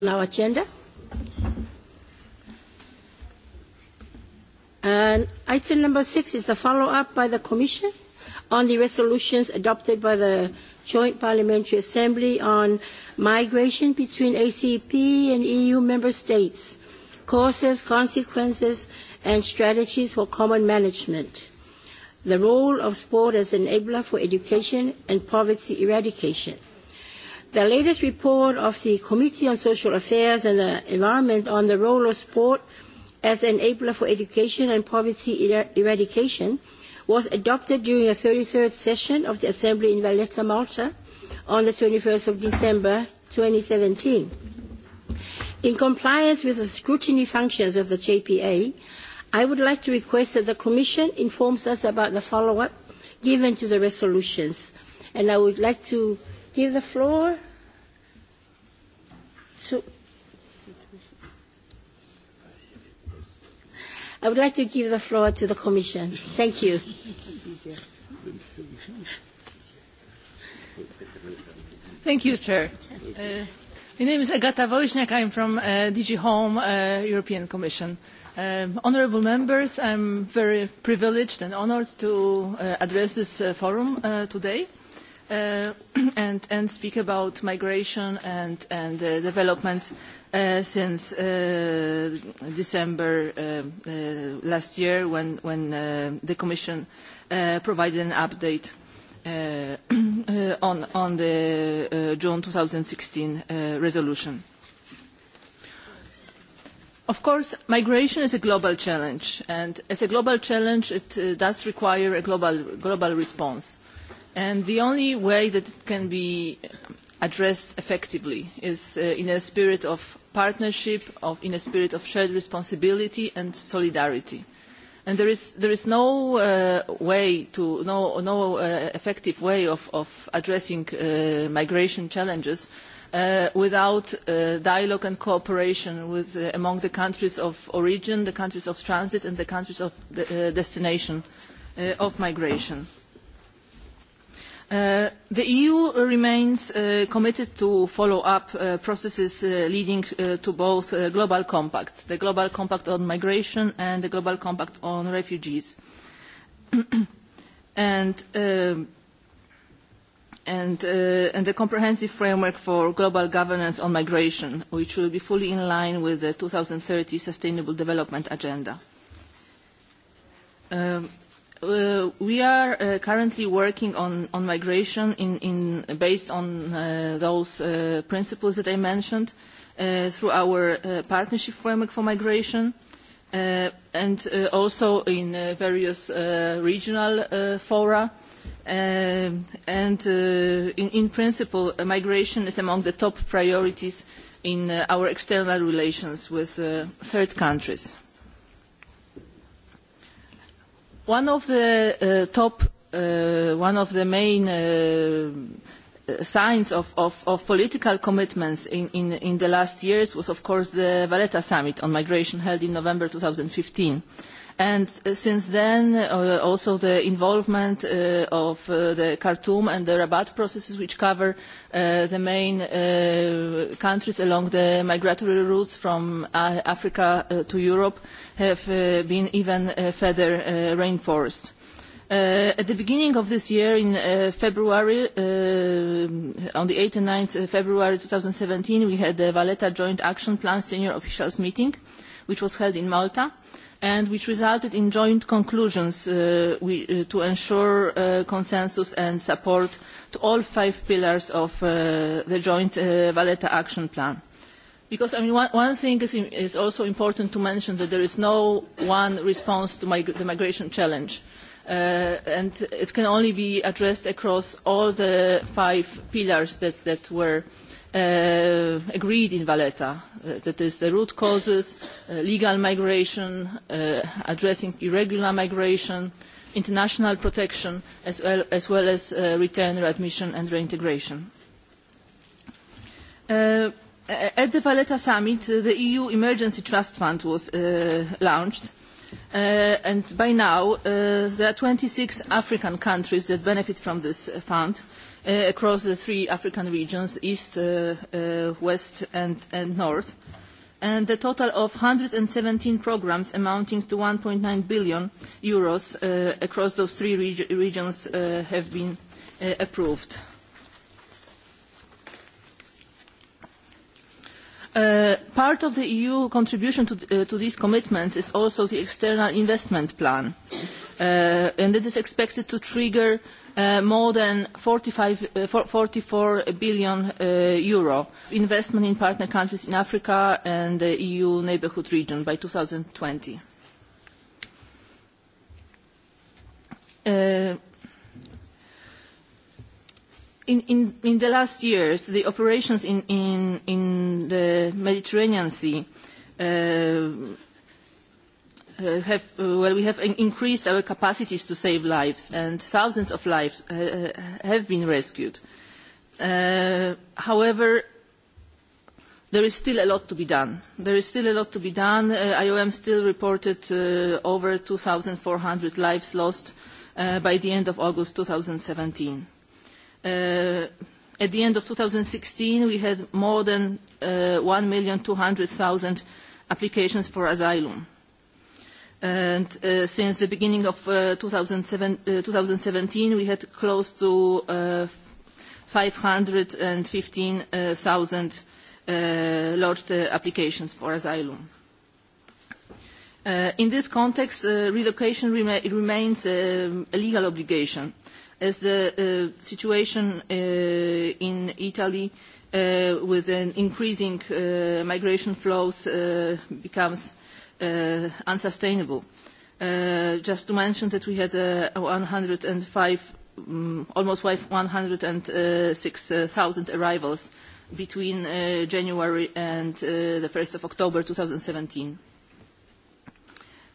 on our agenda. And item number six is the follow-up by the Commission on the resolutions adopted by the Joint Parliamentary Assembly on migration between ACP and EU member states, causes, consequences, and strategies for common management, the role of sport as enabler for education and poverty eradication. The latest report of the Committee on Social Affairs and the Environment on the role of sport as an enabler for education and poverty er- eradication was adopted during the 33rd session of the Assembly in Valletta, Malta, on the 21st of December 2017. In compliance with the scrutiny functions of the JPA, I would like to request that the Commission informs us about the follow-up given to the resolutions. And I would like to give the floor to I would like to give the floor to the Commission. Thank you. Thank you, Chair. Uh, my name is Agata Woźniak. I'm from uh, DG Home, uh, European Commission. Um, honorable members, I'm very privileged and honored to uh, address this uh, forum uh, today uh, and, and speak about migration and, and uh, developments uh, since uh, December uh, uh, last year when, when uh, the Commission uh, provided an update uh, uh on, on the uh, June 2016 uh, resolution. Of course, migration is a global challenge, and as a global challenge, it uh, does require a global, global response. Uh, And the only way that it can be addressed effectively is uh, in a spirit of partnership, of, in a spirit of shared responsibility and solidarity. And there is, there is no uh, way to, no, no uh, effective way of, of addressing uh, migration challenges uh, without uh, dialogue and cooperation with, uh, among the countries of origin, the countries of transit and the countries of the, uh, destination uh, of migration. Okay. Uh, the EU remains uh, committed to follow up uh, processes uh, leading uh, to both uh, global compacts, the Global Compact on Migration and the Global Compact on Refugees. and, um, and, uh, and the comprehensive framework for global governance on migration, which will be fully in line with the 2030 Sustainable Development Agenda. Um, uh, Uh, we are uh, currently working on, on migration in, in, based on uh, those uh, principles that I mentioned uh, through our uh, partnership framework for migration uh, and uh, also in uh, various uh, regional uh, fora. Uh, and uh, in, in principle, uh, migration is among the top priorities in uh, our external relations with uh, third countries. Uh, One of the uh, top, uh, one of the main uh, signs of, of, of political commitments in, in, in the last years was, of course, the Valletta Summit on Migration held in November 2015. And uh, since then, uh, also the involvement uh, of uh, the Khartoum and the Rabat processes, which cover uh, the main uh, countries along the migratory routes from uh, Africa uh, to Europe, have uh, been even uh, further uh, reinforced. Uh, at the beginning of this year, in uh, February, uh, on the 8th and 9th February 2017, we had the Valletta Joint Action Plan Senior Officials Meeting, which was held in Malta. Uh, and which resulted in joint conclusions uh, we, uh, to ensure uh, consensus and support to all five pillars of uh, the joint uh, Valletta Action Plan. Because I mean, one, one thing is, is also important to mention that there is no one response to mig the migration challenge. Uh, and it can only be addressed across all the five pillars that, that were uh, uh, agreed in Valletta, uh, that is the root causes, uh, legal migration, uh, addressing irregular migration, international protection, as well as, well as uh, return, readmission and reintegration. Uh, at the Valletta summit, uh, the EU Emergency Trust Fund was uh, launched. Uh, and by now, uh, there are 26 African countries that benefit from this fund, uh, uh, across the three African regions, East, uh, uh, West and, and North, and a total of 117 programs amounting to 1.9 billion euros uh, across those three reg regions uh, have been uh, approved. Uh, part of the EU contribution to, uh, to these commitments is also the external investment plan, uh, and it is expected to trigger uh, uh, more than 45, uh, 44 billion uh, euro investment in partner countries in Africa and the EU neighborhood region by 2020. Uh, In, in, in the last years, the operations in, in the Mediterranean Sea uh, uh, have, uh, well, we have in increased our capacities to save lives, and thousands of lives uh, uh, have been rescued. Uh, however, there is still a lot to be done. There is still a lot to be done. Uh, IOM still reported uh, over 2,400 lives lost uh, by the end of August 2017. Uh, at the end of 2016, we had more than uh, 1,200,000 applications for asylum. Uh, And uh, since the beginning of uh, 2007, uh, 2017, we had close to uh, 515,000 uh, lodged uh, applications for asylum. Uh, in this context, uh, relocation rem remains uh, a legal obligation, as the uh, situation uh, in Italy uh, with an increasing uh, migration flows uh, becomes uh, uh, unsustainable. Uh, just to mention that we had uh, 105, um, mm, almost 106,000 arrivals between uh, January and uh, the 1st of October 2017.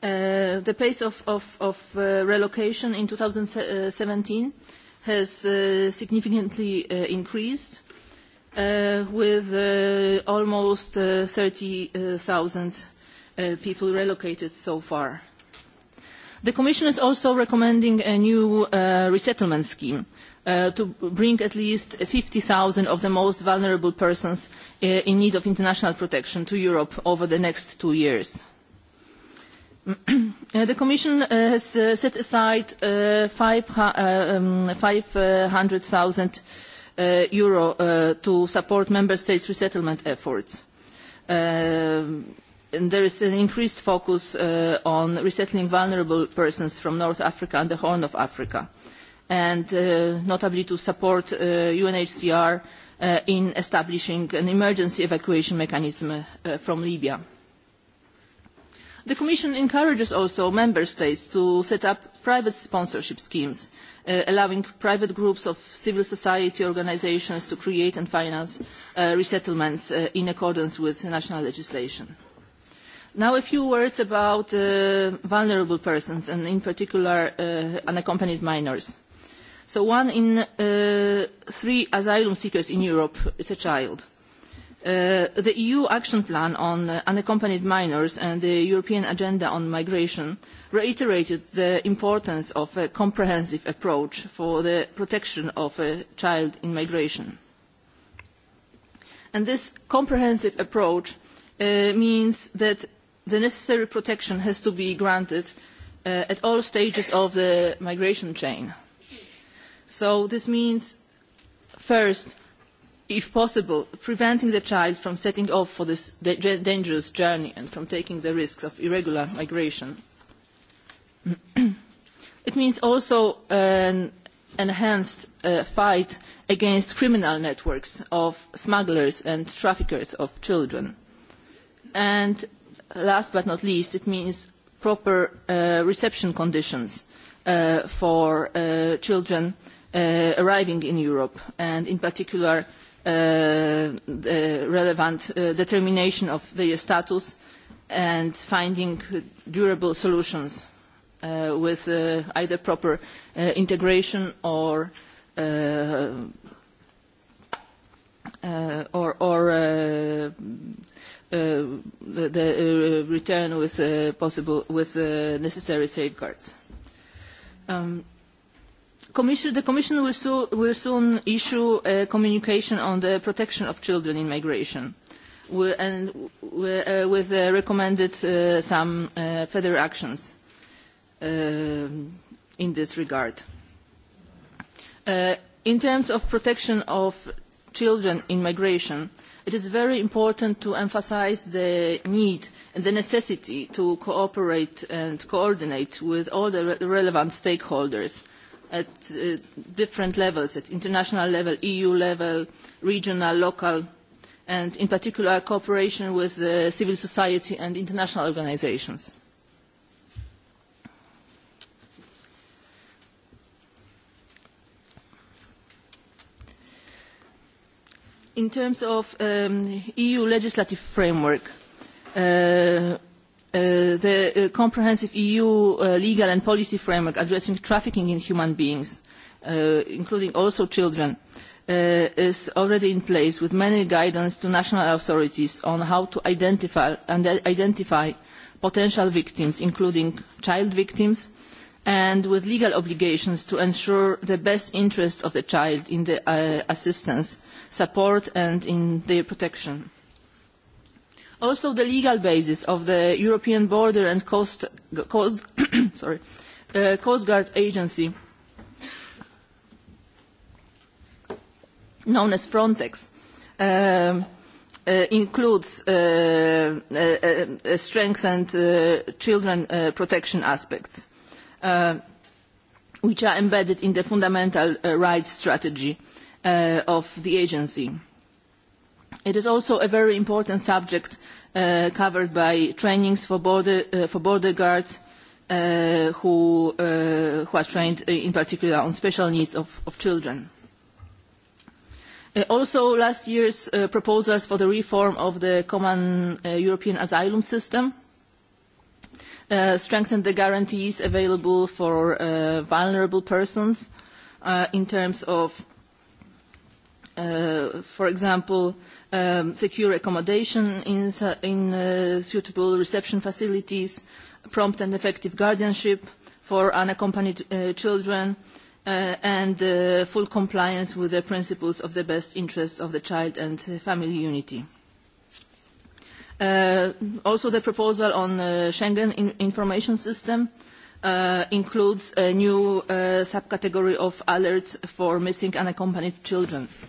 Uh, the pace of, of, of uh, relocation in 2017 has uh, significantly uh, increased uh, with uh, almost uh, 30,000 uh, people relocated so far. The Commission is also recommending a new uh, resettlement scheme uh, to bring at least 50,000 of the most vulnerable persons uh, in need of international protection to Europe over the next two years. uh, the Commission uh, has uh, set aside uh, 500,000 uh, um, 500, uh, euro uh, to support Member States resettlement efforts. Uh, and there is an increased focus uh, on resettling vulnerable persons from North Africa and the Horn of Africa, and uh, notably to support uh, UNHCR uh, in establishing an emergency evacuation mechanism uh, from Libya. The Commission encourages also member states to set up private sponsorship schemes, uh, allowing private groups of civil society organizations to create and finance uh, resettlements uh, in accordance with national legislation. Now a few words about uh, vulnerable persons and in particular uh, unaccompanied minors. So one in uh, three asylum seekers in Europe is a child. Uh, the EU Action Plan on uh, Unaccompanied Minors and the European Agenda on Migration reiterated the importance of a comprehensive approach for the protection of a child in migration. And this comprehensive approach uh, means that the necessary protection has to be granted uh, at all stages of the migration chain. So this means, first, if possible, preventing the child from setting off for this dangerous journey and from taking the risks of irregular migration. it means also an enhanced uh, fight against criminal networks of smugglers and traffickers of children. And last but not least, it means proper uh, reception conditions uh, for uh, children uh, arriving in Europe, and in particular, uh, the relevant uh, determination of their status and finding durable solutions uh, with uh, either proper uh, integration or uh, uh, or, or uh, uh, the, the uh, return with uh, possible with uh, necessary safeguards. Um, commission, the Commission will, so, will soon issue a communication on the protection of children in migration, we, and we, uh, with uh, recommended uh, some uh, further actions uh, in this regard. Uh, in terms of protection of children in migration, uh, it is very important to emphasize the need and the necessity to cooperate and coordinate with all the re relevant stakeholders at uh, different levels, at international level, EU level, regional, local, and in particular cooperation with uh, civil society and international organizations. In terms of um, EU legislative framework, uh, uh, the uh, comprehensive EU uh, legal and policy framework addressing trafficking in human beings, uh, including also children, uh, is already in place with many guidance to national authorities on how to identify, and identify potential victims, including child victims, and with legal obligations to ensure the best interest of the child in the uh, assistance uh, support and in their protection. Also, the legal basis of the European Border and Coast, Coast, sorry, uh, Coast Guard Agency, known as Frontex, um, uh, includes uh, uh, uh, strengths and uh, children uh, protection aspects, uh, which are embedded in the fundamental uh, rights strategy uh, uh, of the agency. It is also a very important subject uh, covered by trainings for border, uh, for border guards uh, who, uh, who are trained uh, in particular on special needs of, of children. Uh, also, last year's uh, proposals for the reform of the common uh, European asylum system uh, strengthened the guarantees available for uh, vulnerable persons uh, in terms of uh, for example, um, secure accommodation in, in uh, suitable reception facilities, prompt and effective guardianship for unaccompanied uh, children, uh, and uh, full compliance with the principles of the best interests of the child and family unity. Uh, also, the proposal on uh, Schengen in information system uh, uh, includes a new uh, subcategory of alerts for missing unaccompanied children. Uh,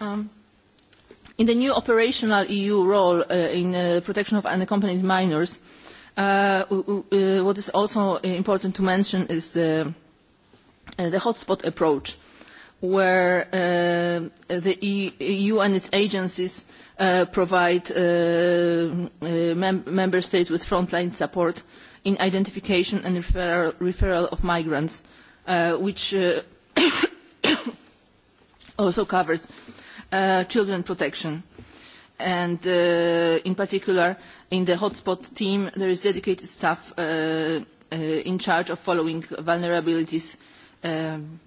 Um, in the new operational EU role uh, in uh, protection of unaccompanied minors, uh, uh, what is also important to mention is the, uh, the hotspot approach, where uh, the EU e and its agencies uh, provide uh, uh, mem member states with frontline support in identification and referral, referral of migrants, uh, which uh, also covers uh, uh, children protection. And uh, in particular, in the hotspot team, there is dedicated staff uh, uh, in charge of following vulnerabilities um,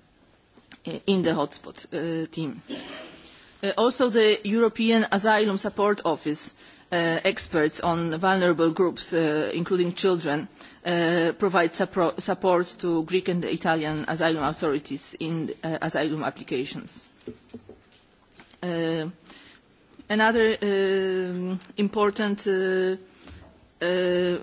in the hotspot uh, team. Uh, also, the European Asylum Support Office uh, experts on vulnerable groups, uh, including children, uh, provide supro- support to Greek and Italian asylum authorities in uh, asylum applications. Uh, Uh, another uh, important uh, uh,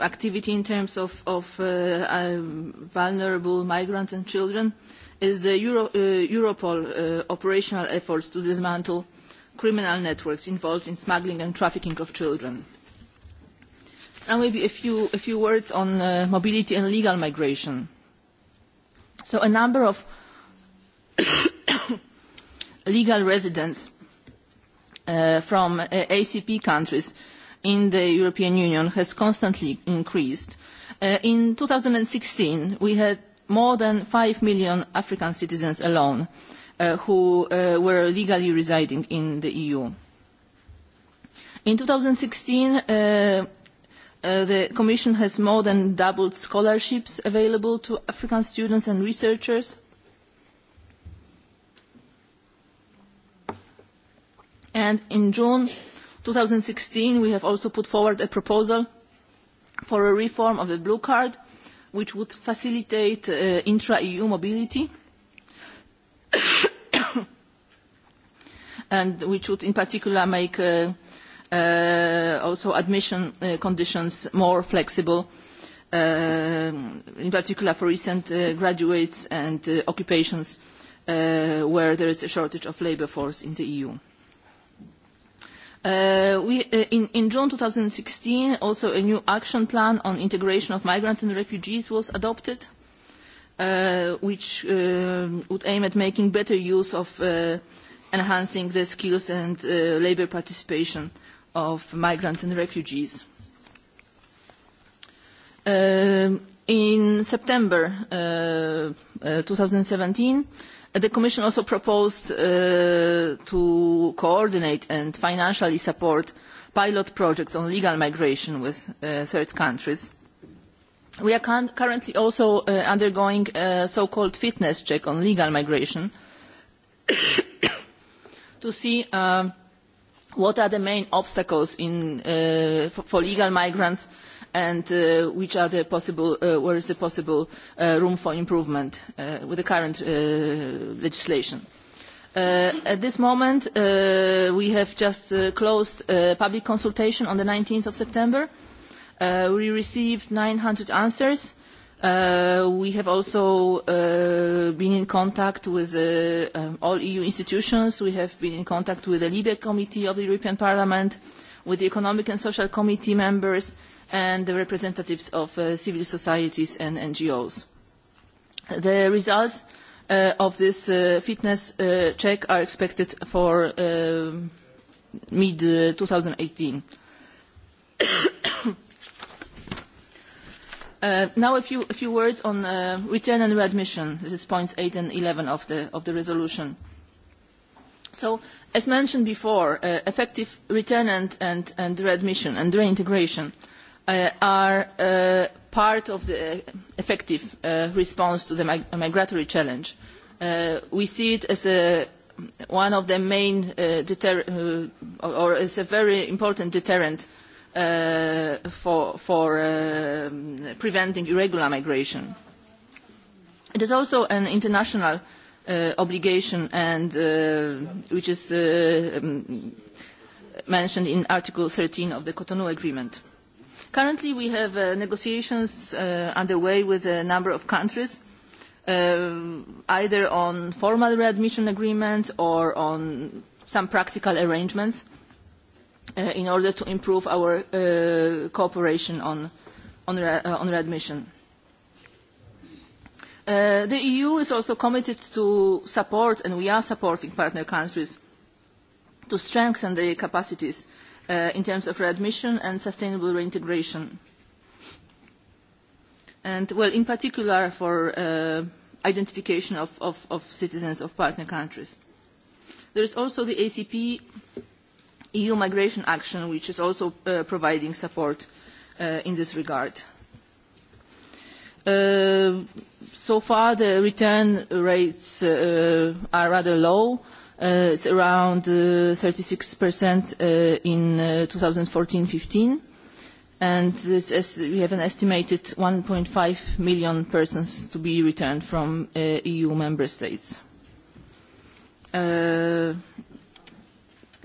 activity in terms of, of uh, uh, vulnerable migrants and children is the Euro, uh, Europol uh, operational efforts to dismantle criminal networks involved in smuggling and trafficking of children. Now maybe a few, a few words on uh, mobility and legal migration. So a number of legal residents uh, from uh, ACP countries in the European Union has constantly increased. Uh, in 2016, we had more than 5 million African citizens alone uh, who uh, were legally residing in the EU. In 2016, uh, uh, the Commission has more than doubled scholarships available to African students and researchers And in June 2016, we have also put forward a proposal for a reform of the blue card, which would facilitate uh, intra-EU mobility and which would in particular make uh, uh, also admission uh, conditions more flexible, uh, in particular for recent uh, graduates and uh, occupations uh, where there is a shortage of labour force in the EU. Uh, we, uh, in, in June 2016, also a new action plan on integration of migrants and refugees was adopted, uh, which uh, would aim at making better use of uh, enhancing the skills and uh, labor participation of migrants and refugees. Uh, in September uh, uh, 2017, The Commission also proposed uh, to coordinate and financially support pilot projects on legal migration with uh, third countries. We are currently also uh, undergoing a so-called fitness check on legal migration to see um, what are the main obstacles in, uh, for, for legal migrants uh, and uh, which are the possible, uh, where is the possible uh, room for improvement uh, with the current uh, legislation. Uh, at this moment, uh, we have just uh, closed a uh, public consultation on the 19th of September. Uh, we received 900 answers. Uh, we have also uh, been in contact with uh, um, all EU institutions. We have been in contact with the Libe Committee of the European Parliament, with the Economic and Social Committee members, uh, and the representatives of uh, civil societies and NGOs. The results uh, of this uh, fitness uh, check are expected for um, uh, mid-2018. Uh, now a few, a few words on uh, return and readmission. This is points 8 and 11 of the, of the resolution. So, as mentioned before, uh, effective return and, and, and readmission and reintegration uh, uh, are uh, part of the uh, effective uh, response to the mig migratory challenge. Uh, we see it as a, one of the main uh, deter uh, or as a very important deterrent uh, for, for uh, preventing irregular migration. It is also an international uh, obligation and uh, which is uh, um, mentioned in Article 13 of the Cotonou Agreement. Uh, Currently, we have uh, negotiations uh, underway with a number of countries, uh, either on formal readmission agreements or on some practical arrangements uh, in order to improve our uh, cooperation on, on, re uh, on readmission. Uh, the EU is also committed to support, and we are supporting partner countries to strengthen their capacities uh, uh, in terms of readmission and sustainable reintegration. And, well, in particular for uh, identification of, of, of citizens of partner countries. There is also the ACP EU Migration Action, which is also uh, providing support uh, in this regard. Uh, so far, the return rates uh, are rather low. Uh, Uh, it's around uh, 36% uh, in 2014-15, uh, and we have an estimated 1.5 million persons to be returned from uh, EU member states. Uh,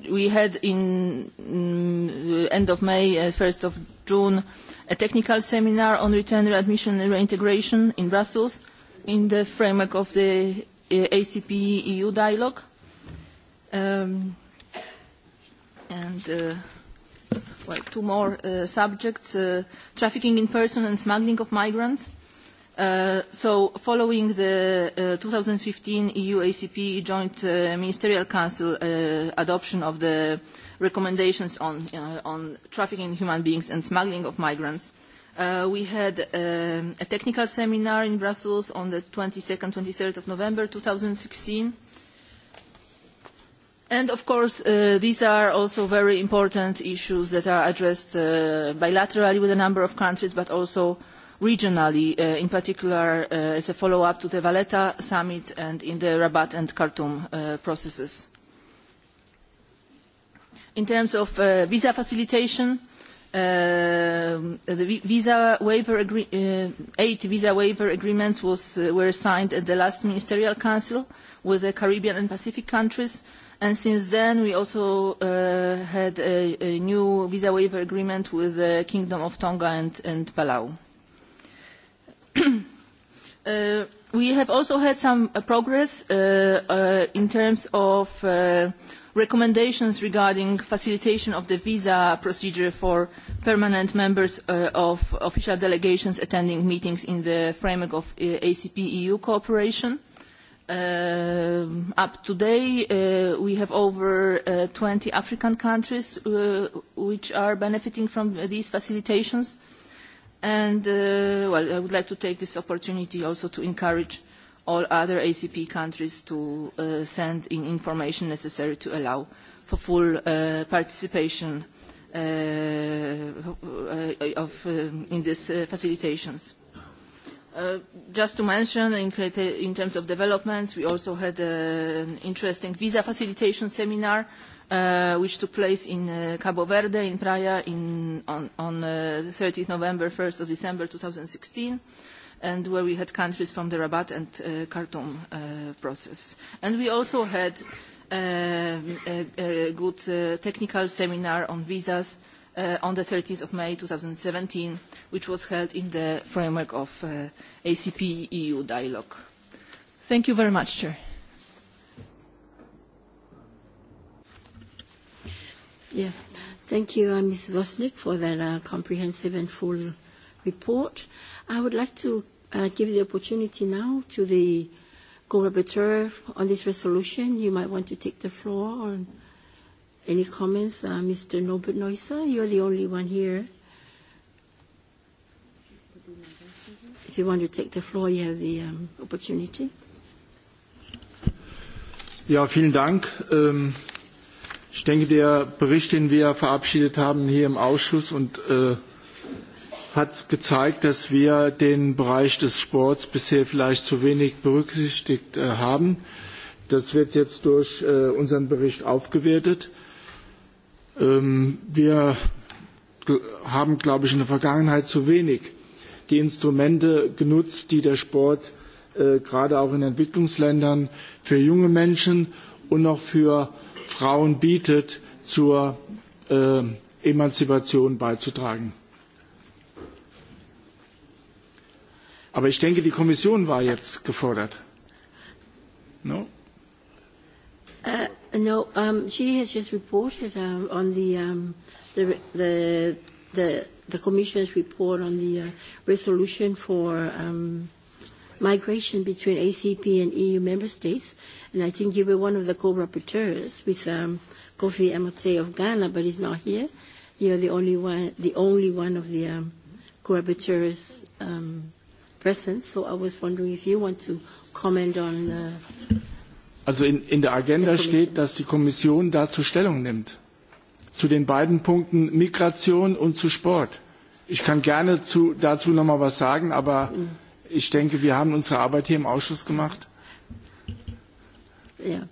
we had in mm, end of May, 1st of June, a technical seminar on return, readmission, and reintegration in Brussels in the framework of the ACP-EU dialogue Um, and uh, well, two more uh, subjects, uh, trafficking in person and smuggling of migrants. Uh, so following the uh, 2015 EU ACP Joint uh, Ministerial Council uh, adoption of the recommendations on, uh, on trafficking in human beings and smuggling of migrants, uh, we had um, a technical seminar in Brussels on the 22nd, 23rd of November 2016 And of course, uh, these are also very important issues that are addressed uh, bilaterally with a number of countries, but also regionally, uh, in particular uh, as a follow-up to the Valletta summit and in the Rabat and Khartoum uh, processes. In terms of uh, visa facilitation, uh, the visa waiver agree uh, eight visa waiver agreements was, uh, were signed at the last Ministerial Council with the Caribbean and Pacific countries, uh, And since then, we also uh, had a, a new visa waiver agreement with the Kingdom of Tonga and, and Palau. uh, we have also had some uh, progress uh, uh, in terms of uh, recommendations regarding facilitation of the visa procedure for permanent members uh, of official delegations attending meetings in the framework of uh, ACP-EU cooperation. Uh, Uh, up to date, uh, we have over uh, 20 African countries uh, which are benefiting from these facilitations. And, uh, well, I would like to take this opportunity also to encourage all other ACP countries to uh, send in information necessary to allow for full uh, participation uh, of, uh, in these uh, facilitations. Uh, just to mention, in, in terms of developments, we also had uh, an interesting visa facilitation seminar, uh, which took place in uh, Cabo Verde, in Praia, in, on, on uh, 30th November, 1st of December 2016 and where we had countries from the Rabat and uh, Khartoum uh, process. And we also had uh, a, a good uh, technical seminar on visas uh, uh, on the 30th of May 2017, which was held in the framework of uh, ACP-EU dialogue. Thank you very much, Chair. Yeah. Thank you, uh, Ms. Vosnik, for that uh, comprehensive and full report. I would like to uh, give the opportunity now to the co-rapporteur on this resolution. You might want to take the floor on Any comments, uh, Mr. Norbert Neusser? You're the only one here. If you want to take the floor, you have the um, opportunity. Ja, vielen Dank. Ähm, ich denke, der Bericht, den wir verabschiedet haben hier im Ausschuss und äh, hat gezeigt, dass wir den Bereich des Sports bisher vielleicht zu wenig berücksichtigt äh, haben. Das wird jetzt durch äh, unseren Bericht aufgewertet. Äh, Ähm, wir haben, glaube ich, in der Vergangenheit zu wenig die Instrumente genutzt, die der Sport äh, gerade auch in Entwicklungsländern für junge Menschen und auch für Frauen bietet, zur äh, Emanzipation beizutragen. Aber ich denke, die Kommission war jetzt gefordert. No? Äh, No, um, she has just reported um, on the, um, the, the, the, the Commission's report on the uh, resolution for um, migration between ACP and EU member states. And I think you were one of the co-rapporteurs with um, Kofi Amate of Ghana, but he's not here. You're the only one, the only one of the um, co-rapporteurs um, present. So I was wondering if you want to comment on uh, Also in, in der Agenda der steht, dass die Kommission dazu Stellung nimmt. Zu den beiden Punkten Migration und zu Sport. Ich kann gerne zu, dazu nochmal was sagen, aber mhm. ich denke, wir haben unsere Arbeit hier im Ausschuss gemacht. Yeah.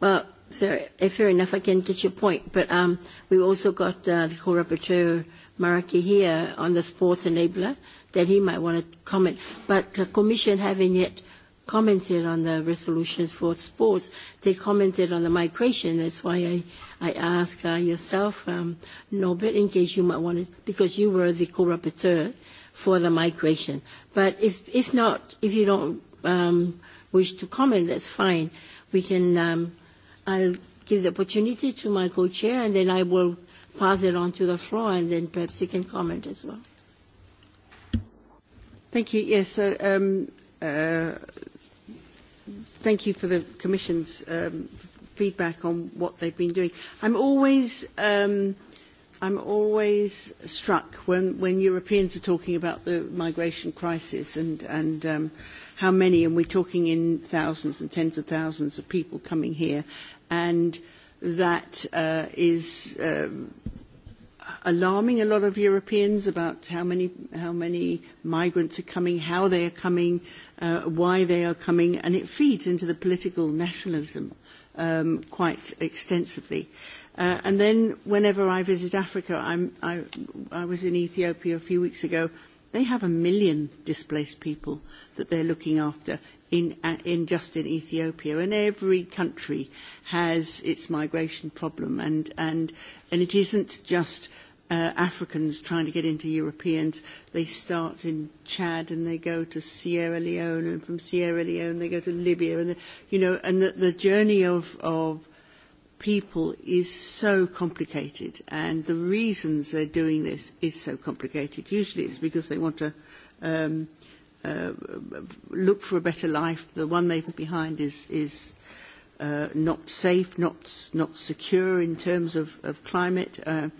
Well, fair, eh, fair enough, I can get your point. But um, we also got uh, the co-rapporteur Maraki here on the sports enabler that he might want to comment. But the Commission haven't yet commented on the resolutions for sports. They commented on the migration. That's why I, I asked uh, yourself, um, Norbert, in case you might want to, because you were the co-rapporteur for the migration. But if, if not, if you don't um, wish to comment, that's fine. We can, um, I'll give the opportunity to my co-chair and then I will pass it on to the floor and then perhaps you can comment as well. Thank you. Yes, uh, um, Uh, thank you for the Commission's um, feedback on what they've been doing. I'm always, um, I'm always struck when, when Europeans are talking about the migration crisis and, and um, how many, and we're talking in thousands and tens of thousands of people coming here, and that uh, is um, alarming a lot of Europeans about how many, how many migrants are coming, how they are coming, uh, why they are coming, and it feeds into the political nationalism um, quite extensively. Uh, and then whenever I visit Africa, I'm, I, I was in Ethiopia a few weeks ago, they have a million displaced people that they're looking after in, uh, in just in Ethiopia. And every country has its migration problem. And, and, and it isn't just uh, Africans trying to get into Europeans. They start in Chad and they go to Sierra Leone, and from Sierra Leone they go to Libya, and the, you know, and the, the journey of of people is so complicated, and the reasons they're doing this is so complicated. Usually, it's because they want to. Um, uh, look for a better life. The one they've behind is is uh, not safe, not not secure in terms of of climate. Uh,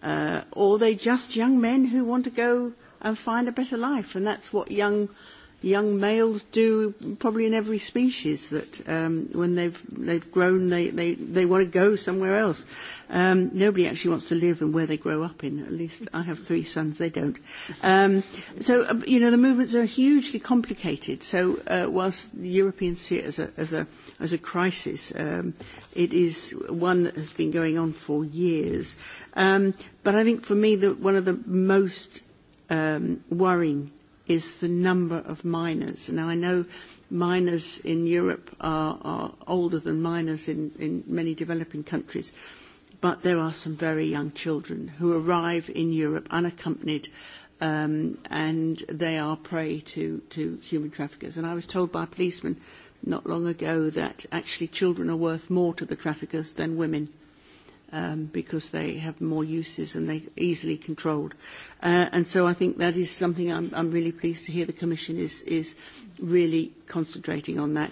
Uh, or they're just young men who want to go and find a better life. And that's what young young males do probably in every species that um, when they've, they've grown, they, they, they want to go somewhere else. Um, nobody actually wants to live in where they grow up in. At least I have three sons, they don't. Um, so, uh, you know, the movements are hugely complicated. So uh, whilst the Europeans see it as a, as a, as a crisis, um, it is one that has been going on for years. Um, but I think for me, the, one of the most um, worrying is the number of minors. Now, I know minors in Europe are, are older than minors in, in many developing countries, but there are some very young children who arrive in Europe unaccompanied um, and they are prey to, to human traffickers. And I was told by a policeman not long ago that actually children are worth more to the traffickers than women um, because they have more uses and they're easily controlled. Uh, and so I think that is something I'm, I'm really pleased to hear the Commission is, is really concentrating on that.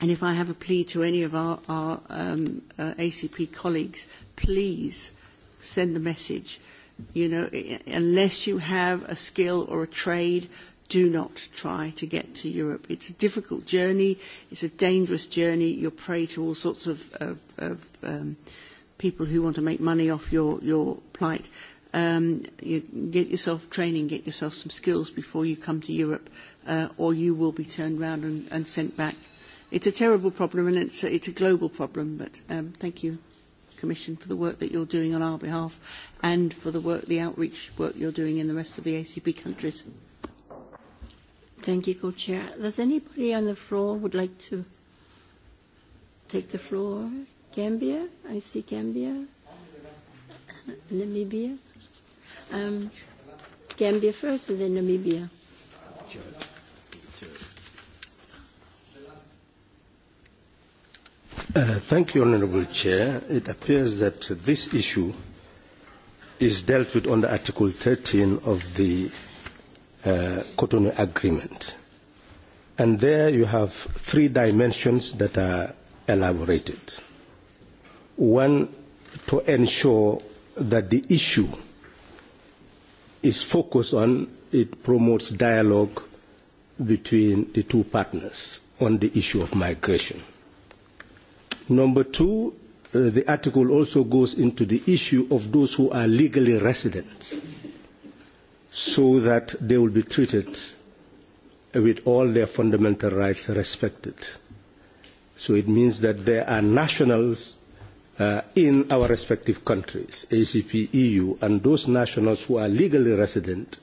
And if I have a plea to any of our, our um, uh, ACP colleagues, please send the message. You know, unless you have a skill or a trade, do not try to get to Europe. It's a difficult journey. It's a dangerous journey. You're prey to all sorts of, of, of um, uh, people who want to make money off your, your plight. Um, you get yourself training, get yourself some skills before you come to Europe, uh, or you will be turned around and, and sent back. It's a terrible problem, and it's a, it's a global problem, but um, thank you. Commission for the work that you're doing on our behalf and for the work, the outreach work you're doing in the rest of the ACP countries. Thank you, Co-Chair. Does anybody on the floor would like to take the floor? Gambia. I see Gambia. Namibia. Um, Gambia first and then Namibia. Sure. Uh, thank you, Honourable Chair. It appears that this issue is dealt with under Article 13 of the uh, Cotonou Agreement. And there you have three dimensions that are elaborated. One, to ensure that the issue is focused on, it promotes dialogue between the two partners on the issue of migration. Number two, uh, the article also goes into the issue of those who are legally residents so that they will be treated with all their fundamental rights respected. So it means that there are nationals uh, in our respective countries, ACP, EU, and those nationals who are legally resident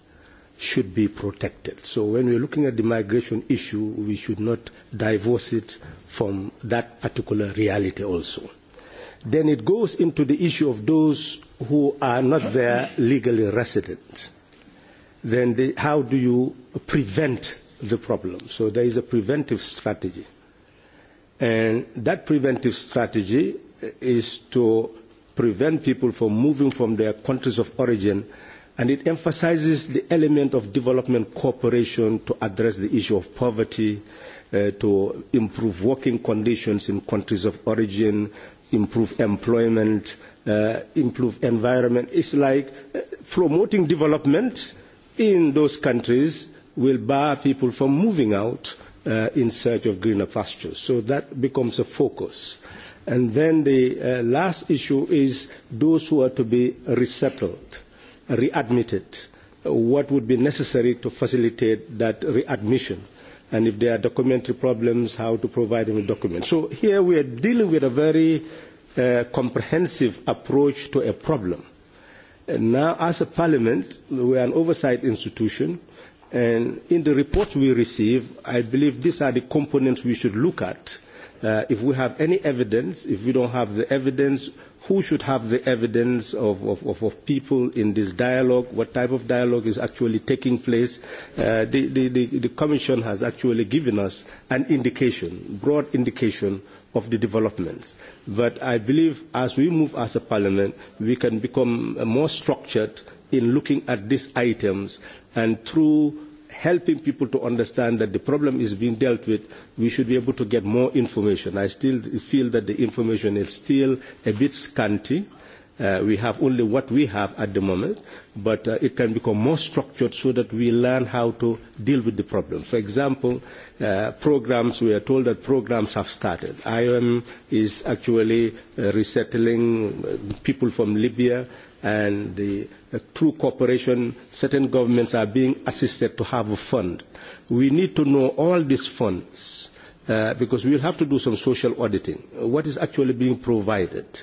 should be protected. So when we're looking at the migration issue, we should not divorce it from that particular reality also. Then it goes into the issue of those who are not there legally resident. Then the, how do you prevent the problem? So there is a preventive strategy. And that preventive strategy is to prevent people from moving from their countries of origin, and it emphasizes the element of development cooperation to address the issue of poverty, uh, to improve working conditions in countries of origin, improve employment, uh, improve environment. It's like uh, promoting development in those countries will bar people from moving out uh, in search of greener pastures. So that becomes a focus. Uh, And then the uh, last issue is those who are to be resettled, readmitted. What would be necessary to facilitate that readmission? And if there are documentary problems, how to provide them with documents. So here we are dealing with a very uh, comprehensive approach to a problem. And now, as a parliament, we are an oversight institution, and in the reports we receive, I believe these are the components we should look at uh, if we have any evidence, if we don't have the evidence, who should have the evidence of, of, of, of people in this dialogue, what type of dialogue is actually taking place. Uh, the, the, the, the Commission has actually given us an indication, broad indication of the developments. But I believe as we move as a parliament, we can become more structured in looking at these items and through helping people to understand that the problem is being dealt with, we should be able to get more information. I still feel that the information is still a bit scanty. Uh, we have only what we have at the moment, but uh, it can become more structured so that we learn how to deal with the problem. For example, uh, programs, we are told that programs have started. IOM is actually uh, resettling uh, people from Libya, and the uh, through cooperation, certain governments are being assisted to have a fund. We need to know all these funds uh, because we will have to do some social auditing. What is actually being provided?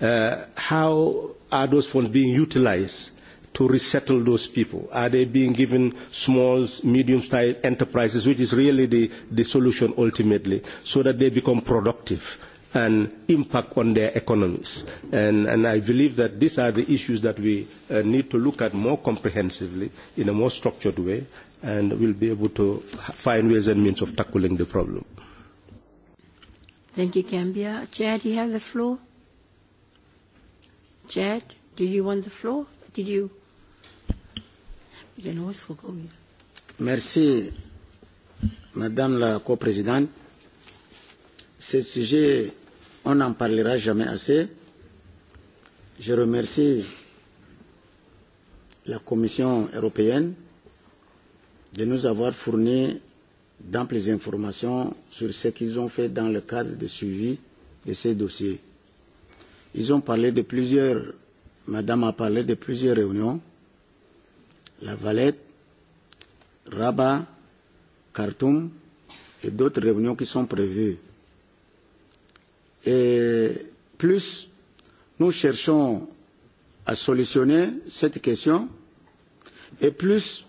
Uh, how are those funds being utilized? to resettle those people? Are they being given small, medium-sized enterprises, which is really the, the solution ultimately, so that they become productive? an impact on their economies. And, and I believe that these are the issues that we uh, need to look at more comprehensively, in a more structured way, and we'll be able to find ways and means of tackling the problem. Thank you, Gambia. Chad, you have the floor? Chad, did you want the floor? Did you? You can always forgo you. Merci, Madame la Coprésidente. Ce sujet On n'en parlera jamais assez. Je remercie la Commission européenne de nous avoir fourni d'amples informations sur ce qu'ils ont fait dans le cadre de suivi de ces dossiers. Ils ont parlé de plusieurs, Madame a parlé de plusieurs réunions, la Valette, Rabat, Khartoum et d'autres réunions qui sont prévues. Et plus nous cherchons à solutionner cette question, et plus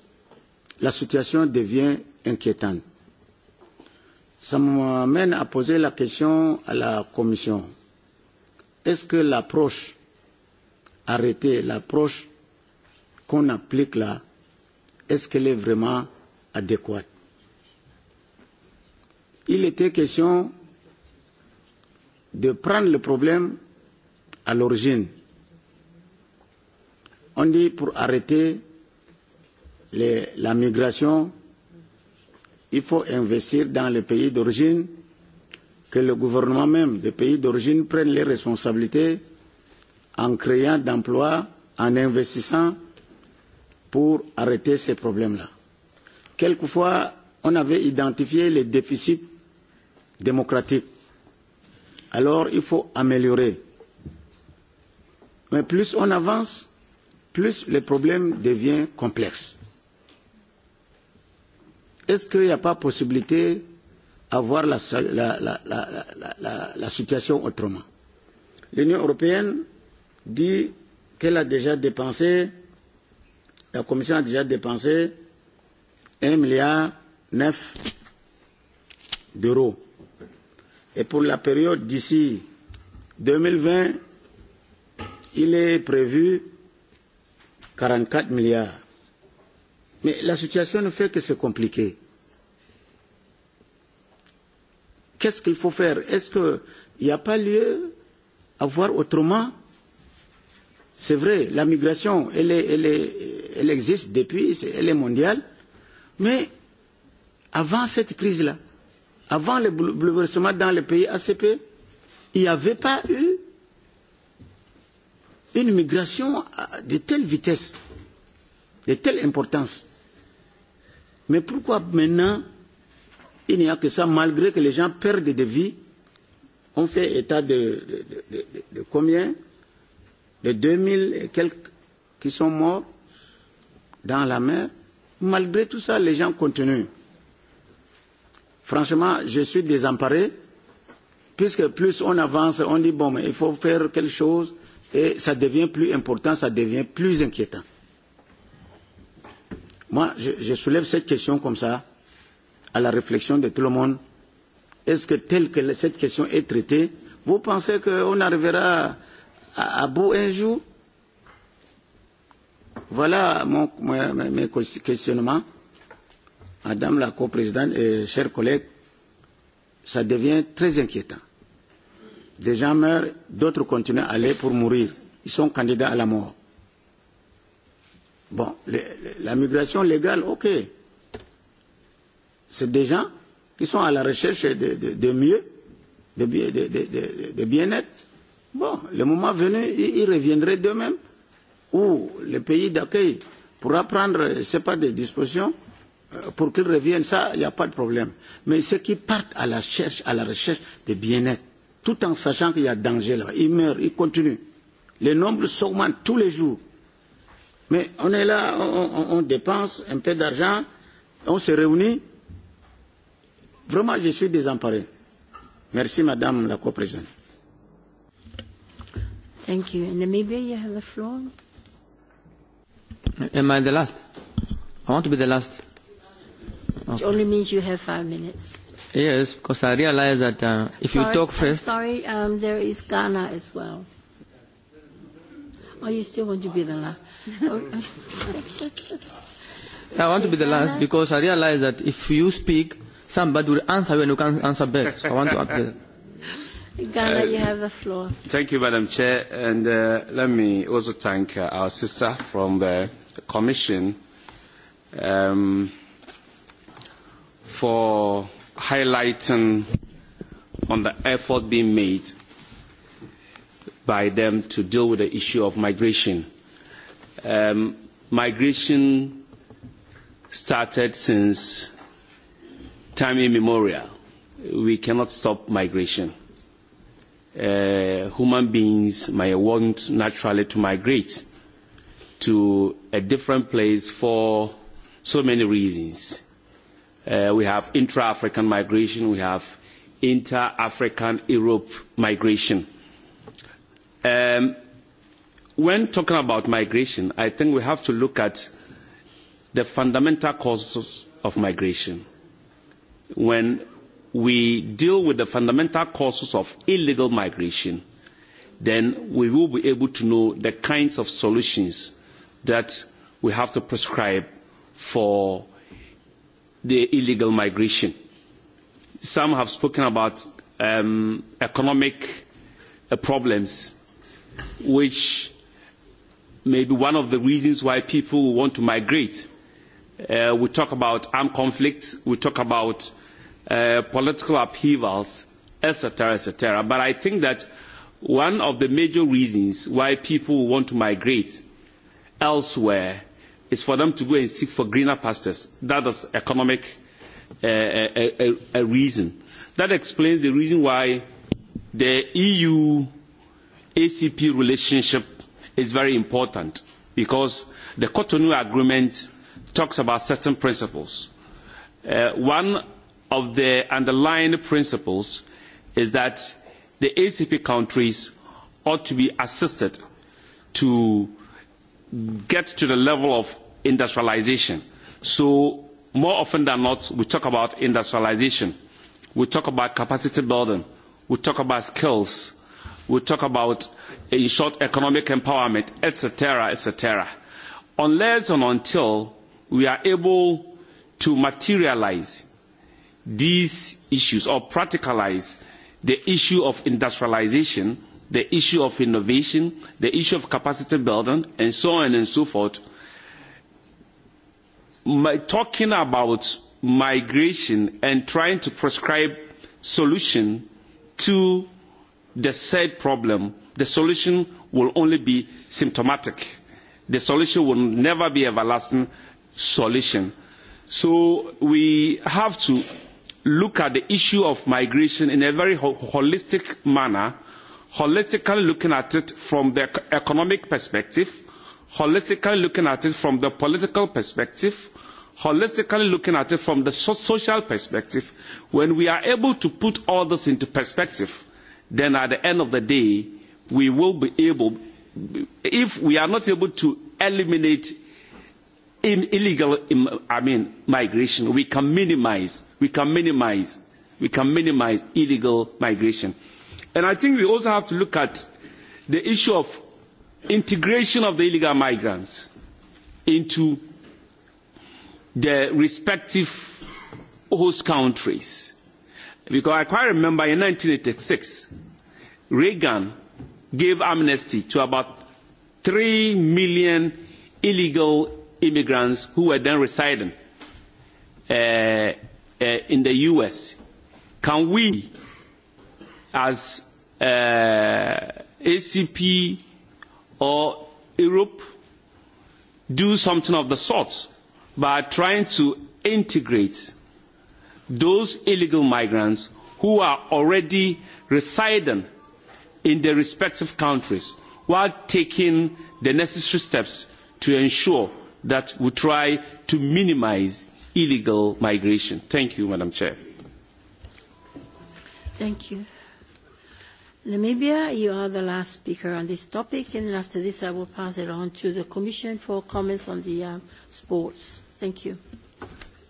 la situation devient inquiétante. Ça m'amène à poser la question à la Commission. Est-ce que l'approche arrêtée, l'approche qu'on applique là, est-ce qu'elle est vraiment adéquate Il était question de prendre le problème à l'origine. On dit pour arrêter les, la migration, il faut investir dans les pays d'origine, que le gouvernement même des pays d'origine prenne les responsabilités en créant d'emplois, en investissant pour arrêter ces problèmes-là. Quelquefois, on avait identifié les déficits démocratiques Alors il faut améliorer. Mais plus on avance, plus le problème devient complexe. Est-ce qu'il n'y a pas possibilité d'avoir la, la, la, la, la, la situation autrement L'Union européenne dit qu'elle a déjà dépensé, la Commission a déjà dépensé 1 milliard 9 d'euros Et pour la période d'ici 2020, il est prévu 44 milliards. Mais la situation ne fait que se compliquer. Qu'est-ce qu'il faut faire Est-ce qu'il n'y a pas lieu à voir autrement C'est vrai, la migration, elle, est, elle, est, elle existe depuis, elle est mondiale. Mais avant cette crise-là, Avant le bouleversement dans les pays ACP, il n'y avait pas eu une migration de telle vitesse, de telle importance. Mais pourquoi maintenant il n'y a que ça, malgré que les gens perdent des vies On fait état de, de, de, de, de combien De 2000 et quelques qui sont morts dans la mer. Malgré tout ça, les gens continuent. Franchement, je suis désemparé, puisque plus on avance, on dit, bon, mais il faut faire quelque chose, et ça devient plus important, ça devient plus inquiétant. Moi, je, je soulève cette question comme ça, à la réflexion de tout le monde. Est-ce que telle que cette question est traitée, vous pensez qu'on arrivera à, à bout un jour Voilà mon, mon, mes questionnements. Madame la coprésidente et chers collègues, ça devient très inquiétant. Des gens meurent, d'autres continuent à aller pour mourir. Ils sont candidats à la mort. Bon, le, la migration légale, ok. C'est des gens qui sont à la recherche de, de, de mieux, de, de, de, de, de bien-être. Bon, le moment venu, ils, ils reviendraient d'eux-mêmes. Ou le pays d'accueil pourra prendre, je ne sais pas, des dispositions pour qu'ils reviennent, ça, il n'y a pas de problème. Mais ceux qui partent à la recherche, à la recherche de bien-être, tout en sachant qu'il y a danger là, ils meurent, ils continuent. Les nombres s'augmentent tous les jours. Mais on est là, on, on, on dépense un peu d'argent, on se réunit. Vraiment, je suis désemparé. Merci, Madame la coprésidente. Thank you. Namibia, you have the floor. Am I the last? I want to be the last. Which only means you have five minutes. Yes, because I realize that uh, if sorry, you talk first. I'm sorry, um, there is Ghana as well. Oh, you still want to be the last? I want to be the last because I realize that if you speak, somebody will answer you and you can answer back. So I want to answer. Ghana, uh, you have the floor. Thank you, Madam Chair. And uh, let me also thank uh, our sister from the Commission. Um, for highlighting on the effort being made by them to deal with the issue of migration. Um, migration started since time immemorial. We cannot stop migration. Uh, human beings may want naturally to migrate to a different place for so many reasons Uh, we have intra-African migration. We have inter-African Europe migration. Um, when talking about migration, I think we have to look at the fundamental causes of migration. When we deal with the fundamental causes of illegal migration, then we will be able to know the kinds of solutions that we have to prescribe for uh, the illegal migration. Some have spoken about um, economic uh, problems, which may be one of the reasons why people want to migrate. Uh, we talk about armed conflict, we talk about uh, political upheavals, etc., etc. But I think that one of the major reasons why people want to migrate elsewhere is for them to go and seek for greener pastures. That is economic uh, a, a, a reason. That explains the reason why the EU ACP relationship is very important because the Cotonou Agreement talks about certain principles. Uh, one of the underlying principles is that the ACP countries ought to be assisted to get to the level of industrialization. So more often than not, we talk about industrialization. We talk about capacity building. We talk about skills. We talk about, in short, economic empowerment, etc., etc. Unless and until we are able to materialize these issues or practicalize the issue of industrialization, the issue of innovation, the issue of capacity building, and so on and so forth. My, talking about migration and trying to prescribe solution to the said problem, the solution will only be symptomatic. The solution will never be everlasting solution. So we have to look at the issue of migration in a very ho holistic manner holistically looking at it from the economic perspective, holistically looking at it from the political perspective, holistically looking at it from the social perspective, when we are able to put all this into perspective, then at the end of the day, we will be able, if we are not able to eliminate in illegal, I mean, migration, we can minimize, we can minimize, we can minimize illegal migration. And I think we also have to look at the issue of integration of the illegal migrants into the respective host countries. Because I quite remember in 1986, Reagan gave amnesty to about 3 million illegal immigrants who were then residing uh, uh, in the US. Can we as uh, ACP or Europe do something of the sort by trying to integrate those illegal migrants who are already residing in their respective countries while taking the necessary steps to ensure that we try to minimize illegal migration. Thank you, Madam Chair. Thank you. Namibia, you are the last speaker on this topic, and after this I will pass it on to the Commission for comments on the uh, sports. Thank you.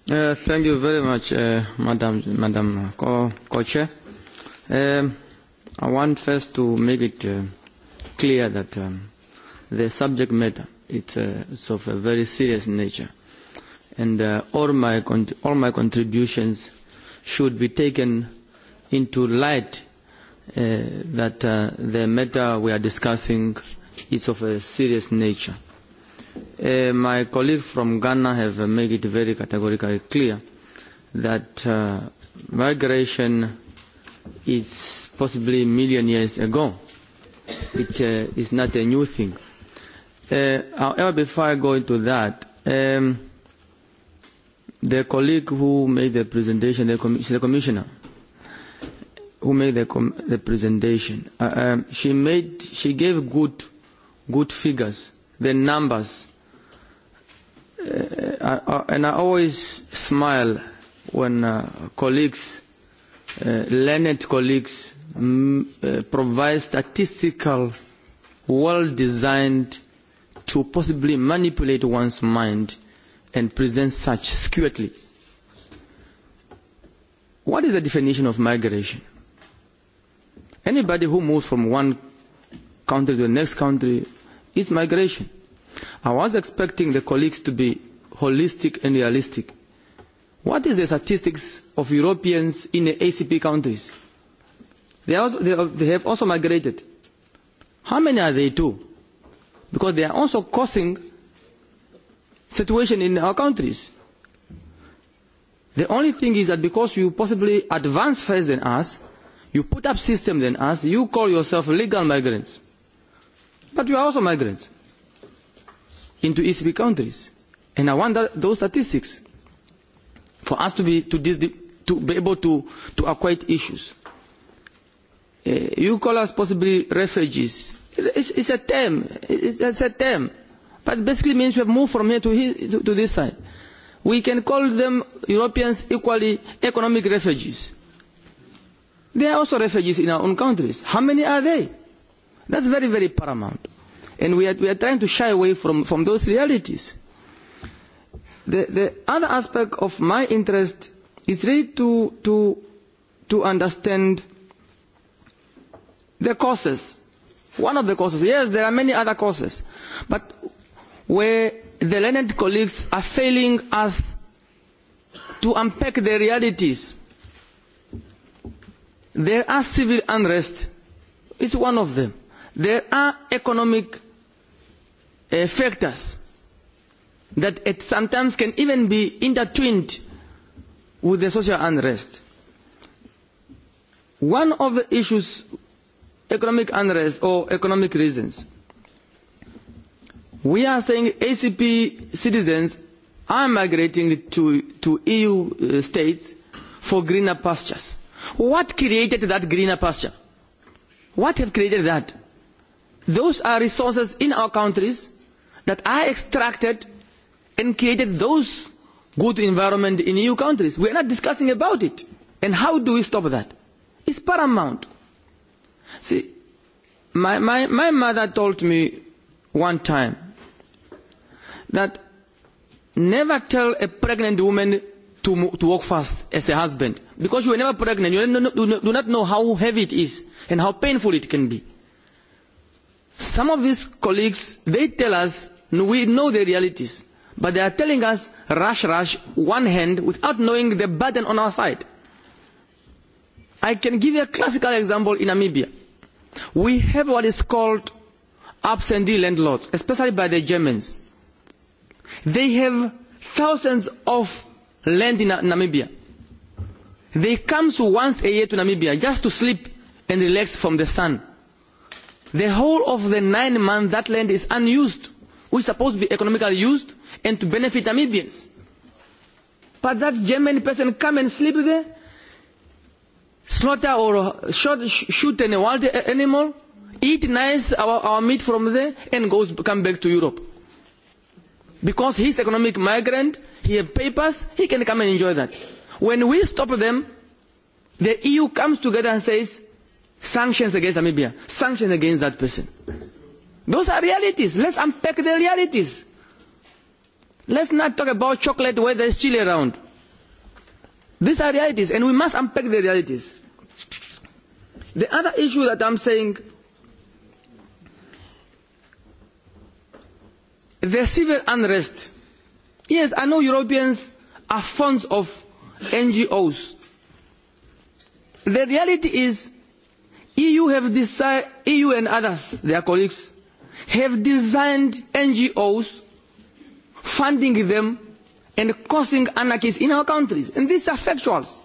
Uh, thank you very much, uh, Madam, Madam uh, Co-Chair. Co um, I want first to make it uh, clear that um, the subject matter it's, uh, it's of a very serious nature, and uh, all my con all my contributions should be taken into light Uh, that uh, the matter we are discussing is of a serious nature. Uh, my colleague from Ghana have uh, made it very categorically clear that uh, migration is possibly a million years ago. It uh, is not a new thing. Uh, however, before I go into that, um, the colleague who made the presentation, the, com- the commissioner, who made the, com the presentation. Uh, um, she made, she gave good, good figures, the numbers, uh, uh, uh and I always smile when uh, colleagues, uh, learned colleagues, m mm, uh, provide statistical, well-designed to possibly manipulate one's mind and present such skewedly. What is the definition of migration? Uh, Anybody who moves from one country to the next country is migration. I was expecting the colleagues to be holistic and realistic. What is the statistics of Europeans in the ACP countries? They, also, they, they have also migrated. How many are they to? Because they are also causing situation in our countries. The only thing is that because you possibly advance faster than us, You put up system than us, you call yourself legal migrants. But you are also migrants into ECB countries. And I want that, those statistics for us to be, to, dis, to be able to, to acquire issues. Uh, you call us possibly refugees. It's, it's a term. It's, it's a term. But basically means we have moved from here to, his, to, to this side. We can call them Europeans equally economic refugees They are also refugees in our own countries. How many are they? That's very, very paramount. And we are, we are trying to shy away from, from those realities. The, the other aspect of my interest is really to, to, to understand the causes. One of the causes. Yes, there are many other causes. But where the learned colleagues are failing us to unpack the realities There are civil unrest. It's one of them. There are economic uh, factors that it sometimes can even be intertwined with the social unrest. One of the issues, economic unrest or economic reasons, we are saying ACP citizens are migrating to, to EU uh, states for greener pastures. What created that greener pasture? What have created that? Those are resources in our countries that are extracted and created those good environment in EU countries. We are not discussing about it. And how do we stop that? It's paramount. See, my, my, my mother told me one time that never tell a pregnant woman to, to work fast as a husband because you are never pregnant. You do not, do not know how heavy it is and how painful it can be. Some of these colleagues, they tell us, we know the realities, but they are telling us, rush, rush, one hand, without knowing the burden on our side. I can give you a classical example in Namibia. We have what is called absentee landlords, especially by the Germans. They have thousands of land in Namibia. They come to once a year to Namibia just to sleep and relax from the sun. The whole of the nine months that land is unused, which is supposed to be economically used and to benefit Namibians. But that German person come and sleep there, slaughter or shot, shoot any wild animal, eat nice our, our meat from there, and goes come back to Europe. Because he's economic migrant, he has papers, he can come and enjoy that. When we stop them, the EU comes together and says, sanctions against Namibia, sanctions against that person. Those are realities. Let's unpack the realities. Let's not talk about chocolate where there's chili around. These are realities, and we must unpack the realities. The other issue that I'm saying the civil unrest. Yes, I know Europeans are fond of NGOs. The reality is EU have decided, EU and others, their colleagues, have designed NGOs, funding them and causing anarchies in our countries. And these are factuals.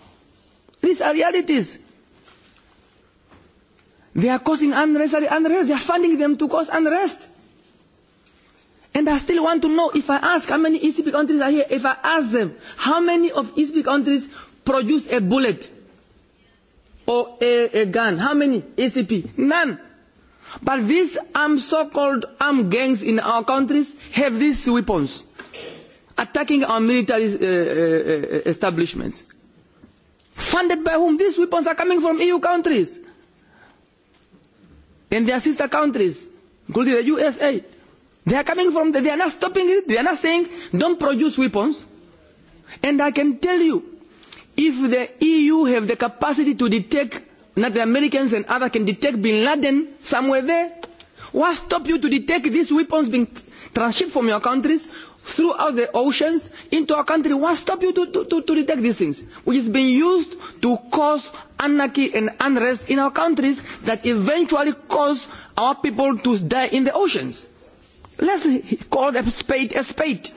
These are realities. They are causing unrest, unrest. They are funding them to cause unrest. And I still want to know if I ask how many ECP countries are here, if I ask them how many of ECP countries produce a bullet or a, a gun, how many ECP? None. But these armed, um, so-called armed um, gangs in our countries have these weapons, attacking our military uh, uh, establishments. Funded by whom? These weapons are coming from EU countries and their sister countries, including the USA. They are coming from, the, they are not stopping it. They are not saying, don't produce weapons. And I can tell you, if the EU have the capacity to detect, not the Americans and others can detect Bin Laden somewhere there, what stop you to detect these weapons being transshipped from your countries throughout the oceans into our country? What stop you to, to, to, to detect these things? Which is being used to cause anarchy and unrest in our countries that eventually cause our people to die in the oceans. Let's call them spade a spade.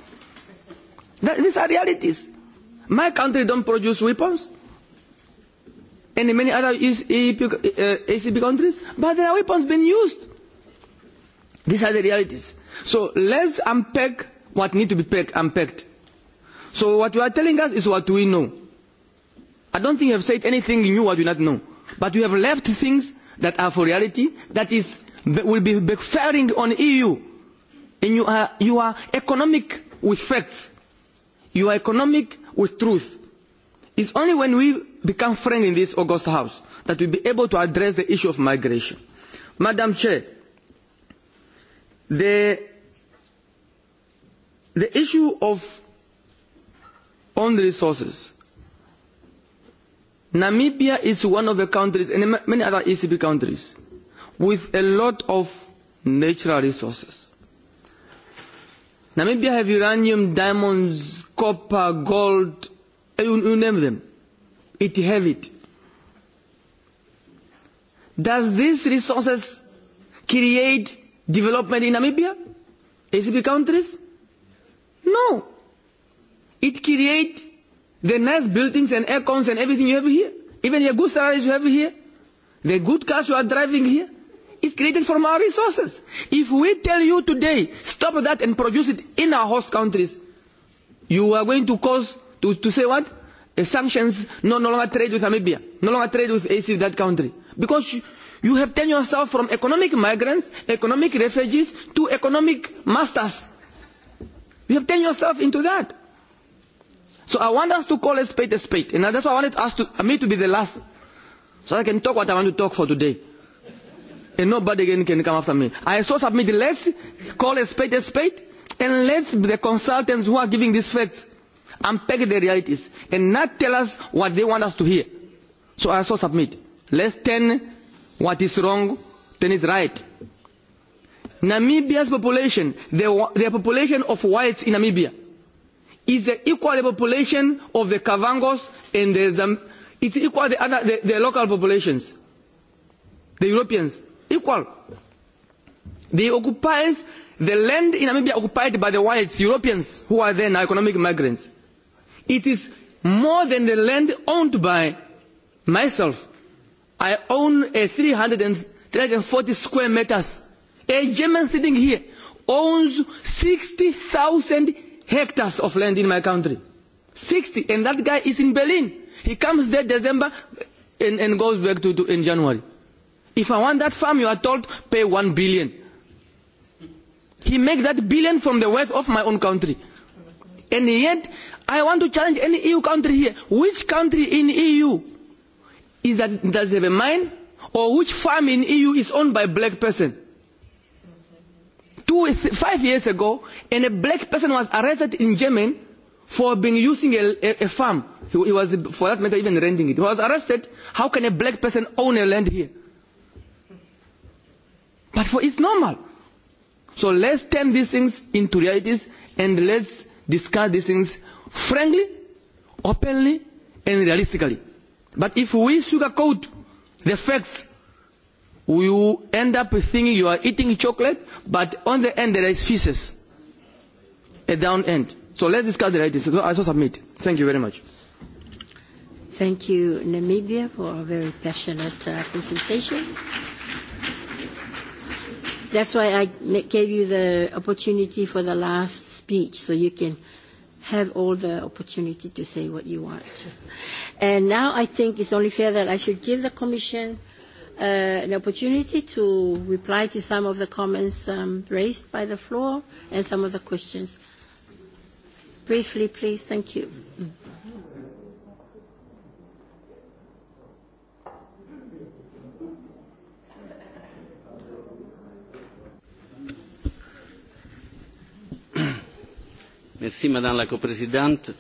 That, these are realities. My country don't produce weapons, and in many other ACP e, uh, countries, but there are weapons being used. These are the realities. So let's unpack what needs to be packed, unpacked. So what you are telling us is what we know. I don't think you have said anything new what you not know, but you have left things that are for reality that is will be backfiring on EU And you are, you are economic with facts. You are economic with truth. It's only when we become friends in this August House that we'll be able to address the issue of migration. Madam Chair, the, the issue of own resources. Namibia is one of the countries, and many other ECB countries, with a lot of natural resources Namibia have uranium, diamonds, copper, gold, you, you name them. It have it. Does these resources create development in Namibia? ACP countries? No. It creates the nice buildings and aircons and everything you have here. Even the good salaries you have here. The good cars you are driving here is created from our resources. If we tell you today, stop that and produce it in our host countries, you are going to cause, to, to say what? Uh, sanctions, no, no longer trade with Namibia, no longer trade with AC, that country. Because you, you have turned yourself from economic migrants, economic refugees, to economic masters. You have turned yourself into that. So I want us to call a spade a spade. And that's why I wanted us to, me to be the last. So I can talk what I want to talk for today and nobody can, can come after me. I so submit, let's call a spade a spade, and let the consultants who are giving these facts unpack the realities and not tell us what they want us to hear. So I so submit, let's turn what is wrong, turn it right. Namibia's population, the, the population of whites in Namibia, is the equal population of the Kavangos and the Zam- it's equal the, other, the, the local populations, the Europeans equal. They occupies the land in Namibia occupied by the whites, Europeans, who are then economic migrants. It is more than the land owned by myself. I own a 300 and 340 square meters. A German sitting here owns 60,000 hectares of land in my country. 60. And that guy is in Berlin. He comes there December and, and goes back to, to in January. If I want that farm, you are told, pay one billion. He make that billion from the wealth of my own country. And yet, I want to challenge any EU country here. Which country in EU is that, does have a mine? Or which farm in EU is owned by a black person? Two, th- five years ago, and a black person was arrested in Germany for being using a, a, a farm. He, he was, for that matter, even renting it. He was arrested. How can a black person own a land here? But for it's normal. So let's turn these things into realities and let's discuss these things frankly, openly, and realistically. But if we sugarcoat the facts, we will end up thinking you are eating chocolate, but on the end there is feces, a down end. So let's discuss the realities. So I shall submit. Thank you very much. Thank you, Namibia, for a very passionate uh, presentation. That's why I gave you the opportunity for the last speech, so you can have all the opportunity to say what you want. And now I think it's only fair that I should give the Commission uh, an opportunity to reply to some of the comments um, raised by the floor and some of the questions. Briefly, please. Thank you. Mm-hmm. Merci Madame la Coprésidente.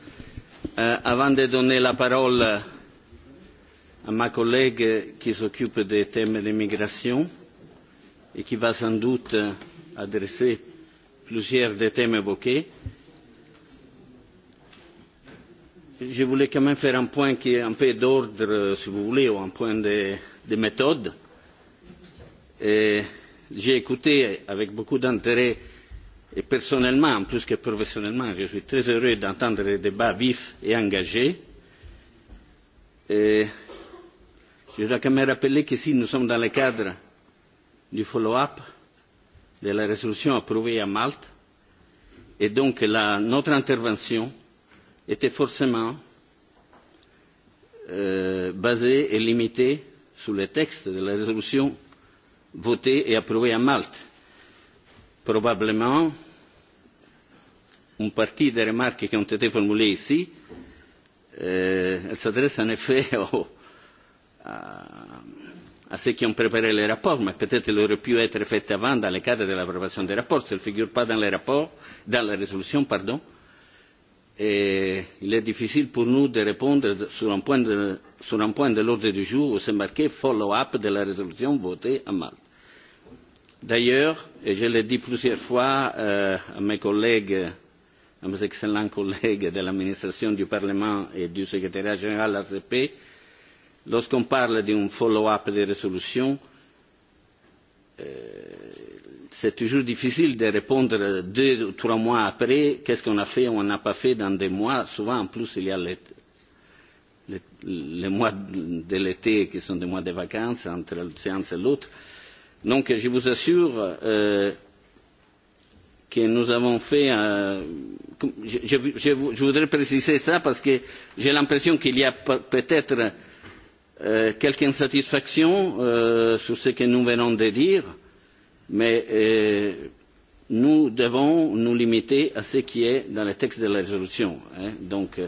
Euh, avant de donner la parole à ma collègue qui s'occupe des thèmes de migration et qui va sans doute adresser plusieurs des thèmes évoqués, je voulais quand même faire un point qui est un peu d'ordre, si vous voulez, ou un point de, de méthode. J'ai écouté avec beaucoup d'intérêt euh, Et personnellement, plus que professionnellement, je suis très heureux d'entendre des débats vifs et engagés. Et je dois quand même rappeler qu'ici, nous sommes dans le cadre du follow-up de la résolution approuvée à Malte. Et donc, la, notre intervention était forcément euh, basée et limitée sur le texte de la résolution votée et approuvée à Malte. Probablement, un parti des remarques qui ont été formulées ici, euh, elles eh, s'adressent en effet au, à, à ceux qui ont préparé les rapports, mais peut-être elles auraient pu être faites avant dans le cadre de l'approbation des rapports. Si elles ne figurent pas dans les rapports, dans la résolution, pardon, et il est difficile pour nous de répondre sur un point de, sur un point de l'ordre du jour où c'est marqué follow-up de la résolution votée à Malte. D'ailleurs, et je l'ai dit plusieurs fois euh, à mes collègues à mes excellents collègues de l'administration du Parlement et du secrétariat général ACP, lorsqu'on parle d'un follow-up des résolutions, eh, c'est toujours difficile de répondre deux ou trois mois après qu'est-ce qu'on a fait ou on n'a pas fait dans des mois. Souvent, en plus, il y a les, les, les mois de l'été qui sont des mois de vacances entre une séance et l'autre. Donc, je vous assure euh, que nous avons fait euh, je, je, je voudrais préciser ça parce que j'ai l'impression qu'il y a peut-être euh, quelque insatisfaction euh, sur ce que nous venons de dire, mais euh, nous devons nous limiter à ce qui est dans le texte de la résolution. Hein. Donc, euh,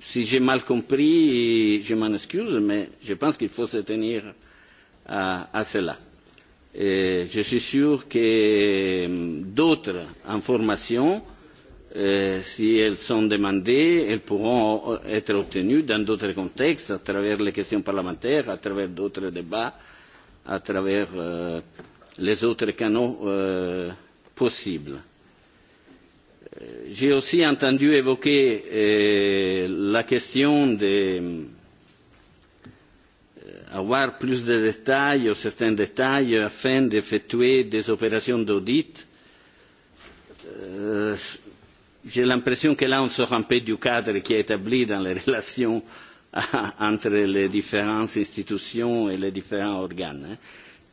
si j'ai mal compris, je m'en excuse, mais je pense qu'il faut se tenir à, à cela. Et je suis sûr que euh, d'autres informations, euh, si elles sont demandées, elles pourront être obtenues dans d'autres contextes, à travers les questions parlementaires, à travers d'autres débats, à travers euh, les autres canaux euh, possibles. Euh, j'ai aussi entendu évoquer euh, la question des avoir plus de détails, certains détails, afin d'effectuer des opérations d'audit. Euh, J'ai l'impression que là, on sort un peu du cadre qui est établi dans les relations euh, entre les différentes institutions et les différents organes. Hein.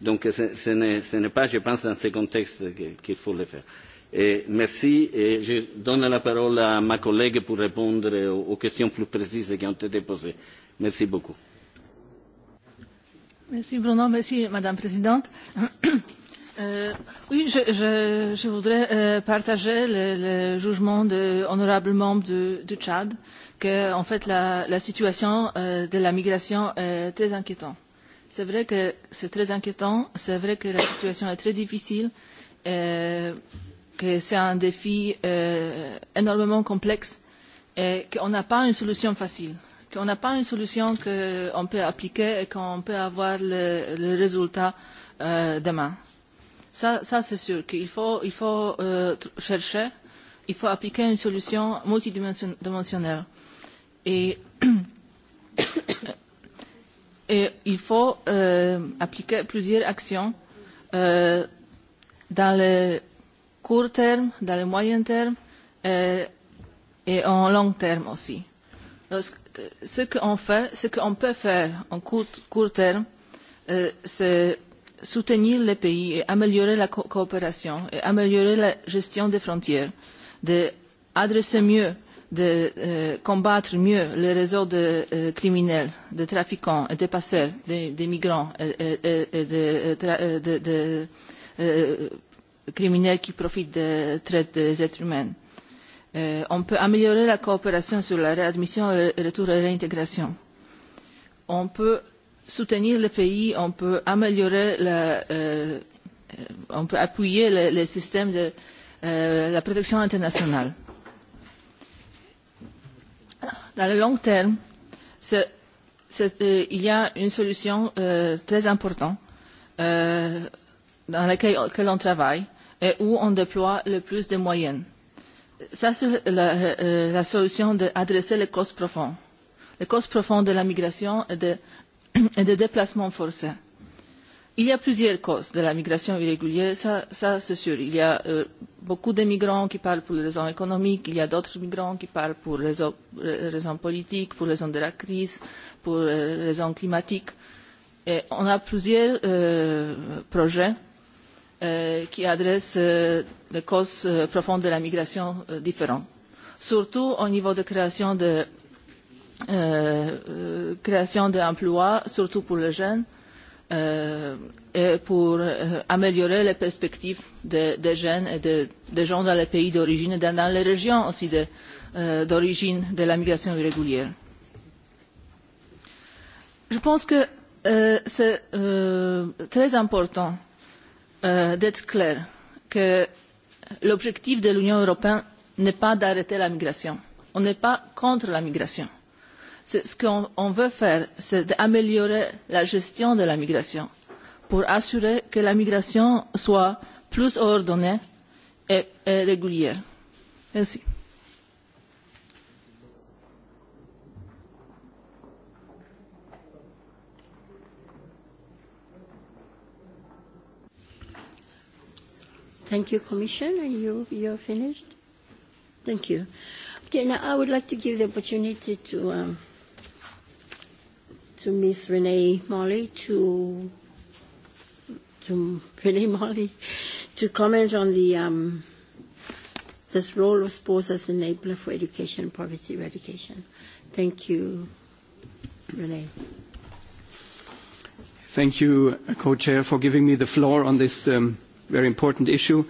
Donc, ce, ce n'est pas, je pense, dans ce contexte qu'il faut le faire. Et merci. Et je donne la parole à ma collègue pour répondre aux questions plus précises qui ont été posées. Merci beaucoup. Merci Bruno, merci Madame la Présidente. Euh, oui, je, je, je voudrais euh, partager le, le jugement de honorable membre du, du Tchad que, en fait, la, la situation euh, de la migration est très inquiétante. C'est vrai que c'est très inquiétant, c'est vrai que la situation est très difficile, euh, que c'est un défi euh, énormément complexe et qu'on n'a pas une solution facile. Euh, qu'on n'a pas une solution qu'on peut appliquer et qu'on peut avoir le, le résultat euh, demain. Ça, ça c'est sûr qu'il faut, il faut euh, chercher, il faut appliquer une solution multidimensionnelle. Et, et il faut euh, appliquer plusieurs actions euh, dans le court terme, dans le moyen terme euh, et en long terme aussi. Lorsque, ce qu'on fait, ce qu'on peut faire en court, court terme, euh, c'est soutenir les pays et améliorer la co coopération et améliorer la gestion des frontières, d'adresser de mieux, de euh, combattre mieux les réseaux de euh, criminels, de trafiquants et de passeurs, des de migrants et, et, et de, de, euh, euh, de, de euh, criminels qui profitent de traite des êtres humains euh, on peut améliorer la coopération sur la réadmission et le retour et réintégration. On peut soutenir les pays, on peut améliorer la, euh, on peut appuyer le, le système de euh, la protection internationale. Dans le long terme, c'est, c'est, euh, il y a une solution euh, très importante euh, dans laquelle, laquelle on travaille et où on déploie le plus de moyens ça c'est la, euh, la solution d'adresser les causes profondes. Les causes profondes de la migration et, de, et des déplacements forcés. Il y a plusieurs causes de la migration irrégulière, ça, ça c'est sûr. Il y a euh, beaucoup de migrants qui parlent pour les raisons économiques, il y a d'autres migrants qui parlent pour les raisons politiques, pour les raisons de la crise, pour les euh, raisons climatiques. Et on a plusieurs euh, projets euh, euh, qui adresse euh, les causes euh, profondes de la migration euh, différentes, surtout au niveau de création de euh, euh création d'emplois, surtout pour les jeunes, euh, et pour euh, améliorer les perspectives des de jeunes et des de gens dans les pays d'origine et dans, dans les régions aussi d'origine de, euh, de la migration irrégulière. Je pense que euh, c'est euh, très important euh, euh, d'être clair que l'objectif de l'Union européenne n'est pas d'arrêter la migration. On n'est pas contre la migration. Ce qu'on veut faire, c'est d'améliorer la gestion de la migration pour assurer que la migration soit plus ordonnée et, et régulière. Merci. Thank you, Commission. And you, you're finished? Thank you. Okay, now I would like to give the opportunity to, um, to Ms. Renee Molly to, to Renee Molly to comment on the, um, this role of sports as enabler for education and poverty eradication. Thank you, Renee. Thank you, uh, Co-Chair, for giving me the floor on this um, – very important issue.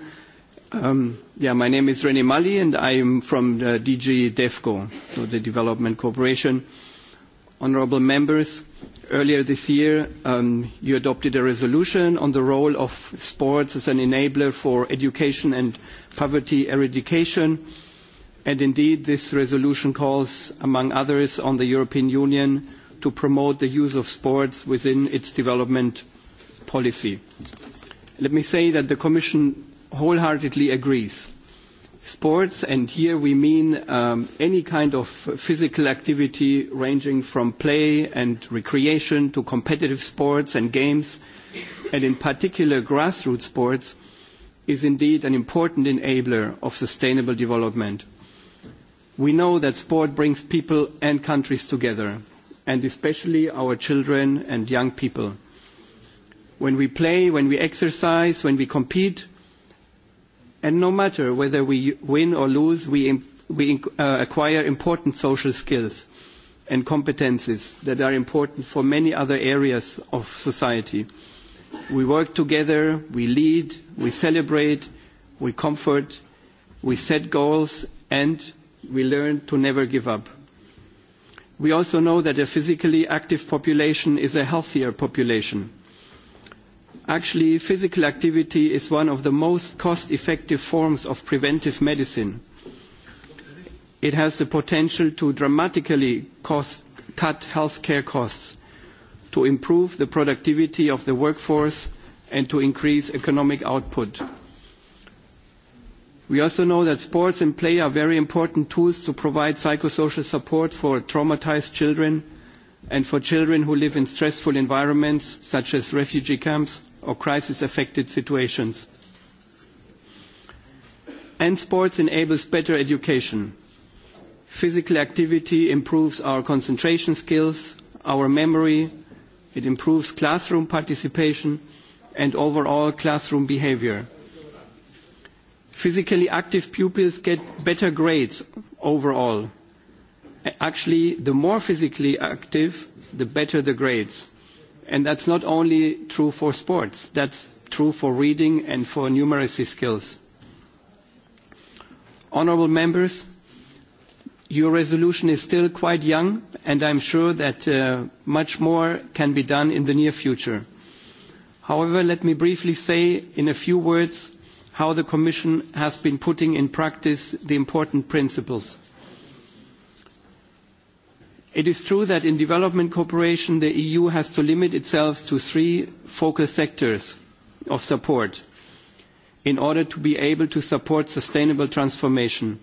Um, yeah, my name is René Mali, and I am from the DG DEFCO, so the Development Corporation. Honorable members, earlier this year, um, you adopted a resolution on the role of sports as an enabler for education and poverty eradication. And indeed, this resolution calls, among others, on the European Union to promote the use of sports within its development policy let me say that the Commission wholeheartedly agrees. Sports, and here we mean um, any kind of physical activity ranging from play and recreation to competitive sports and games, and in particular grassroots sports, is indeed an important enabler of sustainable development. We know that sport brings people and countries together, and especially our children and young people when we play, when we exercise, when we compete. And no matter whether we win or lose, we, we uh, acquire important social skills and competences that are important for many other areas of society. We work together, we lead, we celebrate, we comfort, we set goals, and we learn to never give up. We also know that a physically active population is a healthier population Actually, physical activity is one of the most cost-effective forms of preventive medicine. It has the potential to dramatically cost, cut healthcare costs, to improve the productivity of the workforce, and to increase economic output. We also know that sports and play are very important tools to provide psychosocial support for traumatized children and for children who live in stressful environments such as refugee camps or crisis-affected situations. And sports enables better education. Physical activity improves our concentration skills, our memory, it improves classroom participation and overall classroom behavior. Physically active pupils get better grades overall. Actually, the more physically active, the better the grades. And that's not only true for sports, that's true for reading and for numeracy skills. Honourable members, your resolution is still quite young, and I'm sure that uh, much more can be done in the near future. However, let me briefly say in a few words how the Commission has been putting in practice the important principles. It is true that in development cooperation, the EU has to limit itself to three focal sectors of support in order to be able to support sustainable transformation.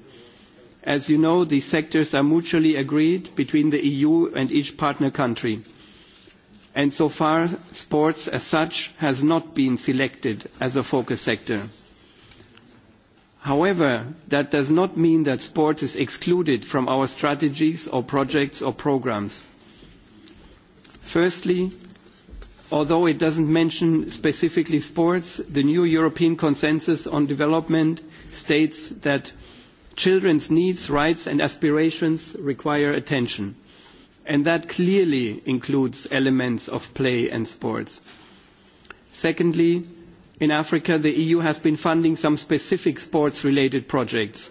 As you know, these sectors are mutually agreed between the EU and each partner country. And so far, sports as such has not been selected as a focus sector. However, that does not mean that sports is excluded from our strategies or projects or programs. Firstly, although it doesn't mention specifically sports, the new European Consensus on Development states that children's needs, rights and aspirations require attention. And that clearly includes elements of play and sports. Secondly, in Africa, the EU has been funding some specific sports-related projects.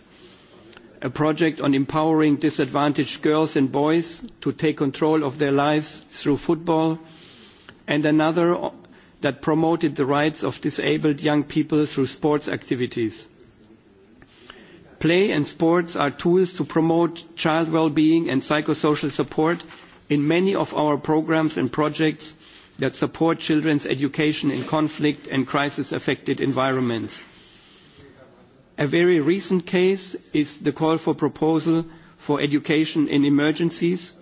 A project on empowering disadvantaged girls and boys to take control of their lives through football, and another that promoted the rights of disabled young people through sports activities. Play and sports are tools to promote child well-being and psychosocial support in many of our programs and projects that support children's education in conflict and crisis-affected environments. A very recent case is the call for proposal for education in emergencies,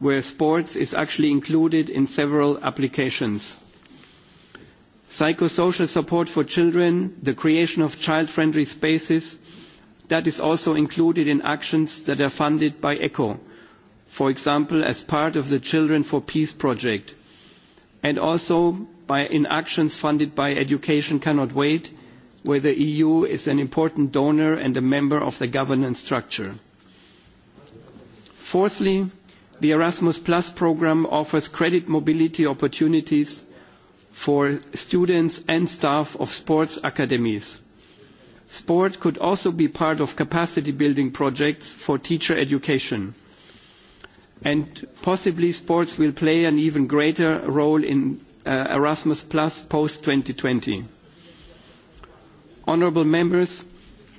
where sports is actually included in several applications. Psychosocial support for children, the creation of child-friendly spaces, that is also included in actions that are funded by ECHO, for example, as part of the Children for Peace project and also by in actions funded by Education Cannot Wait, where the EU is an important donor and a member of the governance structure. Fourthly, the Erasmus Plus program offers credit mobility opportunities for students and staff of sports academies. Sport could also be part of capacity building projects for teacher education and possibly sports will play an even greater role in uh, Erasmus Plus post 2020. Honourable members,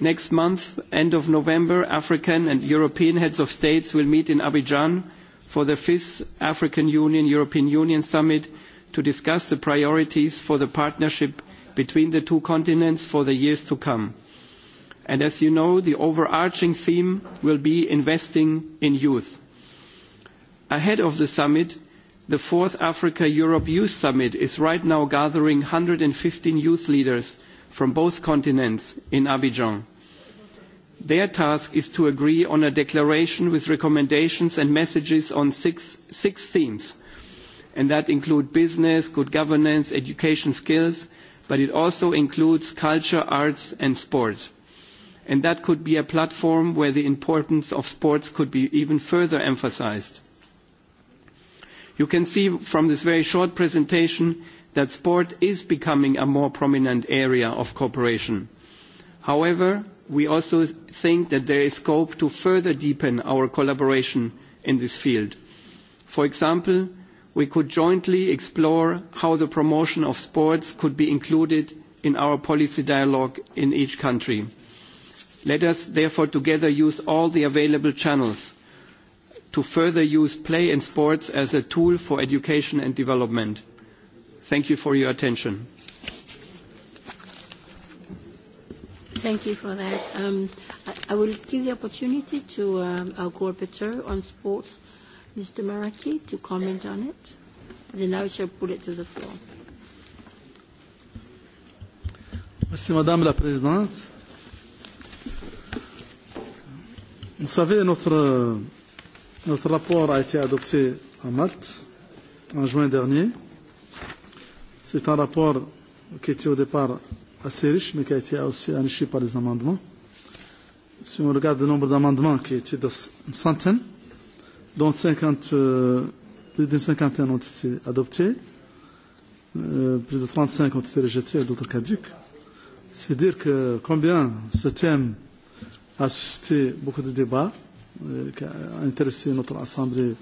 next month, end of November, African and European heads of states will meet in Abidjan for the fifth African Union European Union Summit to discuss the priorities for the partnership between the two continents for the years to come. And as you know, the overarching theme will be investing in youth. Ahead of the summit, the fourth Africa Europe Youth Summit is right now gathering 115 youth leaders from both continents in Abidjan. Their task is to agree on a declaration with recommendations and messages on six, six themes, and that include business, good governance, education skills, but it also includes culture, arts, and sport. And that could be a platform where the importance of sports could be even further emphasized You can see from this very short presentation that sport is becoming a more prominent area of cooperation. However, we also think that there is scope to further deepen our collaboration in this field. For example, we could jointly explore how the promotion of sports could be included in our policy dialogue in each country. Let us therefore together use all the available channels to further use play and sports as a tool for education and development. Thank you for your attention. Thank you for that. Um, I, I will give the opportunity to um, our co-rapporteur on sports, Mr. Maraki, to comment on it. Then I shall put it to the floor. Merci Madame la Présidente. Vous savez, notre Notre rapport a été adopté à Malte en juin dernier. C'est un rapport qui était au départ assez riche, mais qui a été aussi enrichi par les amendements. Si on regarde le nombre d'amendements qui étaient de une centaine, dont 50, euh, plus d'une cinquantaine ont été adoptés, euh, plus de 35 ont été rejetés et d'autres caduques. C'est dire que combien ce thème a suscité beaucoup de débats a intéressé notre assemblée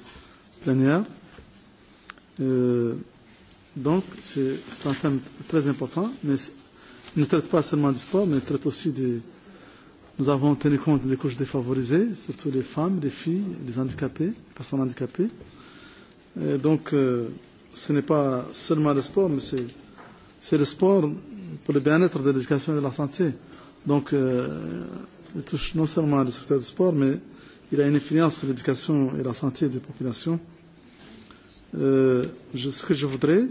plénière. Euh, donc, c'est un thème très important, mais ne traite pas seulement du sport, mais traite aussi des. Nous avons tenu compte des couches défavorisées, surtout les femmes, les filles, les handicapés, les personnes handicapées. Et donc, euh, ce n'est pas seulement le sport, mais c'est le sport pour le bien-être de l'éducation et de la santé. Donc, euh, il touche non seulement le secteur du sport, mais euh, il a une influence sur l'éducation et la santé des populations. Euh, je, ce que je voudrais,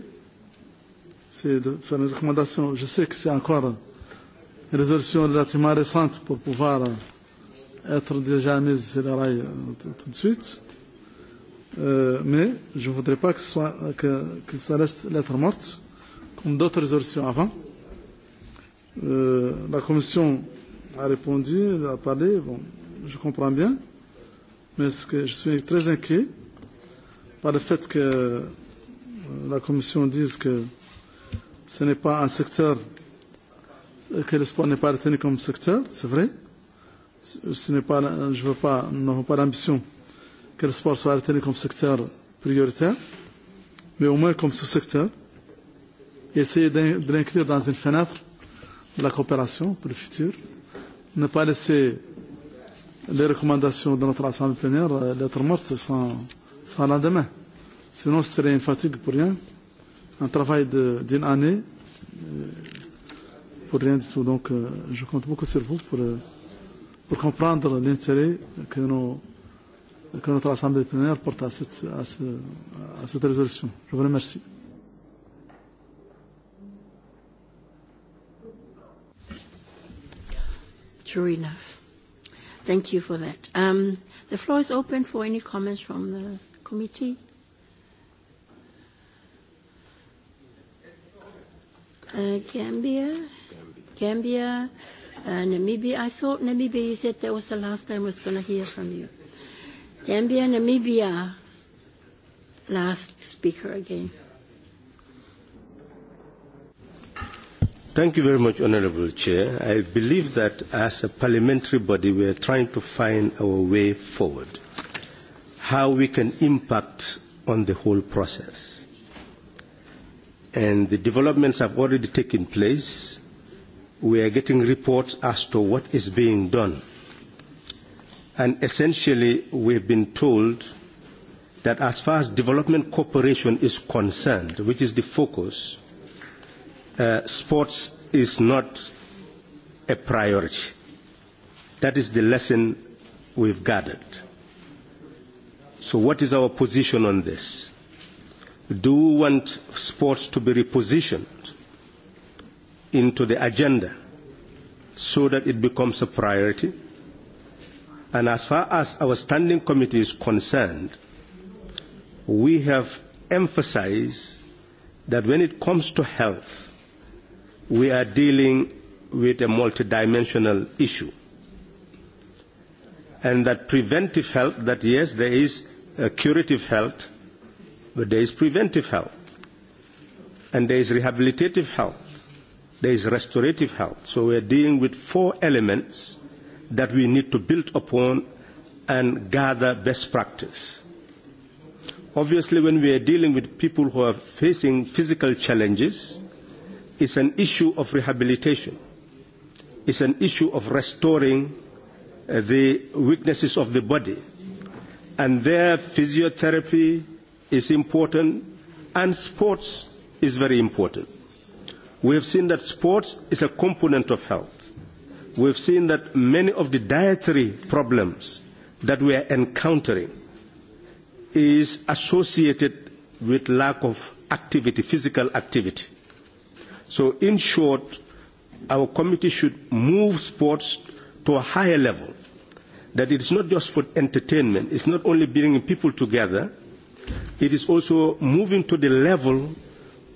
c'est de faire une recommandation. Je sais que c'est encore une résolution relativement récente pour pouvoir être déjà mise sur la rail euh, tout de suite. Euh, mais je ne voudrais pas que, ce soit, que, que ça reste lettre morte, comme d'autres résolutions avant. Euh, la Commission a répondu, a parlé, bon, je comprends bien. Euh, mais ce que je suis très inquiet par le fait que euh, la Commission dise que ce n'est pas un secteur, que le sport n'est pas retenu comme secteur, c'est vrai. Ce n'est pas, je veux pas, nous n'avons pas l'ambition que le sport soit retenu comme secteur prioritaire, mais au moins comme sous-secteur, et essayer de l'inclure dans une fenêtre de la coopération pour le futur, ne pas laisser euh, les recommandations de notre assemblée plénière, lettres euh, mortes sans, sans lendemain. Sinon, ce serait une fatigue pour rien, un travail d'une année euh, pour rien du tout. Donc, euh, je compte beaucoup sur vous pour, pour comprendre l'intérêt que, nos, que notre assemblée plénière porte à cette, à, ce, à cette résolution. Je vous remercie. True enough. Thank you for that. Um, the floor is open for any comments from the committee. Uh, Gambia, Gambia, uh, Namibia. I thought Namibia, you said that was the last time I was going to hear from you. Gambia, Namibia. Last speaker again. Yeah. Thank you very much, Honourable Chair. I believe that as a parliamentary body, we are trying to find our way forward, how we can impact on the whole process. And the developments have already taken place. We are getting reports as to what is being done. And essentially, we've been told that as far as development cooperation is concerned, which is the focus, uh, sports is not a priority. That is the lesson we've gathered. So what is our position on this? Do we want sports to be repositioned into the agenda so that it becomes a priority? And as far as our standing committee is concerned, we have emphasized that when it comes to health, we are dealing with a multidimensional issue. And that preventive health, that yes, there is a curative health, but there is preventive health. And there is rehabilitative health. There is restorative health. So we are dealing with four elements that we need to build upon and gather best practice. Obviously, when we are dealing with people who are facing physical challenges, mm-hmm It's an issue of rehabilitation. It's an issue of restoring uh, the weaknesses of the body. And there, physiotherapy is important, and sports is very important. We have seen that sports is a component of health. We've seen that many of the dietary problems that we are encountering is associated with lack of activity, physical activity. So in short, our committee should move sports to a higher level, that it's not just for entertainment, it's not only bringing people together, it is also moving to the level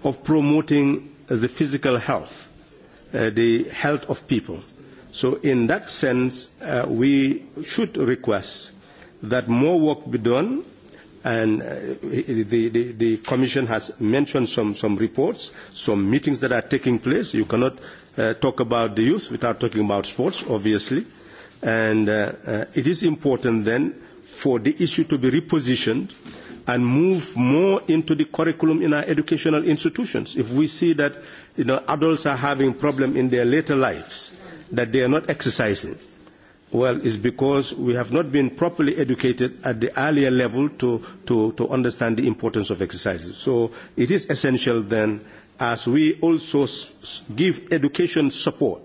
of promoting the physical health, uh, the health of people. So in that sense, uh, we should request that more work be done And uh, the, the, the Commission has mentioned some, some reports, some meetings that are taking place. You cannot uh, talk about the youth without talking about sports, obviously. And uh, uh, it is important then for the issue to be repositioned and move more into the curriculum in our educational institutions. If we see that you know, adults are having problems in their later lives, that they are not exercising, uh, Well, it's because we have not been properly educated at the earlier level to, to, to understand the importance of exercises. So it is essential then, as we also s- give education support,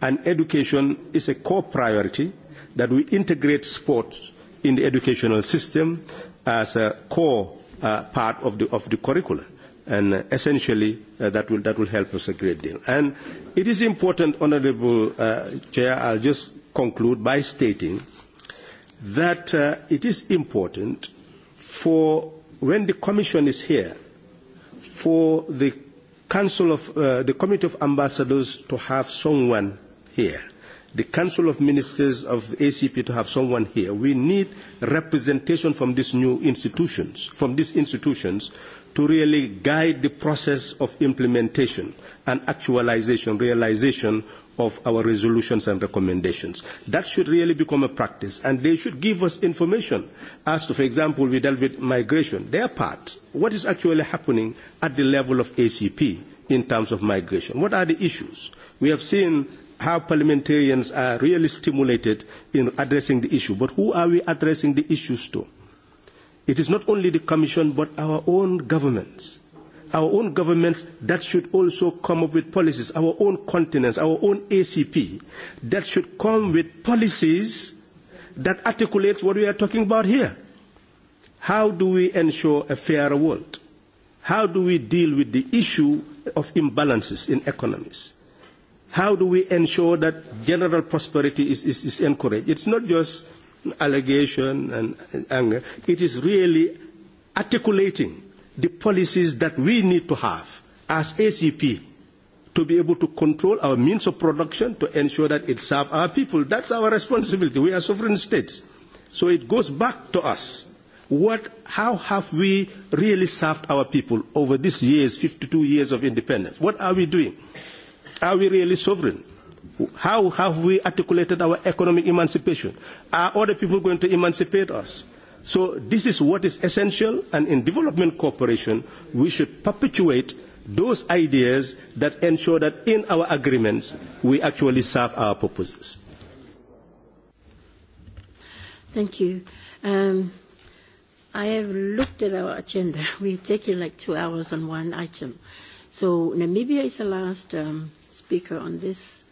and education is a core priority, that we integrate sports in the educational system as a core uh, part of the, of the curriculum. And uh, essentially, uh, that, will, that will help us a great deal. And it is important, Honorable uh, Chair, I'll just conclude by stating that uh, it is important for when the Commission is here, for the Council of uh, the Committee of Ambassadors to have someone here the Council of Ministers of ACP to have someone here. We need representation from these new institutions, from these institutions to really guide the process of implementation and actualization, realization of our resolutions and recommendations. That should really become a practice, and they should give us information as to, for example, we dealt with migration, their part, what is actually happening at the level of ACP in terms of migration? What are the issues? We have seen how parliamentarians are really stimulated in addressing the issue. But who are we addressing the issues to? It is not only the Commission, but our own governments. Our own governments that should also come up with policies, our own continents, our own ACP, that should come with policies that articulates what we are talking about here. How do we ensure a fairer world? How do we deal with the issue of imbalances in economies? how do we ensure that general prosperity is, is, is encouraged? It's not just allegation and anger. It is really articulating the policies that we need to have as ACP to be able to control our means of production to ensure that it serves our people. That's our responsibility. We are sovereign states. So it goes back to us. What, how have we really served our people over these years, 52 years of independence? What are we doing? Are we really sovereign? How have we articulated our economic emancipation? Are other people going to emancipate us? So this is what is essential, and in development cooperation, we should perpetuate those ideas that ensure that in our agreements, we actually serve our purposes. Thank you. Um, I have looked at our agenda. We've taken like two hours on one item. So Namibia is the last um, speaker on this,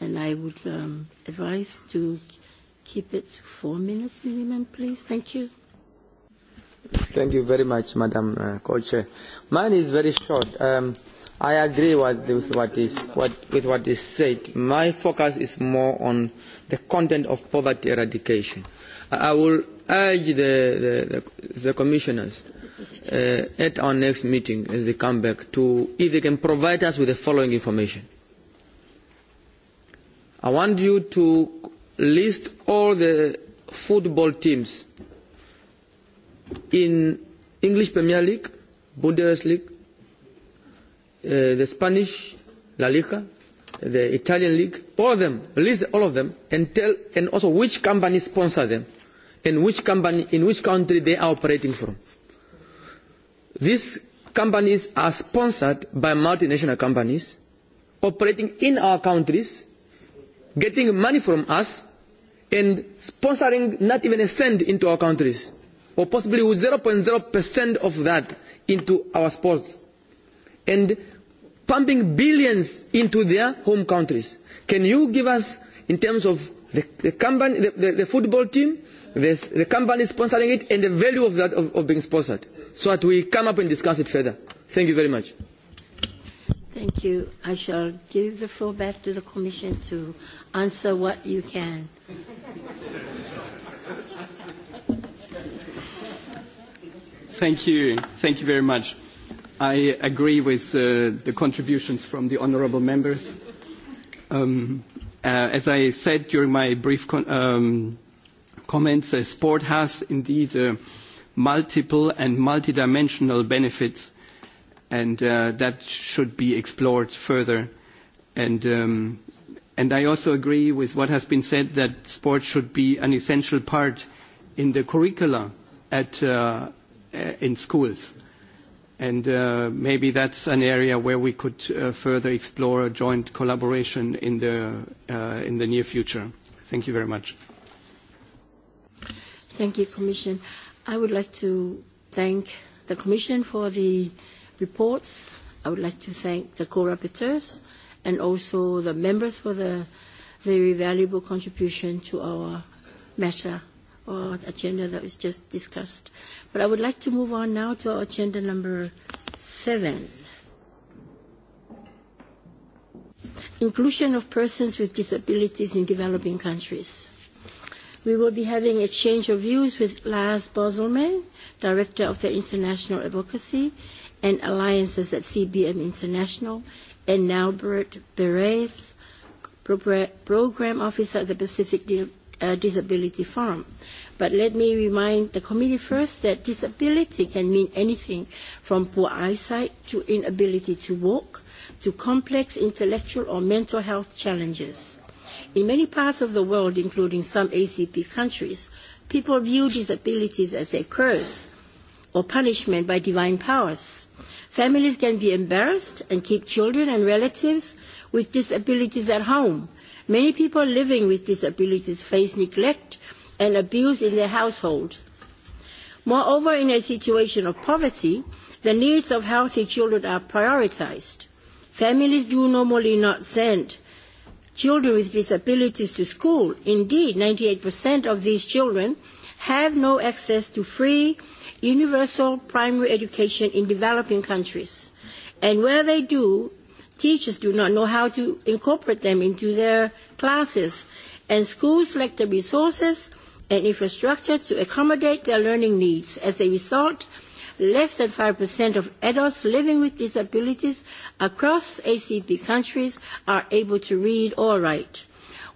and I would um, advise to keep it to four minutes minimum, please. Thank you. Thank you very much, Madam uh, Co-Chair. Mine is very short. Um, I agree with, with, what is, what, with what is said. My focus is more on the content of poverty eradication. I will urge the, the, the, the commissioners uh, at our next meeting as they come back to, if they can provide us with the following information I want you to list all the football teams in English Premier League, Bundesliga, uh, the Spanish La Liga, the Italian league, all of them, list all of them, and tell, and also which company sponsor them, and which company, in which country they are operating from. These companies are sponsored by multinational companies operating in our countries getting money from us and sponsoring not even a cent into our countries, or possibly with 0.0% of that into our sports, and pumping billions into their home countries. Can you give us, in terms of the, the, company, the, the, the football team, the, the company sponsoring it, and the value of that of, of being sponsored, so that we come up and discuss it further? Thank you very much. Thank you. I shall give the floor back to the Commission to answer what you can. Thank you. Thank you very much. I agree with uh, the contributions from the honourable members. Um, uh, as I said during my brief con- um, comments, uh, sport has indeed uh, multiple and multidimensional benefits and uh, that should be explored further. And, um, and I also agree with what has been said that sports should be an essential part in the curricula at, uh, uh, in schools. And uh, maybe that's an area where we could uh, further explore a joint collaboration in the, uh, in the near future. Thank you very much. Thank you, Commission. I would like to thank the Commission for the uh, reports. I would like to thank the co-rapporteurs and also the members for the very valuable contribution to our matter or agenda that was just discussed. But I would like to move on now to our agenda number seven. Inclusion of persons with disabilities in developing countries. We will be having exchange of views with Lars Bozelman, Director of the International Advocacy and alliances at CBM International, and Norbert Perez, Program Officer at the Pacific uh, Disability Forum. But let me remind the committee first that disability can mean anything from poor eyesight to inability to walk to complex intellectual or mental health challenges. In many parts of the world, including some ACP countries, people view disabilities as a curse or punishment by divine powers. Families can be embarrassed and keep children and relatives with disabilities at home. Many people living with disabilities face neglect and abuse in their household. Moreover, in a situation of poverty, the needs of healthy children are prioritized. Families do normally not send children with disabilities to school. Indeed, 98% of these children have no access to free universal primary education in developing countries. And where they do, teachers do not know how to incorporate them into their classes, and schools lack the resources and infrastructure to accommodate their learning needs. As a result, less than 5% of adults living with disabilities across ACP countries are able to read or write.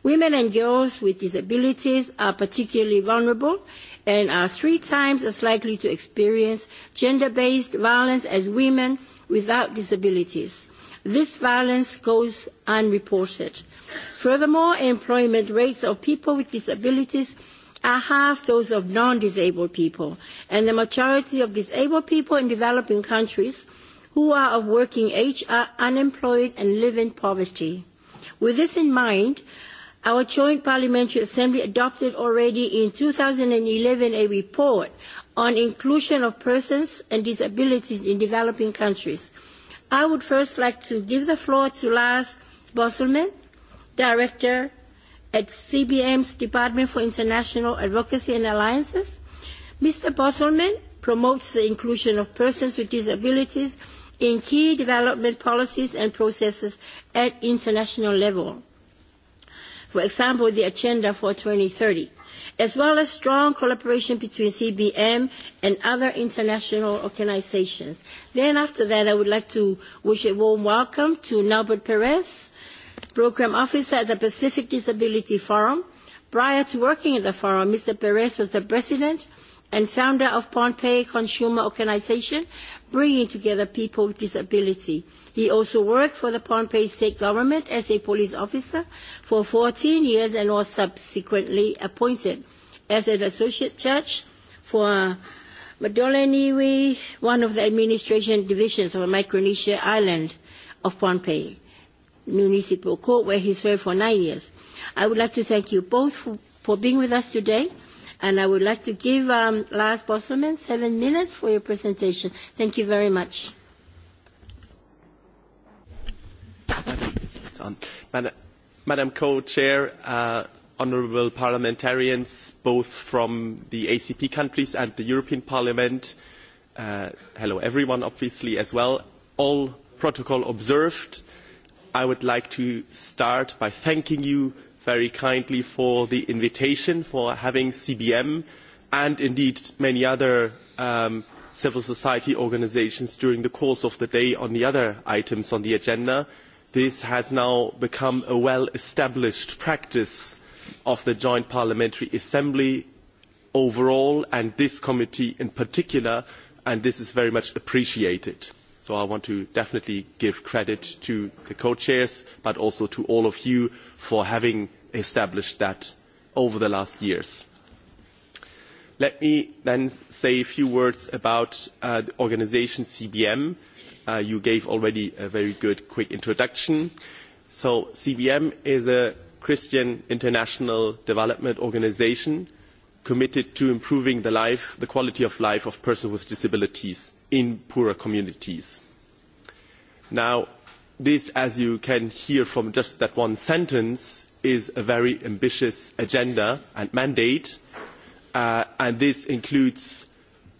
Women and girls with disabilities are particularly vulnerable and are three times as likely to experience gender-based violence as women without disabilities. This violence goes unreported. Furthermore, employment rates of people with disabilities are half those of non-disabled people, and the majority of disabled people in developing countries who are of working age are unemployed and live in poverty. With this in mind, Our joint parliamentary assembly adopted already in 2011 a report on inclusion of persons and disabilities in developing countries. I would first like to give the floor to Lars Bosselman, Director at CBM's Department for International Advocacy and Alliances. Mr. Bosselman promotes the inclusion of persons with disabilities in key development policies and processes at international level for example, the agenda for 2030, as well as strong collaboration between CBM and other international organizations. Then after that, I would like to wish a warm welcome to Norbert Perez, Program Officer at the Pacific Disability Forum. Prior to working at the forum, Mr. Perez was the president and founder of Pompeii Consumer Organization, bringing together people with disability. He also worked for the Phnom Penh state government as a police officer for 14 years and was subsequently appointed as an associate judge for Madoleniwi, one of the administration divisions of Micronesia Island of Phnom Penh Municipal Court, where he served for nine years. I would like to thank you both for, for being with us today. And I would like to give um, Lars Bosselman seven minutes for your presentation. Thank you very much. Madam, Madam Co-Chair, uh, honourable parliamentarians, both from the ACP countries and the European Parliament, uh, hello everyone obviously as well, all protocol observed. I would like to start by thanking you very kindly for the invitation, for having CBM and indeed many other um, civil society organisations during the course of the day on the other items on the agenda. Uh, this has now become a well established practice of the joint parliamentary assembly overall and this committee in particular and this is very much appreciated so i want to definitely give credit to the co-chairs but also to all of you for having established that over the last years let me then say a few words about uh, the organization cbm Uh, you gave already a very good quick introduction. So CBM is a Christian international development organization committed to improving the life, the quality of life of persons with disabilities in poorer communities. Now, this, as you can hear from just that one sentence, is a very ambitious agenda and mandate, uh, and this includes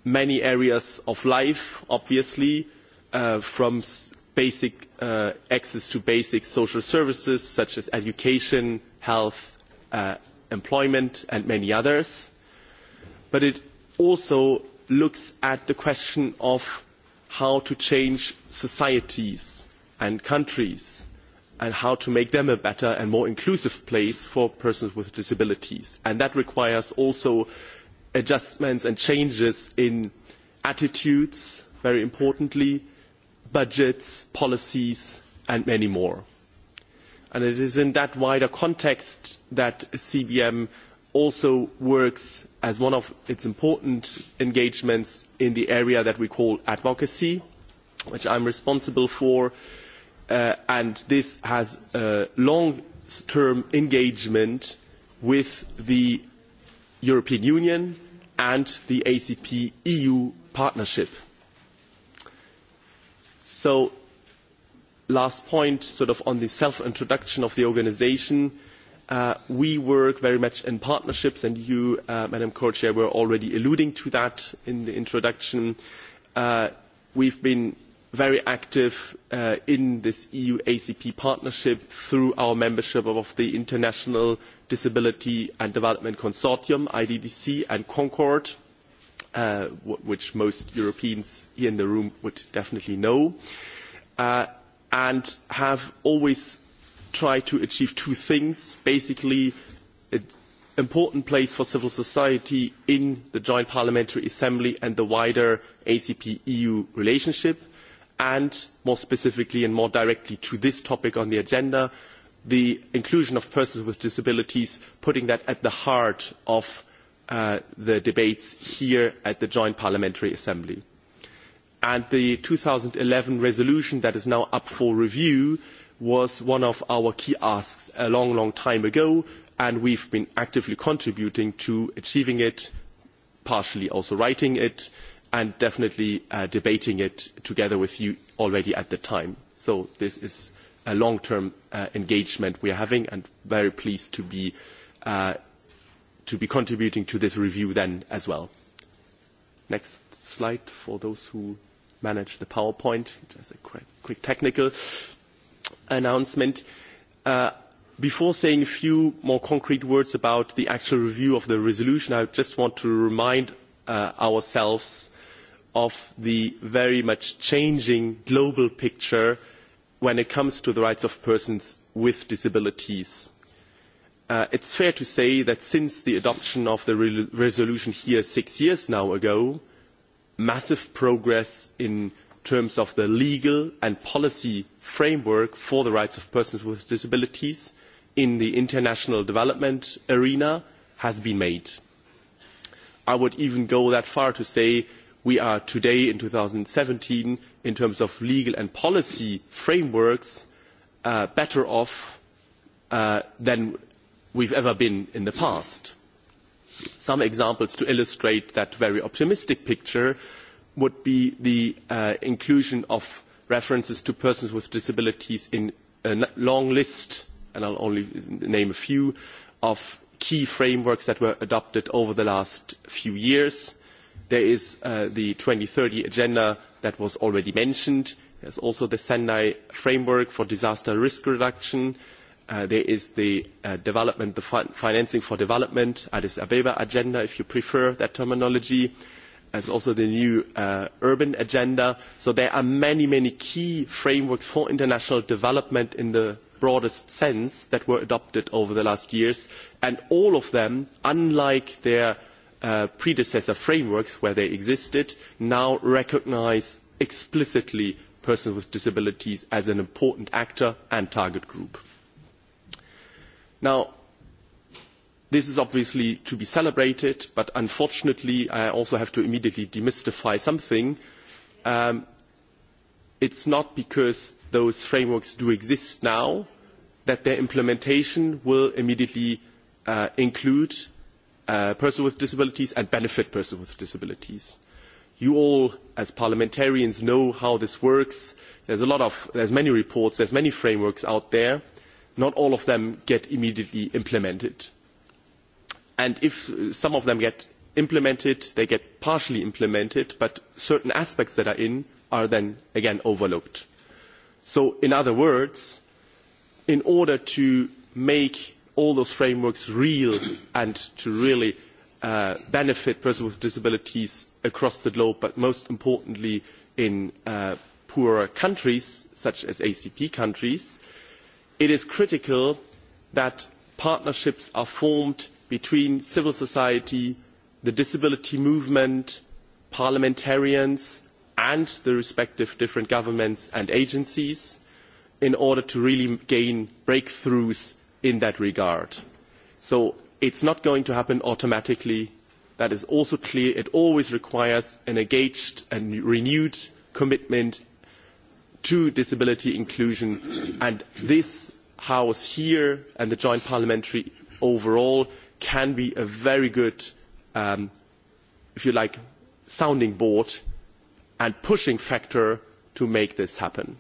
many areas of life, obviously, uh, from basic uh, access to basic social services such as education, health, uh, employment and many others. But it also looks at the question of how to change societies and countries and how to make them a better and more inclusive place for persons with disabilities. And that requires also adjustments and changes in attitudes, very importantly, budgets, policies, and many more. And it is in that wider context that CBM also works as one of its important engagements in the area that we call advocacy, which I'm responsible for, uh, and this has a long-term engagement with the European Union and the ACP-EU partnership So last point, sort of on the self-introduction of the organization, uh, we work very much in partnerships, and you, uh, Madam Co-Chair, were already alluding to that in the introduction. Uh, we've been very active uh, in this EU ACP partnership through our membership of the International Disability and Development Consortium, IDDC, and Concord. Uh, uh, which most Europeans here in the room would definitely know, uh, and have always tried to achieve two things. Basically, an important place for civil society in the Joint Parliamentary Assembly and the wider ACP-EU relationship, and more specifically and more directly to this topic on the agenda, the inclusion of persons with disabilities, putting that at the heart of uh, the debates here at the Joint Parliamentary Assembly. And the 2011 resolution that is now up for review was one of our key asks a long, long time ago, and we've been actively contributing to achieving it, partially also writing it, and definitely uh, debating it together with you already at the time. So this is a long-term uh, engagement we are having, and very pleased to be uh, to be contributing to this review then as well. Next slide for those who manage the PowerPoint. Just a quick, quick technical announcement. Uh, before saying a few more concrete words about the actual review of the resolution, I just want to remind uh, ourselves of the very much changing global picture when it comes to the rights of persons with disabilities uh, it's fair to say that since the adoption of the re resolution here six years now ago, massive progress in terms of the legal and policy framework for the rights of persons with disabilities in the international development arena has been made. I would even go that far to say we are today in 2017 in terms of legal and policy frameworks uh, better off uh, than we've ever been in the past. Some examples to illustrate that very optimistic picture would be the uh, inclusion of references to persons with disabilities in a long list, and I'll only name a few, of key frameworks that were adopted over the last few years. There is uh, the 2030 agenda that was already mentioned. There's also the Sendai framework for disaster risk reduction. Uh, Uh, there is the uh, development, the fin financing for development, Addis Abeba agenda, if you prefer that terminology. There's also the new uh, urban agenda. So there are many, many key frameworks for international development in the broadest sense that were adopted over the last years. And all of them, unlike their uh, predecessor frameworks where they existed, now recognize explicitly persons with disabilities as an important actor and target group. Now, this is obviously to be celebrated, but unfortunately, I also have to immediately demystify something. Um, it's not because those frameworks do exist now that their implementation will immediately uh, include uh, persons with disabilities and benefit persons with disabilities. You all, as parliamentarians, know how this works. There's a lot of, there's many reports, there's many frameworks out there. Uh, not all of them get immediately implemented. And if some of them get implemented, they get partially implemented, but certain aspects that are in are then again overlooked. So in other words, in order to make all those frameworks real and to really uh, benefit persons with disabilities across the globe, but most importantly in uh, poorer countries, such as ACP countries, it is critical that partnerships are formed between civil society the disability movement parliamentarians and the respective different governments and agencies in order to really gain breakthroughs in that regard. So it's not going to happen automatically. That is also clear. It always requires an engaged and renewed commitment to disability inclusion and this house here and the joint parliamentary overall can be a very good um, if you like sounding board and pushing factor to make this happen.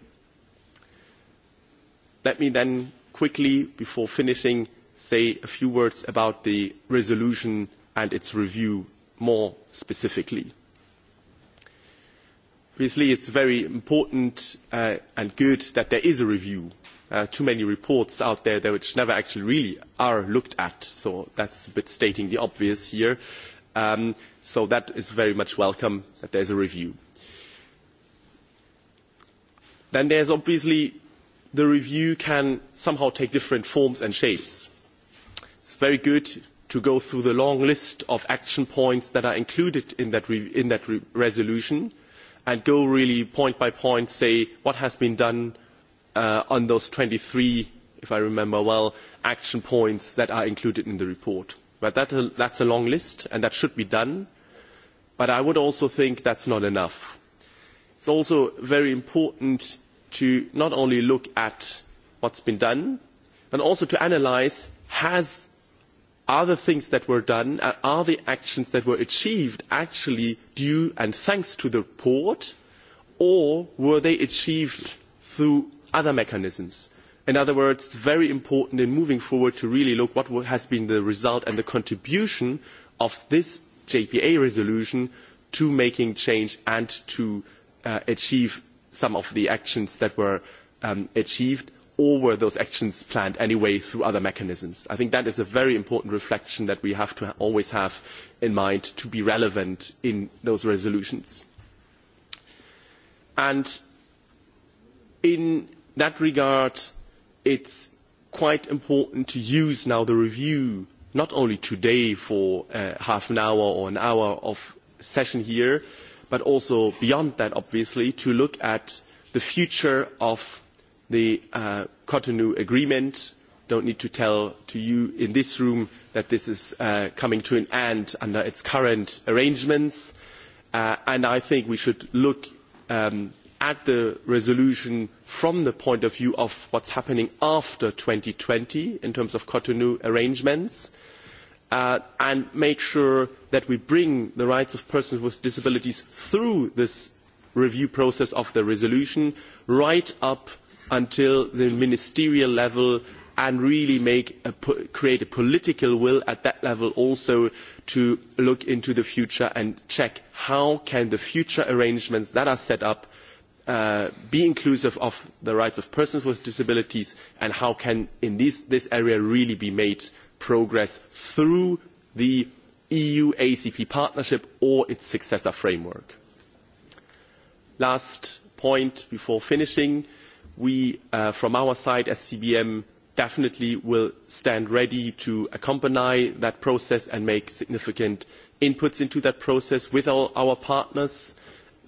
Let me then quickly before finishing say a few words about the resolution and its review more specifically Obviously, it's very important uh, and good that there is a review. Uh, too many reports out there that which never actually really are looked at, so that's a bit stating the obvious here. Um, so that is very much welcome that there's a review. Then there's obviously the review can somehow take different forms and shapes. It's very good to go through the long list of action points that are included in that, re in that re resolution and go really point by point, say what has been done uh, on those 23, if I remember well, action points that are included in the report. But that, uh, that's a long list, and that should be done. But I would also think that's not enough. It's also very important to not only look at what's been done, but also to analyse has are the things that were done and uh, are the actions that were achieved actually due and thanks to the report or were they achieved through other mechanisms? In other words, very important in moving forward to really look what has been the result and the contribution of this JPA resolution to making change and to uh, achieve some of the actions that were um, achieved or were those actions planned anyway through other mechanisms? I think that is a very important reflection that we have to ha always have in mind to be relevant in those resolutions. And in that regard, it's quite important to use now the review, not only today for uh, half an hour or an hour of session here, but also beyond that, obviously, to look at the future of the uh, Cotonou Agreement. Don't need to tell to you in this room that this is uh, coming to an end under its current arrangements. Uh, and I think we should look um, at the resolution from the point of view of what's happening after 2020 in terms of Cotonou arrangements. Uh, and make sure that we bring the rights of persons with disabilities through this review process of the resolution right up until the ministerial level and really make a, create a political will at that level also to look into the future and check how can the future arrangements that are set up uh, be inclusive of the rights of persons with disabilities and how can in this, this area really be made progress through the EU ACP partnership or its successor framework. Last point before finishing. Uh, we, uh, from our side as CBM, definitely will stand ready to accompany that process and make significant inputs into that process with all our partners,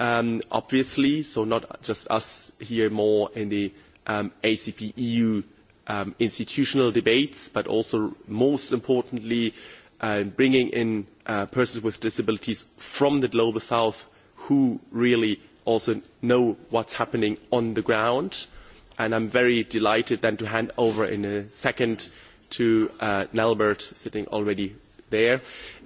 um, obviously, so not just us here more in the um, ACP EU um, institutional debates, but also most importantly, uh, bringing in uh, persons with disabilities from the global south who really also know what's happening on the ground. Uh, and I'm very delighted then to hand over in a second to uh, Nelbert, sitting already there,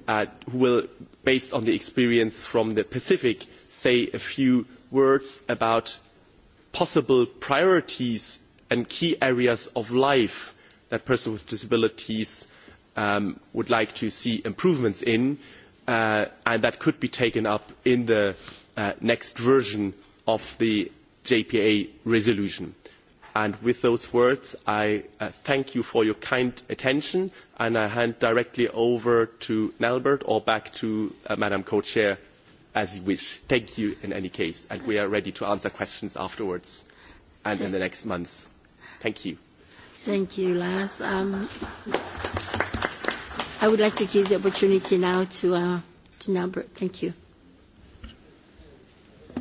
uh, who will, based on the experience from the Pacific, say a few words about possible priorities and key areas of life that persons with disabilities um, would like to see improvements in, uh, and that could be taken up in the uh, next version of the JPA resolution. And with those words, I uh, thank you for your kind attention, and I hand directly over to Nalbert or back to uh, Madam Co-Chair as you wish. Thank you in any case, and we are ready to answer questions afterwards and in the next months. Thank you. Thank you, Lars. Um, I would like to give the opportunity now to, uh, to Nalbert. Thank you.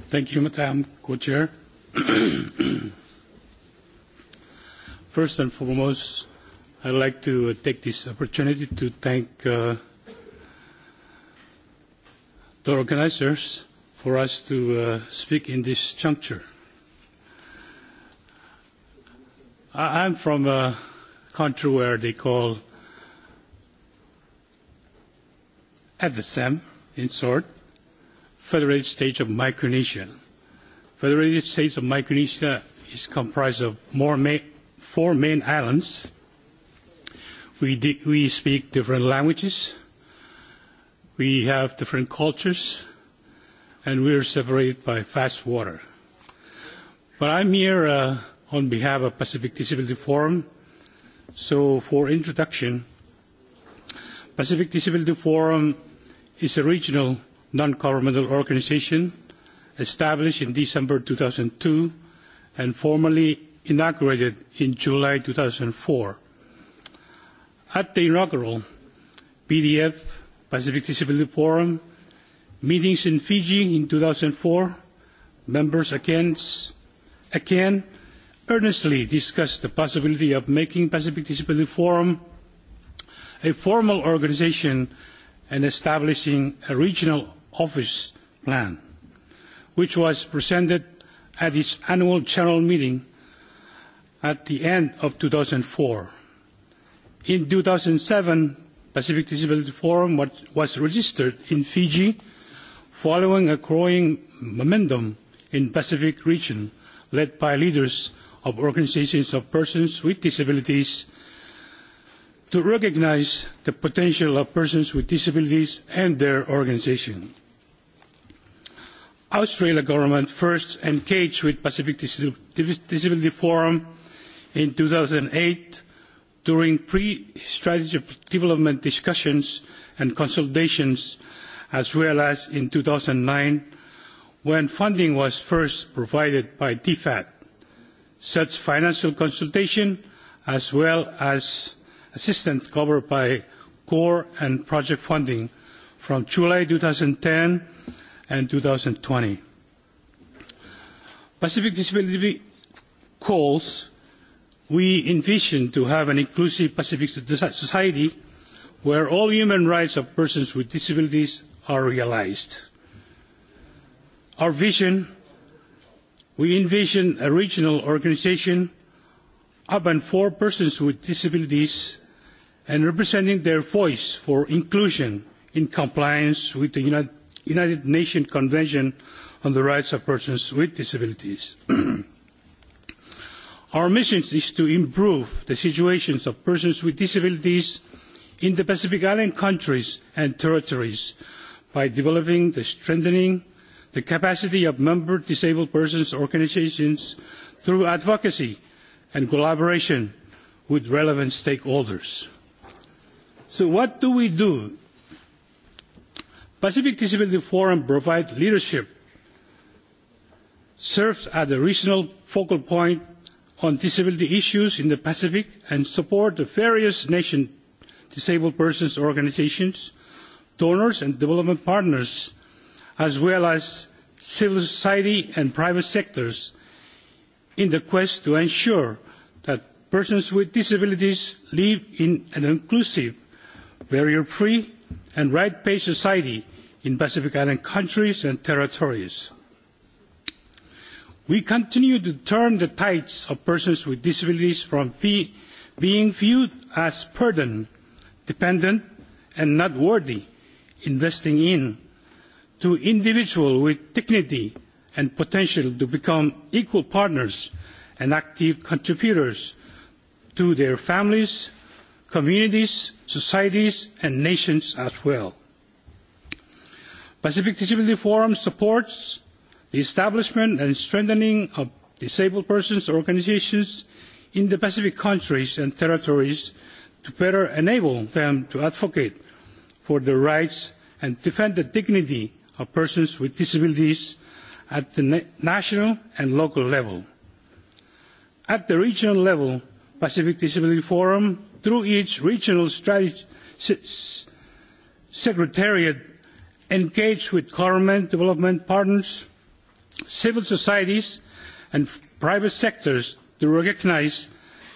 Thank you, Madam Co-Chair. First and foremost, I'd like to uh, take this opportunity to thank uh, the organizers for us to uh, speak in this juncture. I- I'm from a country where they call FSM, in short, Federated States of Micronesia. Federated States of Micronesia is comprised of more ma- four main islands. We, di- we speak different languages, we have different cultures, and we are separated by vast water. But I'm here uh, on behalf of Pacific Disability Forum. So for introduction, Pacific Disability Forum is a regional non-governmental organization established in December 2002 and formally inaugurated in July 2004. At the inaugural PDF Pacific Disability Forum meetings in Fiji in 2004, members again, again earnestly discussed the possibility of making Pacific Disability Forum a formal organization and establishing a regional office plan, which was presented at its annual general meeting at the end of 2004. In 2007, Pacific Disability Forum was registered in Fiji following a growing momentum in Pacific region led by leaders of organizations of persons with disabilities to recognize the potential of persons with disabilities and their organization. Australia government first engaged with Pacific Disability Forum in 2008 during pre-strategic development discussions and consultations, as well as in 2009 when funding was first provided by DFAT. Such financial consultation, as well as assistance covered by core and project funding from July 2010 and 2020. Pacific Disability Calls we envision to have an inclusive Pacific society where all human rights of persons with disabilities are realized. Our vision, we envision a regional organization urban for persons with disabilities and representing their voice for inclusion in compliance with the United, United Nations Convention on the Rights of Persons with Disabilities. Our mission is to improve the situations of persons with disabilities in the Pacific Island countries and territories by developing the strengthening the capacity of member disabled persons organizations through advocacy and collaboration with relevant stakeholders. So what do we do? Pacific Disability Forum provides leadership, serves as a regional focal point on disability issues in the Pacific and support the various nation disabled persons organizations, donors and development partners, as well as civil society and private sectors in the quest to ensure that persons with disabilities live in an inclusive, barrier-free and right-based society in Pacific Island countries and territories. We continue to turn the tides of persons with disabilities from be, being viewed as burden, dependent, and not worthy investing in to individuals with dignity and potential to become equal partners and active contributors to their families, communities, societies, and nations as well. Pacific Disability Forum supports the establishment and strengthening of disabled persons organizations in the Pacific countries and territories to better enable them to advocate for the rights and defend the dignity of persons with disabilities at the na national and local level. At the regional level, Pacific Disability Forum, through its regional strategy, se secretariat, engaged with government development partners Civil societies and private sectors to recognize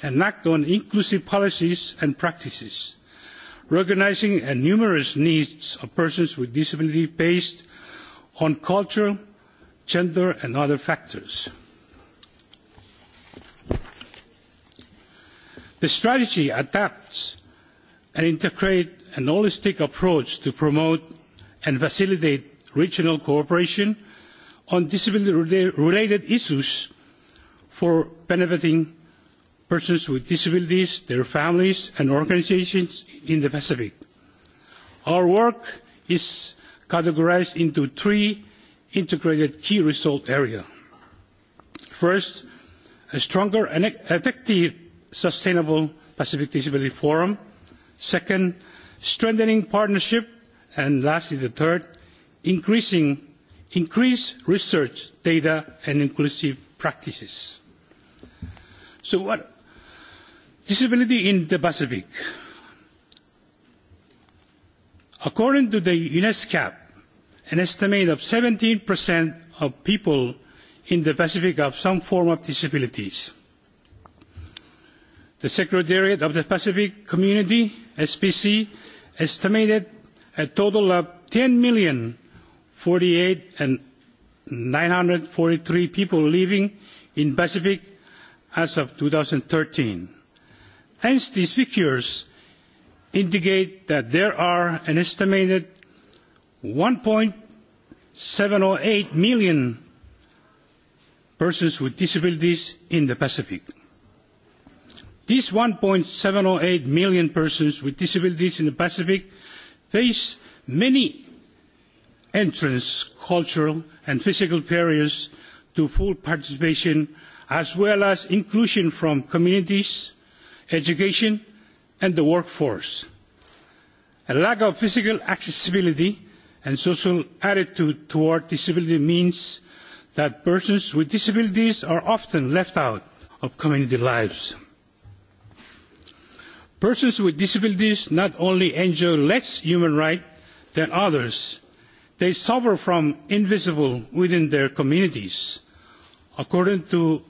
and act on inclusive policies and practices, recognizing the numerous needs of persons with disability based on culture, gender, and other factors. The strategy adapts and integrates an holistic approach to promote and facilitate regional cooperation – on disability-related issues for benefiting persons with disabilities, their families, and organizations in the Pacific. Our work is categorized into three integrated key result areas. First, a stronger and e-, effective sustainable Pacific Disability Forum. Second, strengthening partnership. And lastly, the third, increasing increase research, data, and inclusive practices. So what? Disability in the Pacific. According to the UNESCO, an estimate of 17% of people in the Pacific have some form of disabilities. The Secretariat of the Pacific Community, SPC, estimated a total of 10 million 48 and 943 people living in Pacific as of 2013. Hence, these figures indicate that there are an estimated 1.708 million persons with disabilities in the Pacific. These 1.708 million persons with disabilities in the Pacific face many entrance, cultural and physical barriers to full participation, as well as inclusion from communities, education and the workforce. A lack of physical accessibility and social attitude toward disability means that persons with disabilities are often left out of community lives. Persons with disabilities not only enjoy less human rights than others, They suffer from invisible within their communities. According to,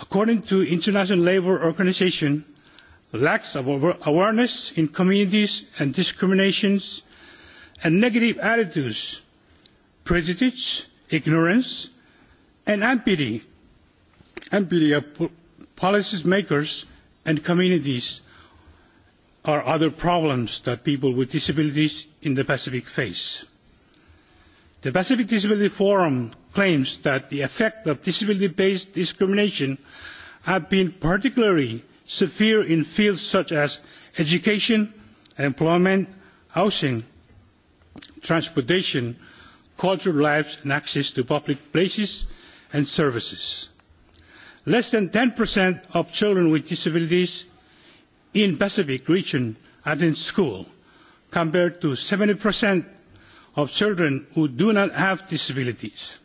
according to International Labour Organization, lacks of awareness in communities and discriminations and negative attitudes, prejudice, ignorance, and empathy, empathy of policy makers and communities are other problems that people with disabilities in the Pacific face. The Pacific Disability Forum claims that the effect of disability-based discrimination have been particularly severe in fields such as education, employment, housing, transportation, cultural lives and access to public places and services. Less than 10% of children with disabilities in Pacific region attend school, compared to 70% of children who do not have disabilities.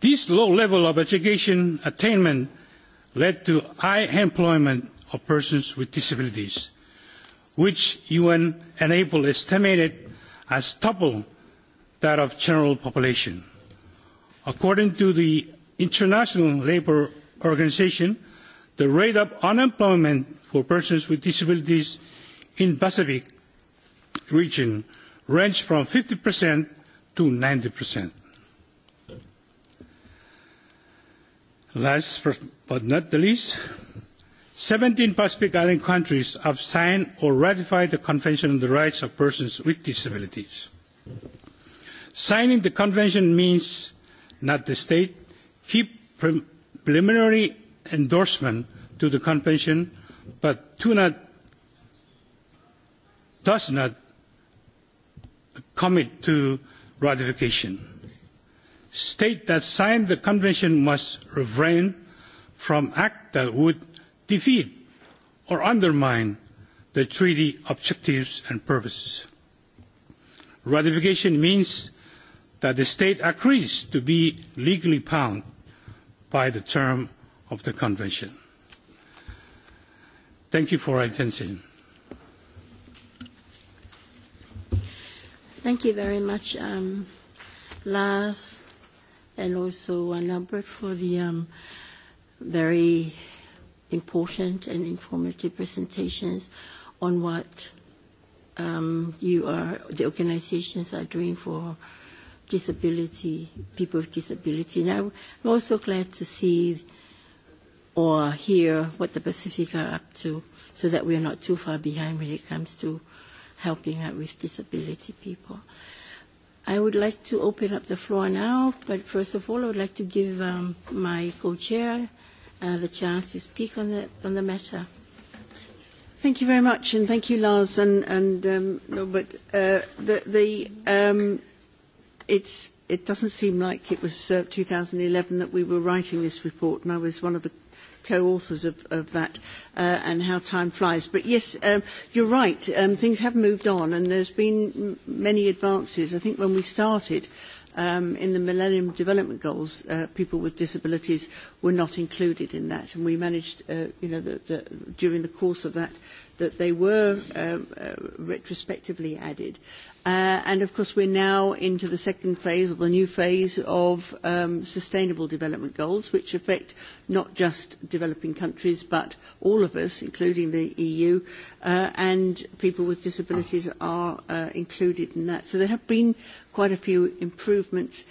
This low level of education attainment led to high employment of persons with disabilities, which UN enabled estimated as double that of general population. According to the International Labour Organization, the rate of unemployment for persons with disabilities in Pacific region range from 50% to 90%. Last but not the least, 17 Pacific Island countries have signed or ratified the Convention on the Rights of Persons with Disabilities. Signing the convention means not the state keep preliminary endorsement to the convention but do not, does not commit to ratification. State that signed the convention must refrain from acts that would defeat or undermine the treaty objectives and purposes. Ratification means that the state agrees to be legally bound by the term of the convention. Thank you for your attention. Thank you very much, um, Lars, and also uh, Albert for the um, very important and informative presentations on what um, you are, the organizations are doing for disability, people with disability. And I'm also glad to see or hear what the Pacific are up to so that we're not too far behind when it comes to helping out with disability people. I would like to open up the floor now, but first of all, I would like to give um, my co-chair uh, the chance to speak on the, on the matter. Thank you very much, and thank you, Lars and, and um, Norbert. Uh, the, the, um, it's, it doesn't seem like it was uh, 2011 that we were writing this report, and I was one of the co-authors of, of that uh, and how time flies. But yes, um, you're right. Um, things have moved on and there's been many advances. I think when we started um, in the Millennium Development Goals, uh, people with disabilities were not included in that. And we managed, uh, you know, the, the, during the course of that, that they were um, uh, retrospectively added. Uh, and of course, we're now into the second phase or the new phase of um, sustainable development goals, which affect not just developing countries, but all of us, including the EU, uh, and people with disabilities are uh, included in that. So there have been quite a few improvements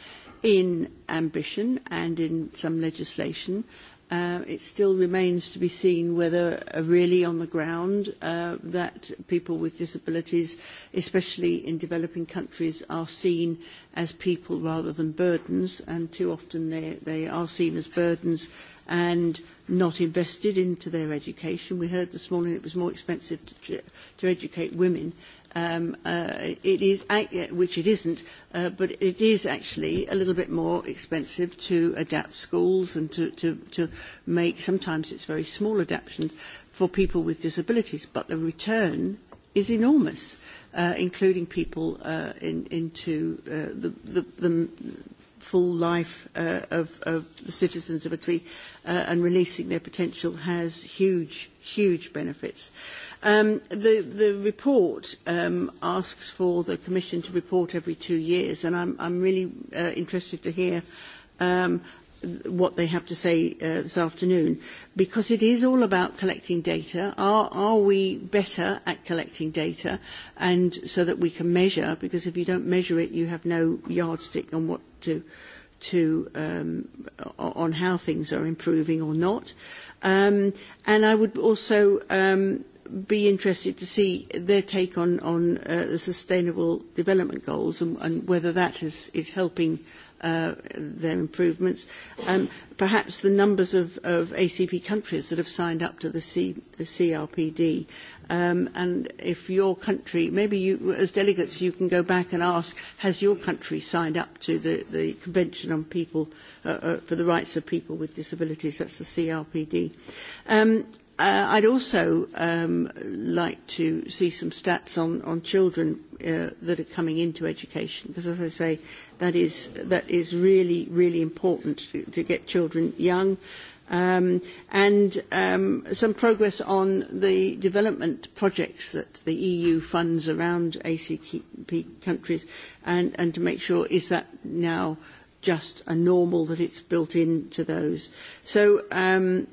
in ambition and in some legislation. Uh, it still remains to be seen whether uh, really on the ground uh, that people with disabilities, especially in developing countries, are seen as people rather than burdens, and too often they, they are seen as burdens and not invested into their education. We heard this morning it was more expensive to, to educate women um, uh, it is, uh, which it isn't, uh, but it is actually a little bit more expensive to adapt schools and to, to, to make, sometimes it's very small adaptations for people with disabilities, but the return is enormous, uh, including people uh, in, into uh, the, the, the full life uh, of, of the citizens of a tweet uh, and releasing their potential has huge, huge benefits. Um, the, the report um, asks for the Commission to report every two years, and I'm, I'm really uh, interested to hear um, what they have to say uh, this afternoon, because it is all about collecting data. Are, are we better at collecting data, and so that we can measure? Because if you don't measure it, you have no yardstick on what to to um, on how things are improving or not. Um, and I would also um, be interested to see their take on on uh, the sustainable development goals and, and whether that is is helping uh, their improvements. Um, perhaps the numbers of, of ACP countries that have signed up to the, C, the CRPD. Um, and if your country, maybe you, as delegates, you can go back and ask, has your country signed up to the, the Convention on People uh, uh, for the Rights of People with Disabilities? That's the CRPD. Um, Uh, I'd also um, like to see some stats on, on children uh, that are coming into education, because as I say, that is, that is really, really important to, to get children young. Um, and um, some progress on the development projects that the EU funds around ACP countries, and, and to make sure is that now just a normal that it's built into those. So um,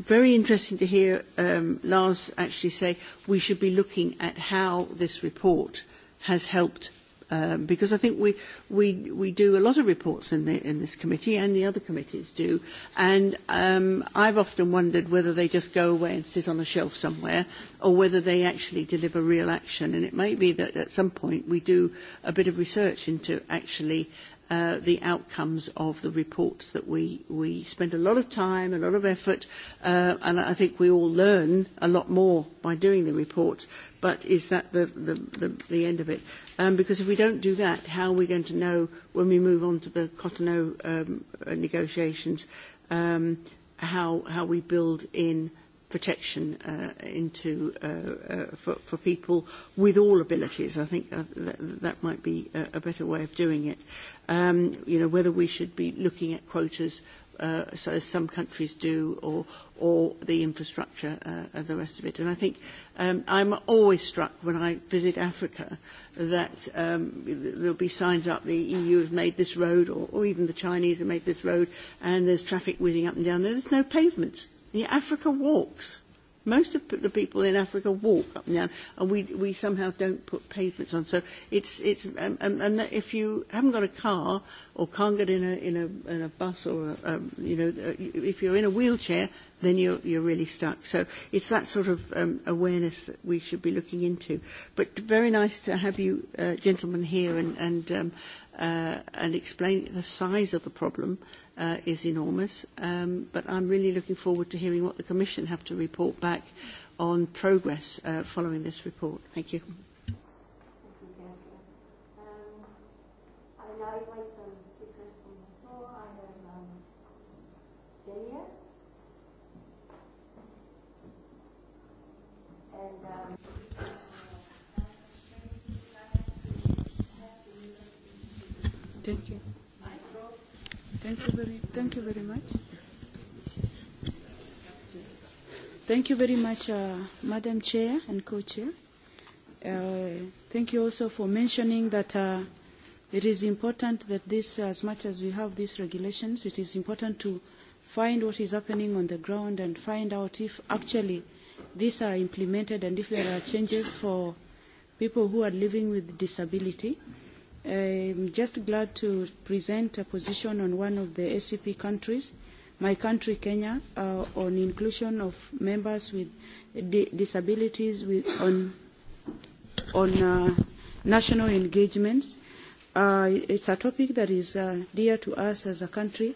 very interesting to hear um, Lars actually say we should be looking at how this report has helped um, because I think we, we, we do a lot of reports in, the, in this committee and the other committees do. And um, I've often wondered whether they just go away and sit on a shelf somewhere or whether they actually deliver real action. And it may be that at some point we do a bit of research into actually uh, the outcomes of the reports that we, we spend a lot of time, a lot of effort, uh, and I think we all learn a lot more by doing the reports, but is that the, the, the, the end of it? Um, because if we don't do that, how are we going to know when we move on to the Cotonou um, negotiations um, how, how we build in protection uh, into uh, uh, for, for people with all abilities. I think uh, that, that might be a, a better way of doing it. Um, you know, whether we should be looking at quotas uh, so as some countries do, or, or the infrastructure uh, and the rest of it. And I think um, I'm always struck when I visit Africa that um, there'll be signs up, the EU has made this road, or, or even the Chinese have made this road, and there's traffic whizzing up and down there. There's no pavements. The Africa walks. Most of the people in Africa walk up and down, and we, we somehow don't put pavements on. So it's, it's um, um, and if you haven't got a car or can't get in a, in a, in a bus or, a, um, you know, uh, if you're in a wheelchair, then you're, you're really stuck. So it's that sort of um, awareness that we should be looking into. But very nice to have you uh, gentlemen here and, and, um, uh, and explain the size of the problem uh, is enormous. Um, but I'm really looking forward to hearing what the Commission have to report back on progress uh, following this report. Thank you. Thank you. Thank you very, thank you very much. Thank you very much, uh, Madam Chair and Co-Chair. Uh, thank you also for mentioning that uh, it is important that this, as much as we have these regulations, it is important to find what is happening on the ground and find out if actually these are implemented and if there are changes for people who are living with disability. Uh, I'm um, just glad to present a position on one of the ACP countries, my country, Kenya, uh, on inclusion of members with di disabilities with on, on uh, national engagements. Uh, it's a topic that is uh, dear to us as a country,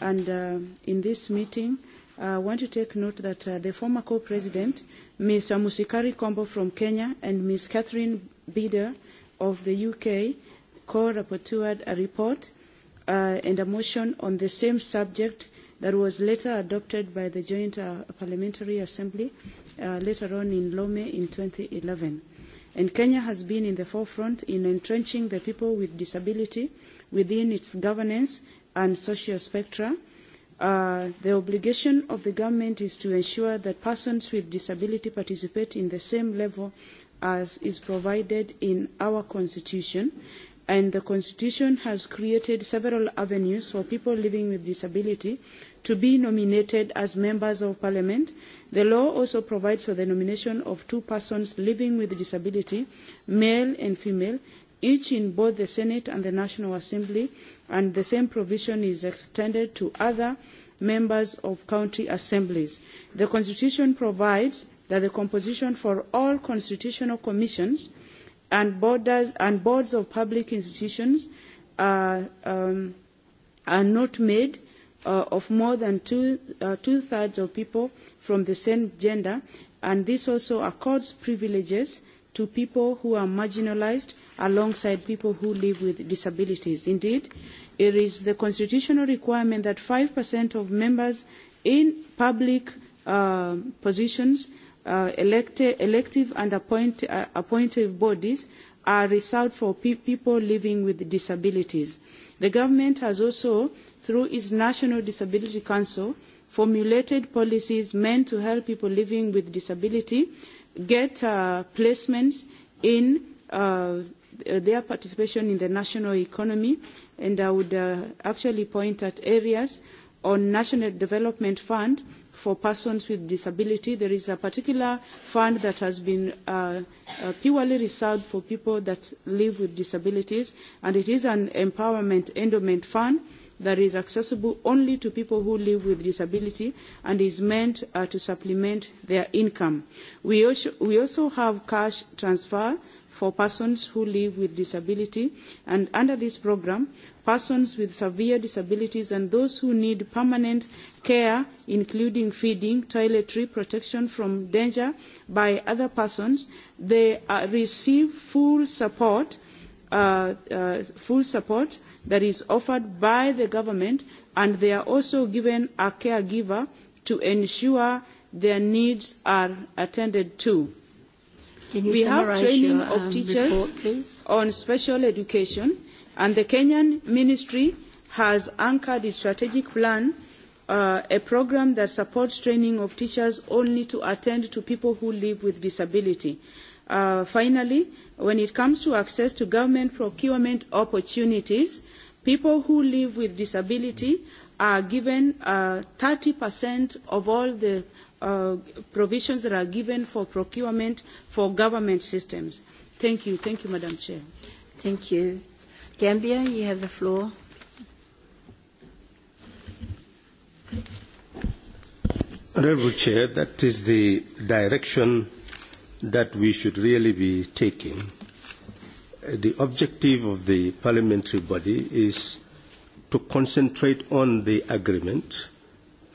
and uh, in this meeting, uh, I uh, want to take note that uh, the former co-president, Ms. Musikari Kombo from Kenya, and Ms. Catherine Bider of the UK, co-rapporteured a report uh, and a motion on the same subject that was later adopted by the Joint uh, Parliamentary Assembly uh, later on in Lome in 2011. And Kenya has been in the forefront in entrenching the people with disability within its governance and social spectra. Uh, the obligation of the government is to ensure that persons with disability participate in the same level as is provided in our constitution and the Constitution has created several avenues for people living with disability to be nominated as members of parliament. The law also provides for the nomination of two persons living with disability, male and female, each in both the Senate and the National Assembly, and the same provision is extended to other members of county assemblies. The Constitution provides that the composition for all constitutional commissions – and, borders, and boards of public institutions are, um, are not made uh, of more than two, uh, two-thirds of people from the same gender, and this also accords privileges to people who are marginalized alongside people who live with disabilities. Indeed, it is the constitutional requirement that 5% of members in public uh, positions – uh, elected, elective and appoint, uh, appointive bodies are reserved for pe people living with disabilities. The government has also, through its National Disability Council, formulated policies meant to help people living with disability get uh, placements in uh, their participation in the national economy, and I would uh, actually point at areas on National Development Fund for persons with disability. There is a particular fund that has been uh, uh, purely reserved for people that live with disabilities, and it is an empowerment endowment fund that is accessible only to people who live with disability and is meant uh, to supplement their income. We also, we also have cash transfer for persons who live with disability, and under this program, persons with severe disabilities and those who need permanent care, including feeding, toiletry, protection from danger by other persons. They uh, receive full support, uh, uh, full support that is offered by the government, and they are also given a caregiver to ensure their needs are attended to. Can you we have training your, um, of teachers report, please? on special education and the Kenyan ministry has anchored its strategic plan, uh, a program that supports training of teachers only to attend to people who live with disability. Uh, finally, when it comes to access to government procurement opportunities, people who live with disability are given uh, 30% of all the uh, provisions that are given for procurement for government systems. Thank you. Thank you, Madam Chair. Thank you. Gambia, you have the floor. Honorable Chair, that is the direction that we should really be taking. The objective of the parliamentary body is to concentrate on the agreement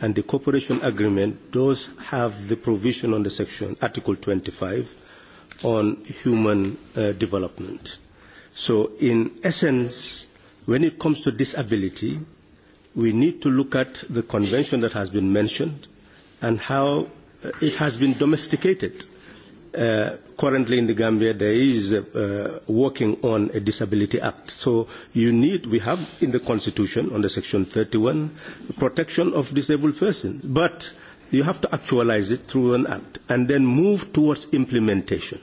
and the cooperation agreement does have the provision on the section Article 25 on human uh, development. Uh, So in essence, when it comes to disability, we need to look at the convention that has been mentioned and how uh, it has been domesticated. Uh, currently in the Gambia, there is uh, working on a disability act. So you need, we have in the constitution under section 31, protection of disabled persons. But you have to actualize it through an act and then move towards implementation.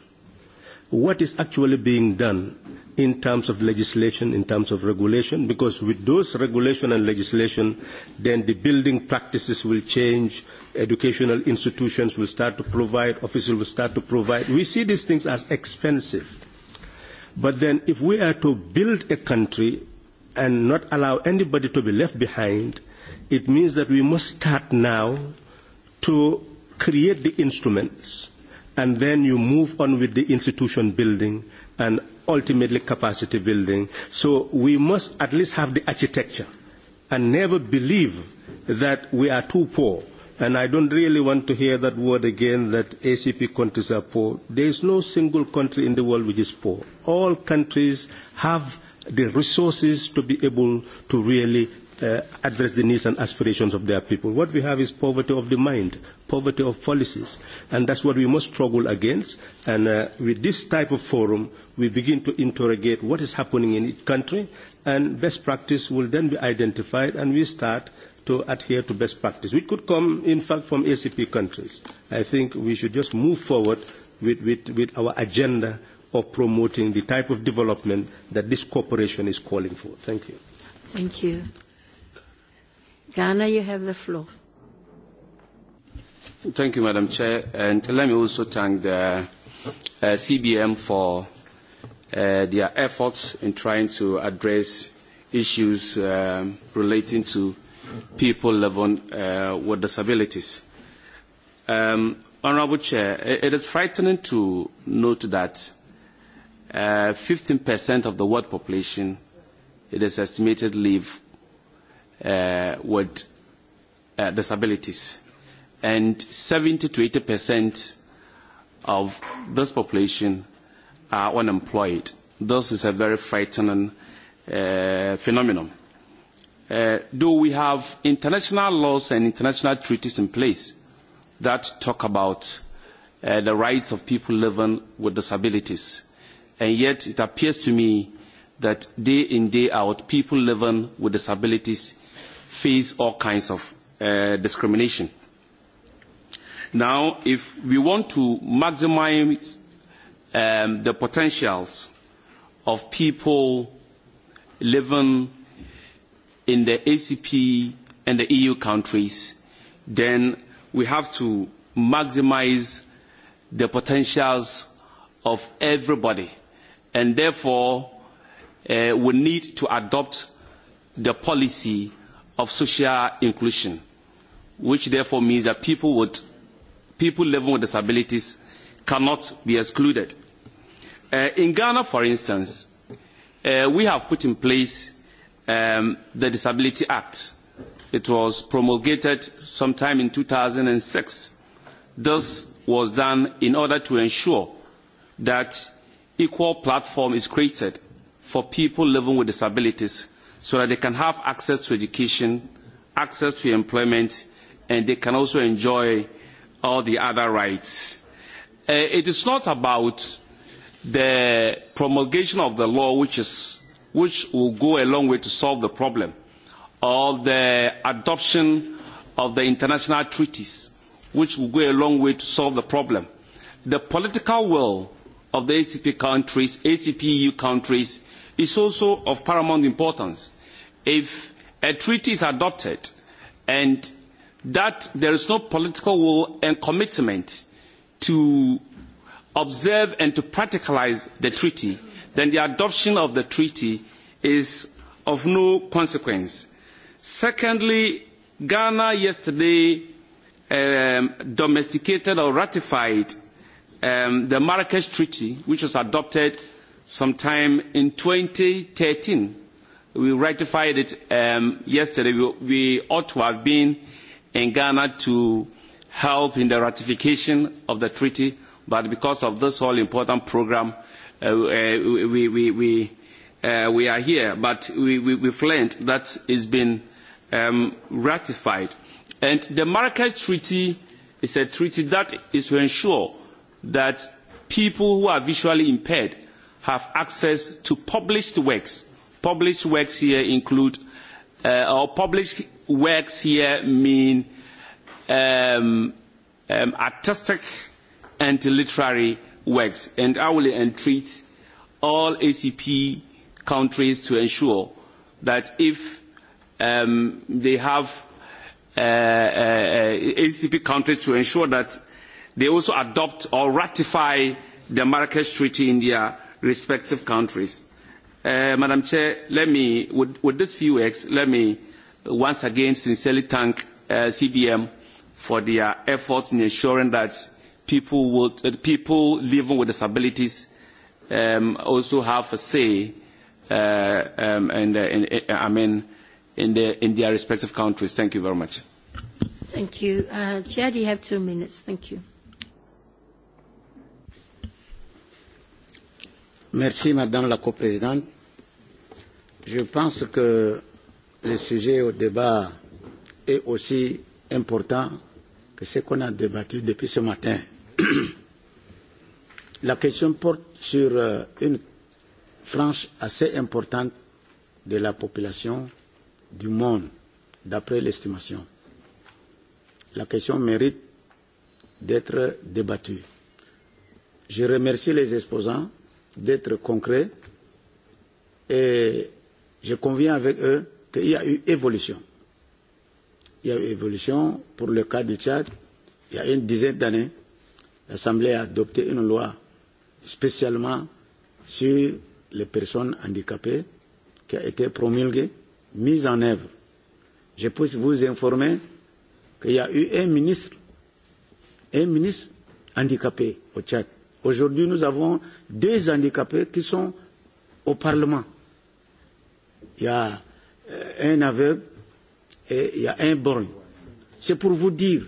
What is actually being done in terms of legislation, in terms of regulation, because with those regulation and legislation, then the building practices will change, educational institutions will start to provide, offices will start to provide. We see these things as expensive. But then if we are to build a country and not allow anybody to be left behind, it means that we must start now to create the instruments, and then you move on with the institution building, and ultimately capacity building. So we must at least have the architecture and never believe that we are too poor. And I don't really want to hear that word again that ACP countries are poor. There is no single country in the world which is poor. All countries have the resources to be able to really uh, address the needs and aspirations of their people. What we have is poverty of the mind, poverty of policies, and that's what we must struggle against. And uh, with this type of forum, we begin to interrogate what is happening in each country, and best practice will then be identified, and we start to adhere to best practice, which could come, in fact, from ACP countries. I think we should just move forward with, with, with our agenda of promoting the type of development that this cooperation is calling for. Thank you. Thank you. Ghana, you have the floor. Thank you, Madam Chair. And let me also thank the uh, CBM for uh, their efforts in trying to address issues um, relating to people living uh, with disabilities. Um, Honourable Chair, it is frightening to note that uh, 15% of the world population, it is estimated, live uh, with uh, disabilities. And 70 to 80 percent of this population are unemployed. This is a very frightening uh, phenomenon. Uh, though we have international laws and international treaties in place that talk about uh, the rights of people living with disabilities, and yet it appears to me that day in, day out, people living with disabilities face all kinds of uh, discrimination. Now, if we want to maximize um, the potentials of people living in the ACP and the EU countries, then we have to maximize the potentials of everybody. And therefore, uh, we need to adopt the policy of social inclusion, which therefore means that people, with, people living with disabilities cannot be excluded. Uh, in Ghana, for instance, uh, we have put in place um, the Disability Act. It was promulgated sometime in 2006. This was done in order to ensure that equal platform is created for people living with disabilities so that they can have access to education, access to employment, and they can also enjoy all the other rights. Uh, it is not about the promulgation of the law which, is, which will go a long way to solve the problem, or the adoption of the international treaties which will go a long way to solve the problem. The political will of the ACP countries, ACP EU countries, is also of paramount importance if a treaty is adopted and that there is no political will and commitment to observe and to practicalize the treaty, then the adoption of the treaty is of no consequence. Secondly, Ghana yesterday um, domesticated or ratified um, the Marrakesh Treaty, which was adopted sometime in 2013 we ratified it um, yesterday. We, we ought to have been in Ghana to help in the ratification of the treaty, but because of this whole important program, uh, uh, we, we, we, uh, we are here. But we, we, we've learned that it's been um, ratified. And the Marrakesh Treaty is a treaty that is to ensure that people who are visually impaired have access to published works Published works here include, uh, or published works here mean um, um, artistic and literary works. And I will entreat all ACP countries to ensure that if um, they have uh, uh, uh ACP countries to ensure that they also adopt or ratify the Marrakesh Treaty in their respective countries. Uh, Madam Chair, let me, with, with this few words, let me once again sincerely thank uh, CBM for their efforts in ensuring that people, would, uh, people living with disabilities um, also have a say uh, um, in, the, in, in, I mean, in, the, in their respective countries. Thank you very much. Thank you. Uh, Jed, you have two minutes. Thank you. Merci, Madame la Coprésidente. Je pense que le sujet au débat est aussi important que ce qu'on a débattu depuis ce matin. La question porte sur euh, une frange assez importante de la population du monde, d'après l'estimation. La question mérite d'être débattue. Je remercie les exposants d'être concrets et Je conviens avec eux qu'il y a eu évolution. Il y a eu évolution pour le cas du Tchad. Il y a une dizaine d'années, l'Assemblée a adopté une loi spécialement sur les personnes handicapées qui a été promulguée, mise en œuvre. Je peux vous informer qu'il y a eu un ministre, un ministre handicapé au Tchad. Aujourd'hui, nous avons deux handicapés qui sont au Parlement il y a euh, un aveugle et il y a un borgne. C'est pour vous dire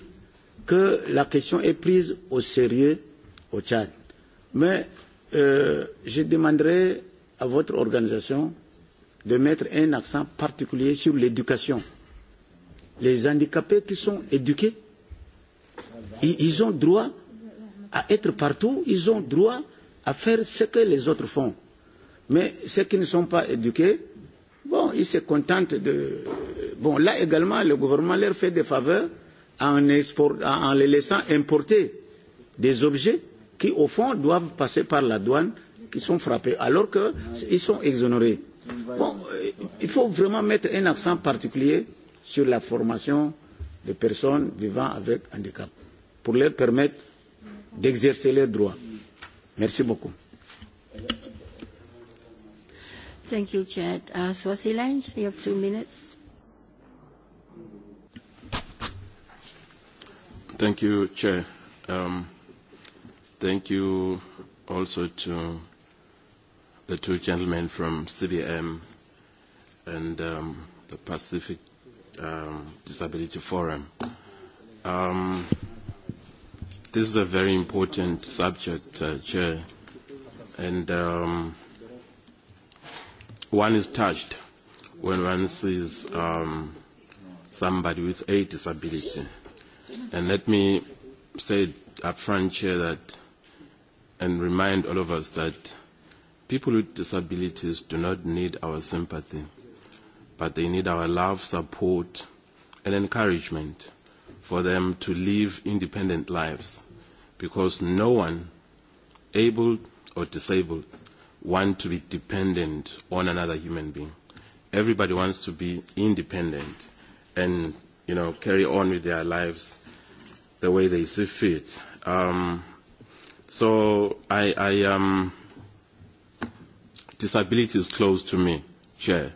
que la question est prise au sérieux au Tchad. Mais euh, je demanderai à votre organisation de mettre un accent particulier sur l'éducation. Les handicapés qui sont éduqués, ils, ils ont droit à être partout, ils ont droit à faire ce que les autres font. Mais ceux qui ne sont pas éduqués, Bon, ils se contentent de... Bon, là également, le gouvernement leur fait des faveurs en, export, en les laissant importer des objets qui, au fond, doivent passer par la douane, qui sont frappés, alors qu'ils sont exonérés. Bon, euh, il faut vraiment mettre un accent particulier sur la formation des personnes vivant avec handicap, pour leur permettre d'exercer leurs droits. Merci beaucoup. Thank you, Chad. Uh, Swaziland, you have two minutes. Thank you, Chair. Um, thank you also to the two gentlemen from CBM and um, the Pacific um, Disability Forum. Um, this is a very important subject, uh, Chair, and um, – one is touched when one sees um, somebody with a disability. And let me say up front, Chair, that and remind all of us that people with disabilities do not need our sympathy, but they need our love, support, and encouragement for them to live independent lives because no one able or disabled want to be dependent on another human being. Everybody wants to be independent and, you know, carry on with their lives the way they see fit. Um, so I, I um, disability is close to me, Chair,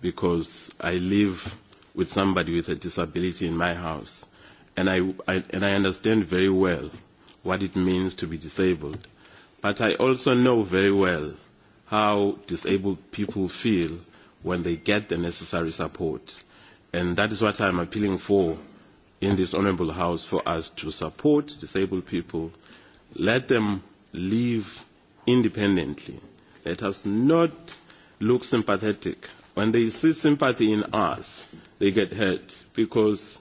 because I live with somebody with a disability in my house, and I, I, and I understand very well what it means to be disabled But I also know very well how disabled people feel when they get the necessary support. And that is what I'm appealing for in this Honourable House for us to support disabled people, let them live independently. Let us not look sympathetic. When they see sympathy in us, they get hurt because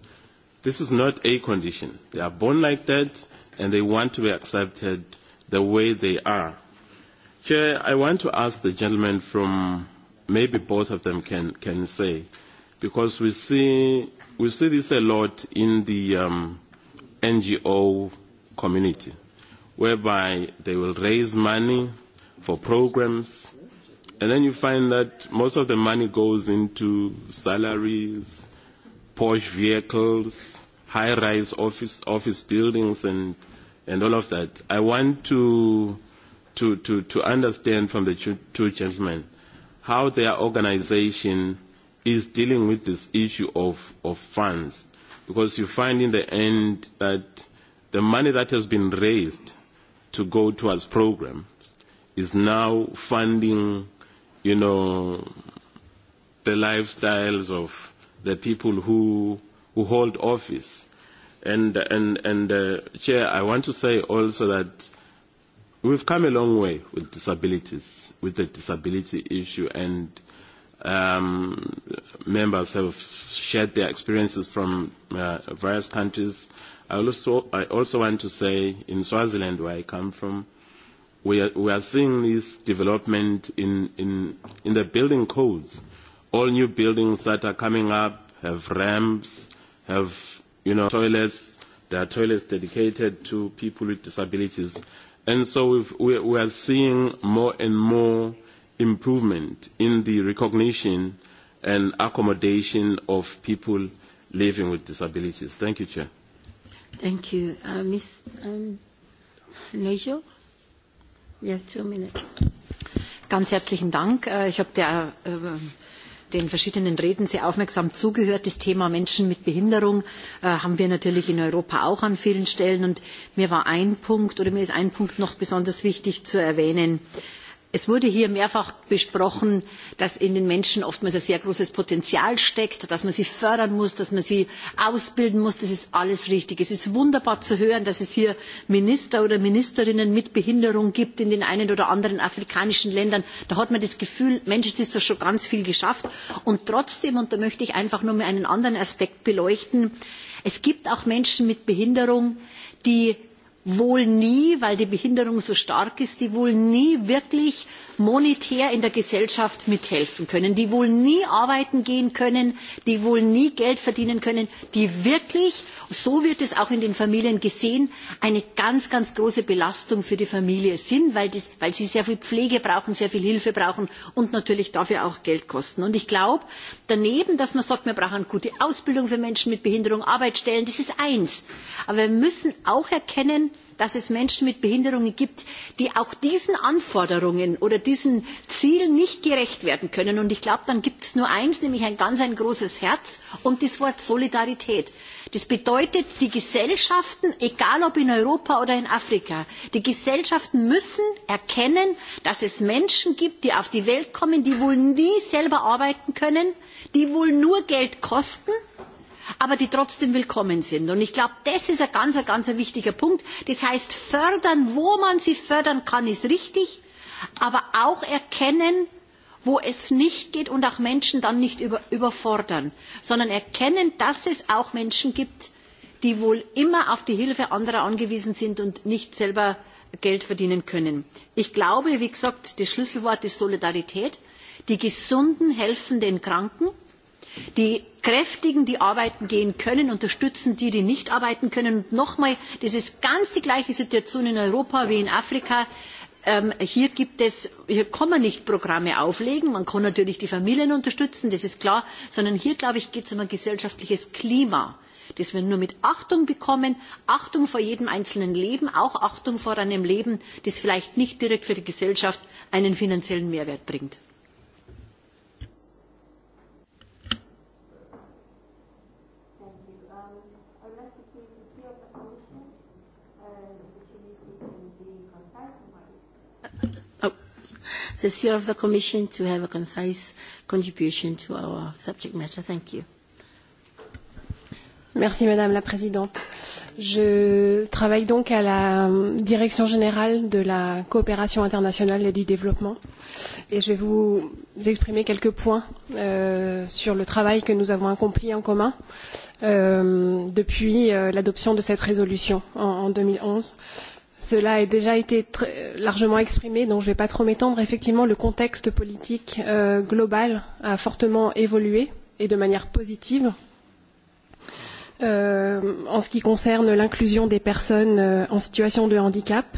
this is not a condition. They are born like that and they want to be accepted the way they are. Chair, I want to ask the gentleman from maybe both of them can, can say, because we see, we see this a lot in the um, NGO community, whereby they will raise money for programs, and then you find that most of the money goes into salaries, Porsche vehicles, high-rise office, office buildings, and and all of that. I want to, to, to, to understand from the two gentlemen how their organization is dealing with this issue of, of funds. Because you find in the end that the money that has been raised to go towards programs is now funding, you know, the lifestyles of the people who, who hold office And, and, and uh, Chair, I want to say also that we've come a long way with disabilities, with the disability issue, and um, members have shared their experiences from uh, various countries. I also, I also want to say in Swaziland, where I come from, we are, we are seeing this development in, in, in the building codes. All new buildings that are coming up have ramps, have you know, toilets. There are toilets dedicated to people with disabilities. And so we've, we, we are seeing more and more improvement in the recognition and accommodation of people living with disabilities. Thank you, Chair. Thank you. Uh, Ms. Um, Nejo, you have two minutes. Ganz herzlichen Dank. Äh, ich habe der äh, den verschiedenen Reden sehr aufmerksam zugehört. Das Thema Menschen mit Behinderung äh, haben wir natürlich in Europa auch an vielen Stellen. Und mir war ein Punkt oder mir ist ein Punkt noch besonders wichtig zu erwähnen. Äh, Es wurde hier mehrfach besprochen, dass in den Menschen oftmals ein sehr großes Potenzial steckt, dass man sie fördern muss, dass man sie ausbilden muss. Das ist alles richtig. Es ist wunderbar zu hören, dass es hier Minister oder Ministerinnen mit Behinderung gibt in den einen oder anderen afrikanischen Ländern. Da hat man das Gefühl, Mensch, es ist doch schon ganz viel geschafft. Und trotzdem, und da möchte ich einfach nur mal einen anderen Aspekt beleuchten, es gibt auch Menschen mit Behinderung, die wohl nie, weil die Behinderung so stark ist, die wohl nie wirklich monetär in der Gesellschaft mithelfen können, die wohl nie arbeiten gehen können, die wohl nie Geld verdienen können, die wirklich, so wird es auch in den Familien gesehen, eine ganz, ganz große Belastung für die Familie sind, weil, das, weil sie sehr viel Pflege brauchen, sehr viel Hilfe brauchen und natürlich dafür auch Geld kosten. Und ich glaube, daneben, dass man sagt, wir brauchen gute Ausbildung für Menschen mit Behinderung, Arbeitsstellen, das ist eins. Aber wir müssen auch erkennen, dass es Menschen mit Behinderungen gibt, die auch diesen Anforderungen oder diesen Zielen nicht gerecht werden können. Und ich glaube, dann gibt es nur eins, nämlich ein ganz ein großes Herz und das Wort Solidarität. Das bedeutet, die Gesellschaften, egal ob in Europa oder in Afrika, die Gesellschaften müssen erkennen, dass es Menschen gibt, die auf die Welt kommen, die wohl nie selber arbeiten können, die wohl nur Geld kosten, aber die trotzdem willkommen sind. Und ich glaube, das ist ein ganz, ein ganz ein wichtiger Punkt. Das heißt, fördern, wo man sie fördern kann, ist richtig, aber auch erkennen, wo es nicht geht und auch Menschen dann nicht über, überfordern, sondern erkennen, dass es auch Menschen gibt, die wohl immer auf die Hilfe anderer angewiesen sind und nicht selber Geld verdienen können. Ich glaube, wie gesagt, das Schlüsselwort ist Solidarität. Die Gesunden helfen den Kranken Die Kräftigen, die arbeiten gehen können, unterstützen die, die nicht arbeiten können. Und nochmal, das ist ganz die gleiche Situation in Europa wie in Afrika. Ähm, hier gibt es, hier kann man nicht Programme auflegen, man kann natürlich die Familien unterstützen, das ist klar, sondern hier, glaube ich, geht es um ein gesellschaftliches Klima das wir nur mit Achtung bekommen, Achtung vor jedem einzelnen Leben, auch Achtung vor einem Leben, das vielleicht nicht direkt für die Gesellschaft einen finanziellen Mehrwert bringt. the CEO of the Commission to have a concise contribution to our subject matter. Thank you. Merci Madame la Présidente. Je travaille donc à la Direction générale de la coopération internationale et du développement et je vais vous exprimer quelques points euh, sur le travail que nous avons accompli en commun euh, depuis euh, l'adoption de cette résolution en, en 2011 Cela a déjà été très euh, largement exprimé, donc je ne vais pas trop m'étendre. Effectivement, le contexte politique euh, global a fortement évolué et de manière positive. Euh, en ce qui concerne l'inclusion des personnes euh, en situation de handicap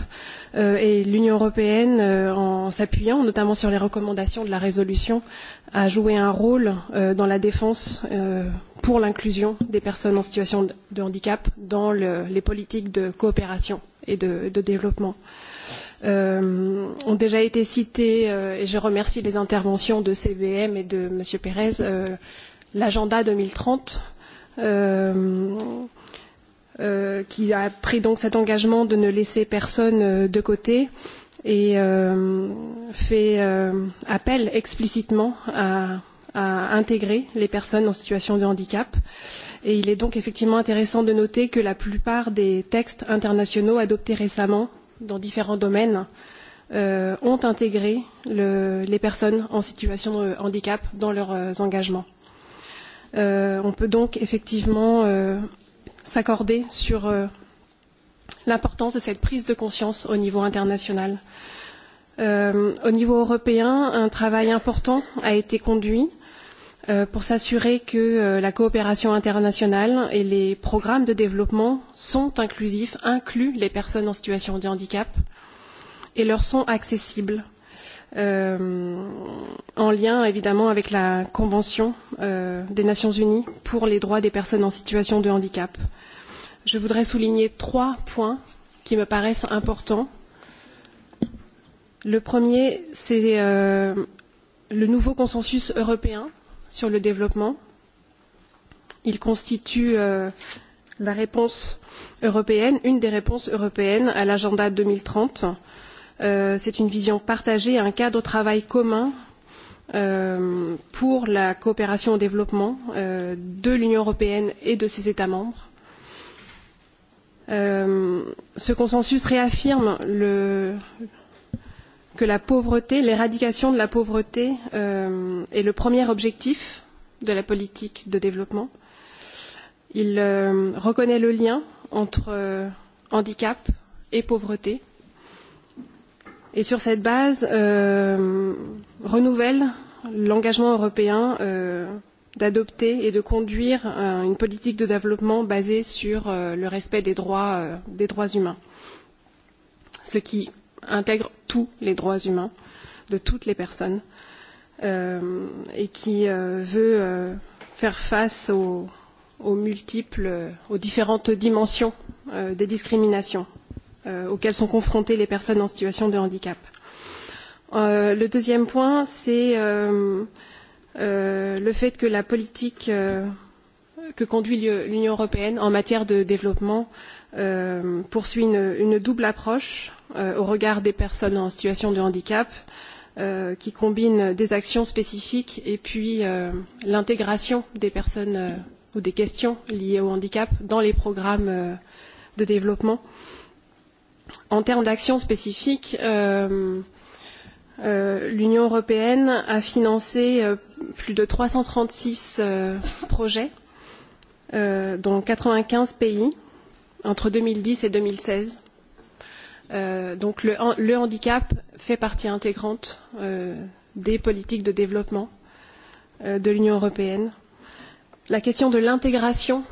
euh, et l'Union européenne, euh, en s'appuyant notamment sur les recommandations de la résolution, a joué un rôle euh, dans la défense euh, pour l'inclusion des personnes en situation de handicap dans le, les politiques de coopération. Euh, et de, de développement. Euh, ont déjà été cités, euh, et je remercie les interventions de CBM et de M. Pérez, euh, l'agenda 2030, euh, euh, qui a pris donc cet engagement de ne laisser personne euh, de côté et euh, fait euh, appel explicitement à à intégrer les personnes en situation de handicap. Et il est donc effectivement intéressant de noter que la plupart des textes internationaux adoptés récemment dans différents domaines euh, ont intégré le, les personnes en situation de handicap dans leurs euh, engagements. Euh, on peut donc effectivement euh, s'accorder sur euh, l'importance de cette prise de conscience au niveau international. Euh, au niveau européen, un travail important a été conduit euh, Euh, pour s'assurer que euh, la coopération internationale et les programmes de développement sont inclusifs, incluent les personnes en situation de handicap et leur sont accessibles, euh, en lien évidemment avec la Convention euh, des Nations Unies pour les droits des personnes en situation de handicap. Je voudrais souligner trois points qui me paraissent importants. Le premier, c'est euh, le nouveau consensus européen euh, sur le développement. Il constitue euh, la réponse européenne, une des réponses européennes à l'agenda 2030. Euh, C'est une vision partagée, un cadre de travail commun euh, pour la coopération au développement euh, de l'Union européenne et de ses États membres. Euh, ce consensus réaffirme le, que la pauvreté, l'éradication de la pauvreté euh, est le premier objectif de la politique de développement. Il euh, reconnaît le lien entre euh, handicap et pauvreté. Et sur cette base, euh, renouvelle l'engagement européen euh, d'adopter et de conduire euh, une politique de développement basée sur euh, le respect des droits, euh, des droits humains, ce qui intègre tous les droits humains de toutes les personnes euh, et qui euh, veut euh, faire face aux, aux multiples, euh, aux différentes dimensions euh, des discriminations euh, auxquelles sont confrontées les personnes en situation de handicap. Euh, le deuxième point, c'est euh, euh, le fait que la politique euh, que conduit l'Union européenne en matière de développement euh, poursuit une, une double approche euh, au regard des personnes en situation de handicap, euh, qui combine des actions spécifiques et puis euh, l'intégration des personnes euh, ou des questions liées au handicap dans les programmes euh, de développement. En termes d'actions spécifiques, euh, euh, l'Union européenne a financé euh, plus de 336 euh, projets euh, dans 95 pays entre 2010 et 2016 Euh, donc le, le handicap fait partie intégrante euh, des politiques de développement euh, de l'Union européenne. La question de l'intégration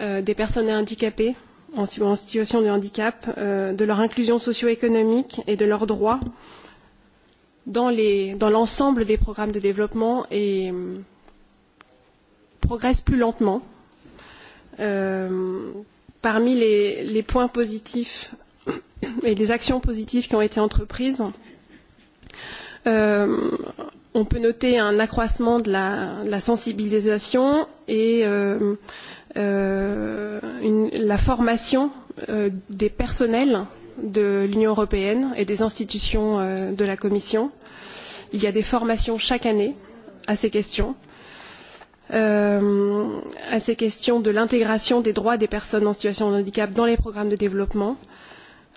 euh, des personnes handicapées en, en situation de handicap, euh, de leur inclusion socio-économique et de leurs droits dans l'ensemble dans des programmes de développement et euh, mm, progresse plus lentement. Euh, parmi les, les points positifs et les actions positives qui ont été entreprises. Euh, on peut noter un accroissement de la, de la sensibilisation et euh, euh, une, la formation euh, des personnels de l'Union européenne et des institutions euh, de la Commission. Il y a des formations chaque année à ces questions, euh, à ces questions de l'intégration des droits des personnes en situation de handicap dans les programmes de développement. Euh,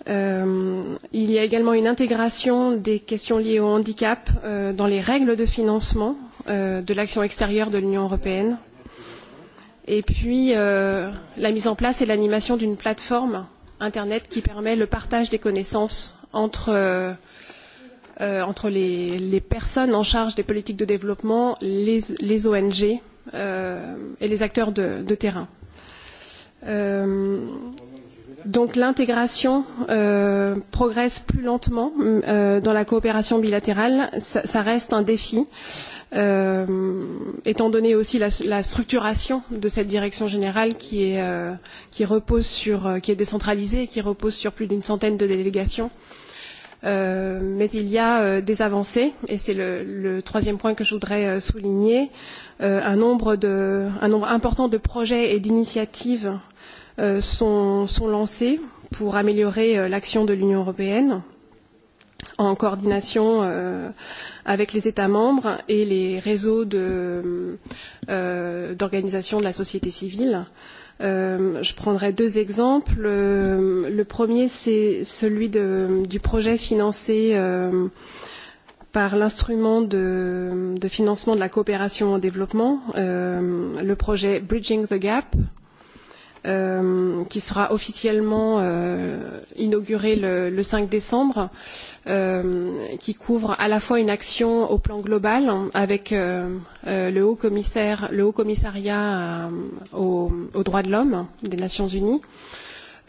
Euh, il y a également une intégration des questions liées au handicap euh, dans les règles de financement euh, de l'action extérieure de l'Union européenne. Et puis, euh, la mise en place et l'animation d'une plateforme Internet qui permet le partage des connaissances entre, euh, euh, entre les, les personnes en charge des politiques de développement, les, les ONG euh, et les acteurs de, de terrain. Euh, Donc l'intégration euh, progresse plus lentement euh, dans la coopération bilatérale. Ça, ça reste un défi, euh, étant donné aussi la, la structuration de cette direction générale qui, est, euh, qui, repose sur, euh, qui est décentralisée et qui repose sur plus d'une centaine de délégations. Euh, mais il y a euh, des avancées, et c'est le, le troisième point que je voudrais euh, souligner. Euh, un, nombre de, un nombre important de projets et d'initiatives euh, sont, sont lancés pour améliorer euh, l'action de l'Union européenne en coordination euh, avec les États membres et les réseaux d'organisations de, euh, de la société civile. Euh, je prendrai deux exemples. Euh, le premier, c'est celui de, du projet financé euh, par l'instrument de, de financement de la coopération au développement, euh, le projet Bridging the Gap, euh, euh, qui sera officiellement euh, inauguré le, le 5 décembre, euh, qui couvre à la fois une action au plan global avec euh, euh, le haut commissaire, le haut commissariat euh, aux, aux droits de l'homme des Nations Unies,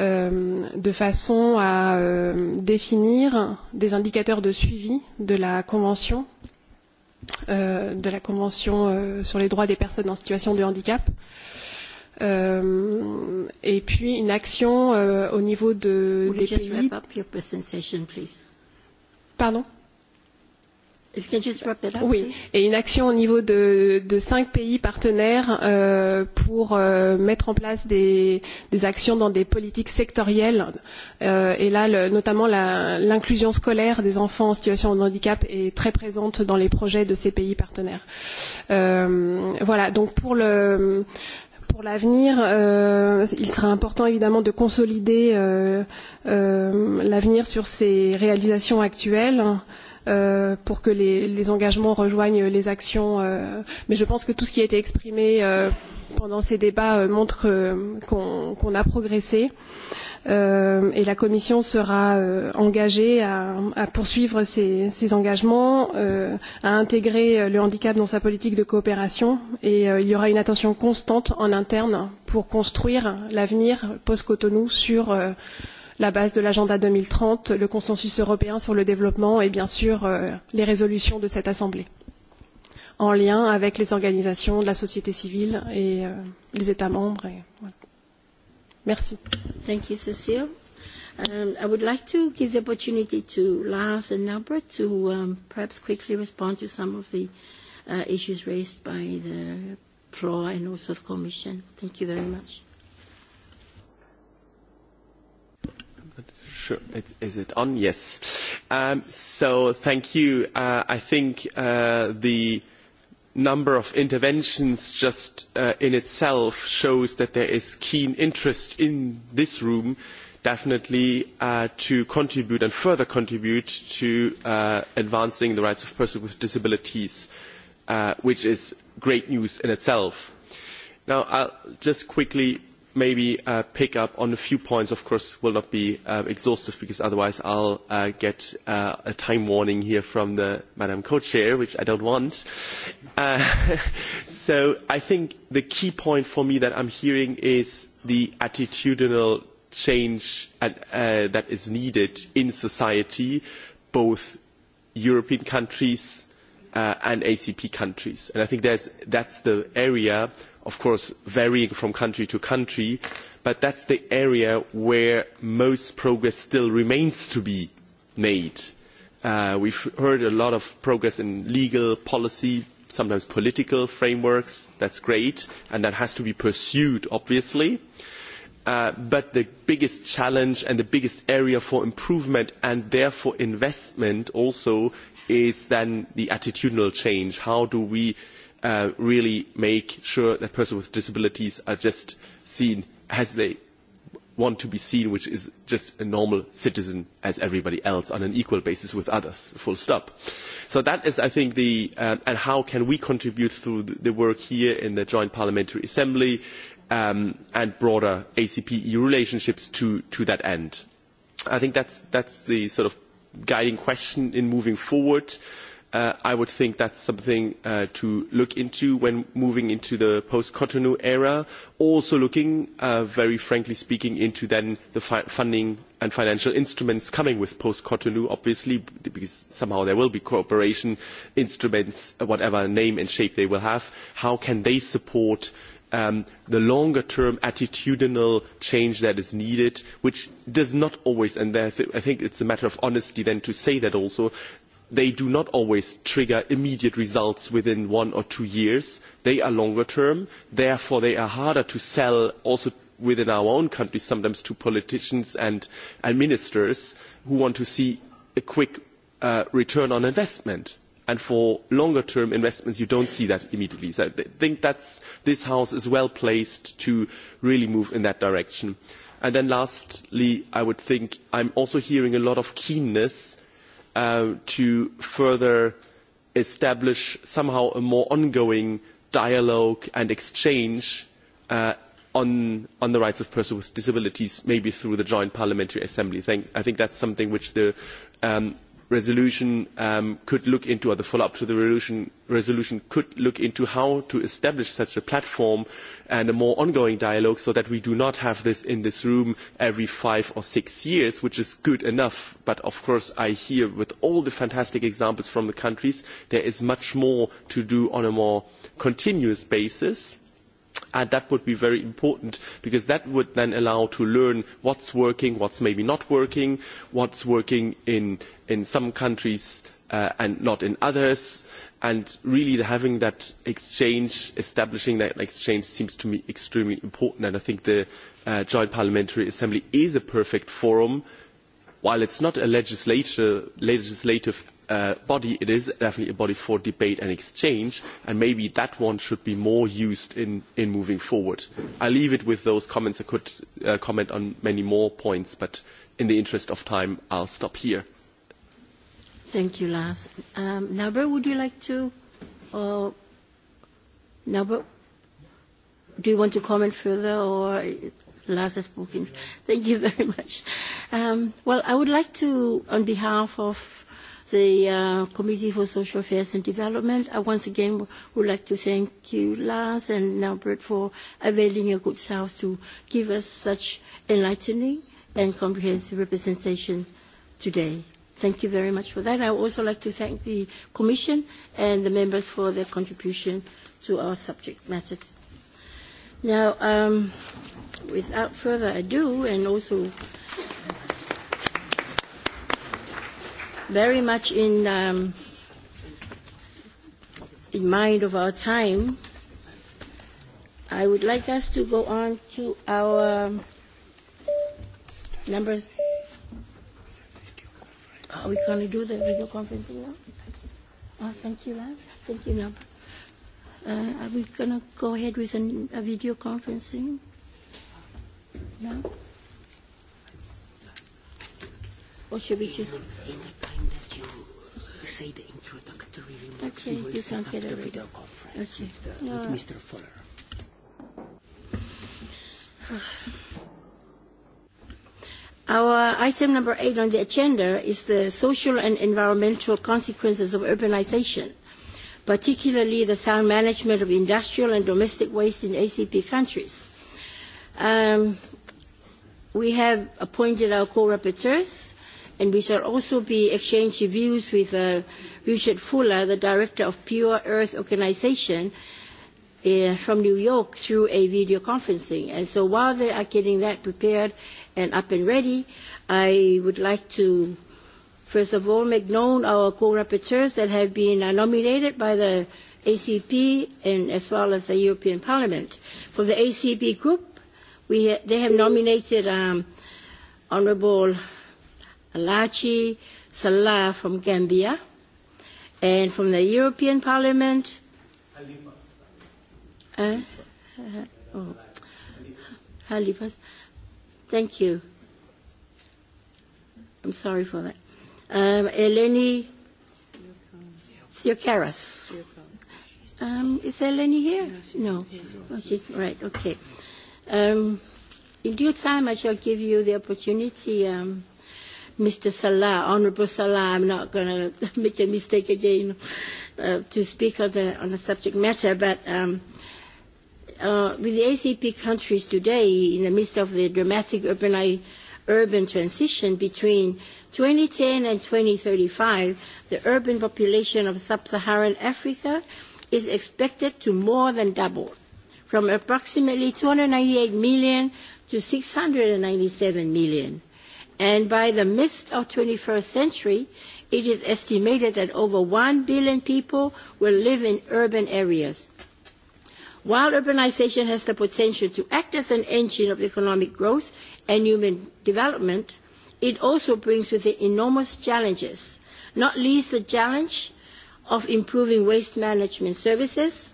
euh, de façon à euh, définir des indicateurs de suivi de la Convention euh, de la Convention euh, sur les droits des personnes en situation de handicap. Euh, euh, et puis une action euh, au niveau de, Would des you just pays. Wrap up your presentation, please? Pardon If you can just wrap it up, Oui, please. et une action au niveau de, de cinq pays partenaires euh, pour euh, mettre en place des, des actions dans des politiques sectorielles. Euh, et là, le, notamment l'inclusion scolaire des enfants en situation de handicap est très présente dans les projets de ces pays partenaires. Euh, voilà, donc pour le. Euh, pour l'avenir, euh, il sera important évidemment de consolider euh, euh, l'avenir sur ces réalisations actuelles euh, pour que les, les engagements rejoignent les actions. Euh, mais je pense que tout ce qui a été exprimé euh, pendant ces débats euh, montre euh, qu'on qu qu a progressé. Euh, euh, et la Commission sera euh, engagée à, à poursuivre ses, ses engagements, euh, à intégrer euh, le handicap dans sa politique de coopération et euh, il y aura une attention constante en interne pour construire l'avenir post-Cotonou sur euh, la base de l'agenda 2030, le consensus européen sur le développement et bien sûr euh, les résolutions de cette Assemblée en lien avec les organisations de la société civile et euh, les États membres. Et, voilà. Merci. Thank you, Cecile. Um, I would like to give the opportunity to Lars and Albert to um, perhaps quickly respond to some of the uh, issues raised by the floor and also the Commission. Thank you very much. Sure. It, is it on? Yes. Um, so thank you. Uh, I think uh, the number of interventions just uh, in itself shows that there is keen interest in this room definitely uh, to contribute and further contribute to uh, advancing the rights of persons with disabilities, uh, which is great news in itself. Now, I'll just quickly maybe uh, pick up on a few points. Of course, will not be uh, exhaustive because otherwise I'll uh, get uh, a time warning here from the Madam Co-Chair, which I don't want. Uh, so I think the key point for me that I'm hearing is the attitudinal change at, uh, that is needed in society, both European countries uh, and ACP countries. And I think that's, that's the area of course varying from country to country, but that's the area where most progress still remains to be made. Uh, we've heard a lot of progress in legal policy, sometimes political frameworks. That's great, and that has to be pursued, obviously. Uh, but the biggest challenge and the biggest area for improvement and therefore investment also is then the attitudinal change. How do we uh, uh, really make sure that persons with disabilities are just seen as they want to be seen, which is just a normal citizen as everybody else on an equal basis with others, full stop. So that is, I think, the, uh, and how can we contribute through the work here in the Joint Parliamentary Assembly um, and broader ACP-EU relationships to, to that end. I think that's, that's the sort of guiding question in moving forward. Uh, uh, I would think that's something uh, to look into when moving into the post-Cotonou era, also looking, uh, very frankly speaking, into then the fi funding and financial instruments coming with post-Cotonou, obviously, because somehow there will be cooperation instruments, uh, whatever name and shape they will have. How can they support um, the longer term attitudinal change that is needed, which does not always, and th I think it's a matter of honesty then to say that also, they do not always trigger immediate results within one or two years. They are longer term, therefore they are harder to sell also within our own country sometimes to politicians and, and ministers who want to see a quick uh, return on investment. And for longer term investments, you don't see that immediately. So I think that's, this house is well placed to really move in that direction. And then lastly, I would think I'm also hearing a lot of keenness uh, to further establish somehow a more ongoing dialogue and exchange uh, on, on the rights of persons with disabilities, maybe through the Joint Parliamentary Assembly. Thank, I think that's something which the um, resolution um, could look into, or the follow-up to the resolution, resolution could look into how to establish such a platform and a more ongoing dialogue so that we do not have this in this room every five or six years, which is good enough. But of course, I hear with all the fantastic examples from the countries, there is much more to do on a more continuous basis and that would be very important because that would then allow to learn what's working, what's maybe not working, what's working in, in some countries uh, and not in others. And really having that exchange, establishing that exchange seems to me extremely important. And I think the uh, Joint Parliamentary Assembly is a perfect forum. While it's not a legislative, legislative uh, body, it is definitely a body for debate and exchange, and maybe that one should be more used in, in moving forward. I leave it with those comments. I could uh, comment on many more points, but in the interest of time, I'll stop here. Thank you, Lars. Um, Nabra, would you like to? Uh, Nabra, do you want to comment further, or Lars has spoken? Thank you very much. Um, well, I would like to, on behalf of the uh, Committee for Social Affairs and Development. I once again would like to thank you, Lars and Norbert, for availing your good self to give us such enlightening and comprehensive representation today. Thank you very much for that. I would also like to thank the Commission and the members for their contribution to our subject matter. Now, um, without further ado, and also very much in, um, in mind of our time, I would like us to go on to our um, numbers. Are oh, we going to do the video conferencing now? Oh, thank you, Lance. Thank you, Number. Uh, are we going to go ahead with an, a video conferencing? No? Or should we just time that you say the introductory remarks, okay, we will set up the video, video conference okay. with, the, uh, no. with Mr. Fuller. Our item number eight on the agenda is the social and environmental consequences of urbanization, particularly the sound management of industrial and domestic waste in ACP countries. Um, we have appointed our co-rapporteurs, and we shall also be exchanging views with uh, Richard Fuller, the director of Pure Earth Organization uh, from New York through a video conferencing. And so while they are getting that prepared and up and ready, I would like to first of all make known our co-rapporteurs that have been uh, nominated by the ACP and as well as the European Parliament. For the ACP group, we, they have nominated um, Honorable Alaji Salah from Gambia, and from the European Parliament, Halifa. Uh, eh? uh, oh. Halifa. Thank you. I'm sorry for that. Um, Eleni Theocaras. Um, is Eleni here? No. Oh, she's right. Okay. Um, in due time, I shall give you the opportunity. Um, Mr. Salah, Honourable Salah, I'm not going to make a mistake again uh, to speak on the, on the subject matter, but um, uh, with the ACP countries today, in the midst of the dramatic urbani- urban transition between 2010 and 2035, the urban population of sub-Saharan Africa is expected to more than double, from approximately 298 million to 697 million and by the mist of 21st century, it is estimated that over 1 billion people will live in urban areas. While urbanization has the potential to act as an engine of economic growth and human development, it also brings with it enormous challenges, not least the challenge of improving waste management services.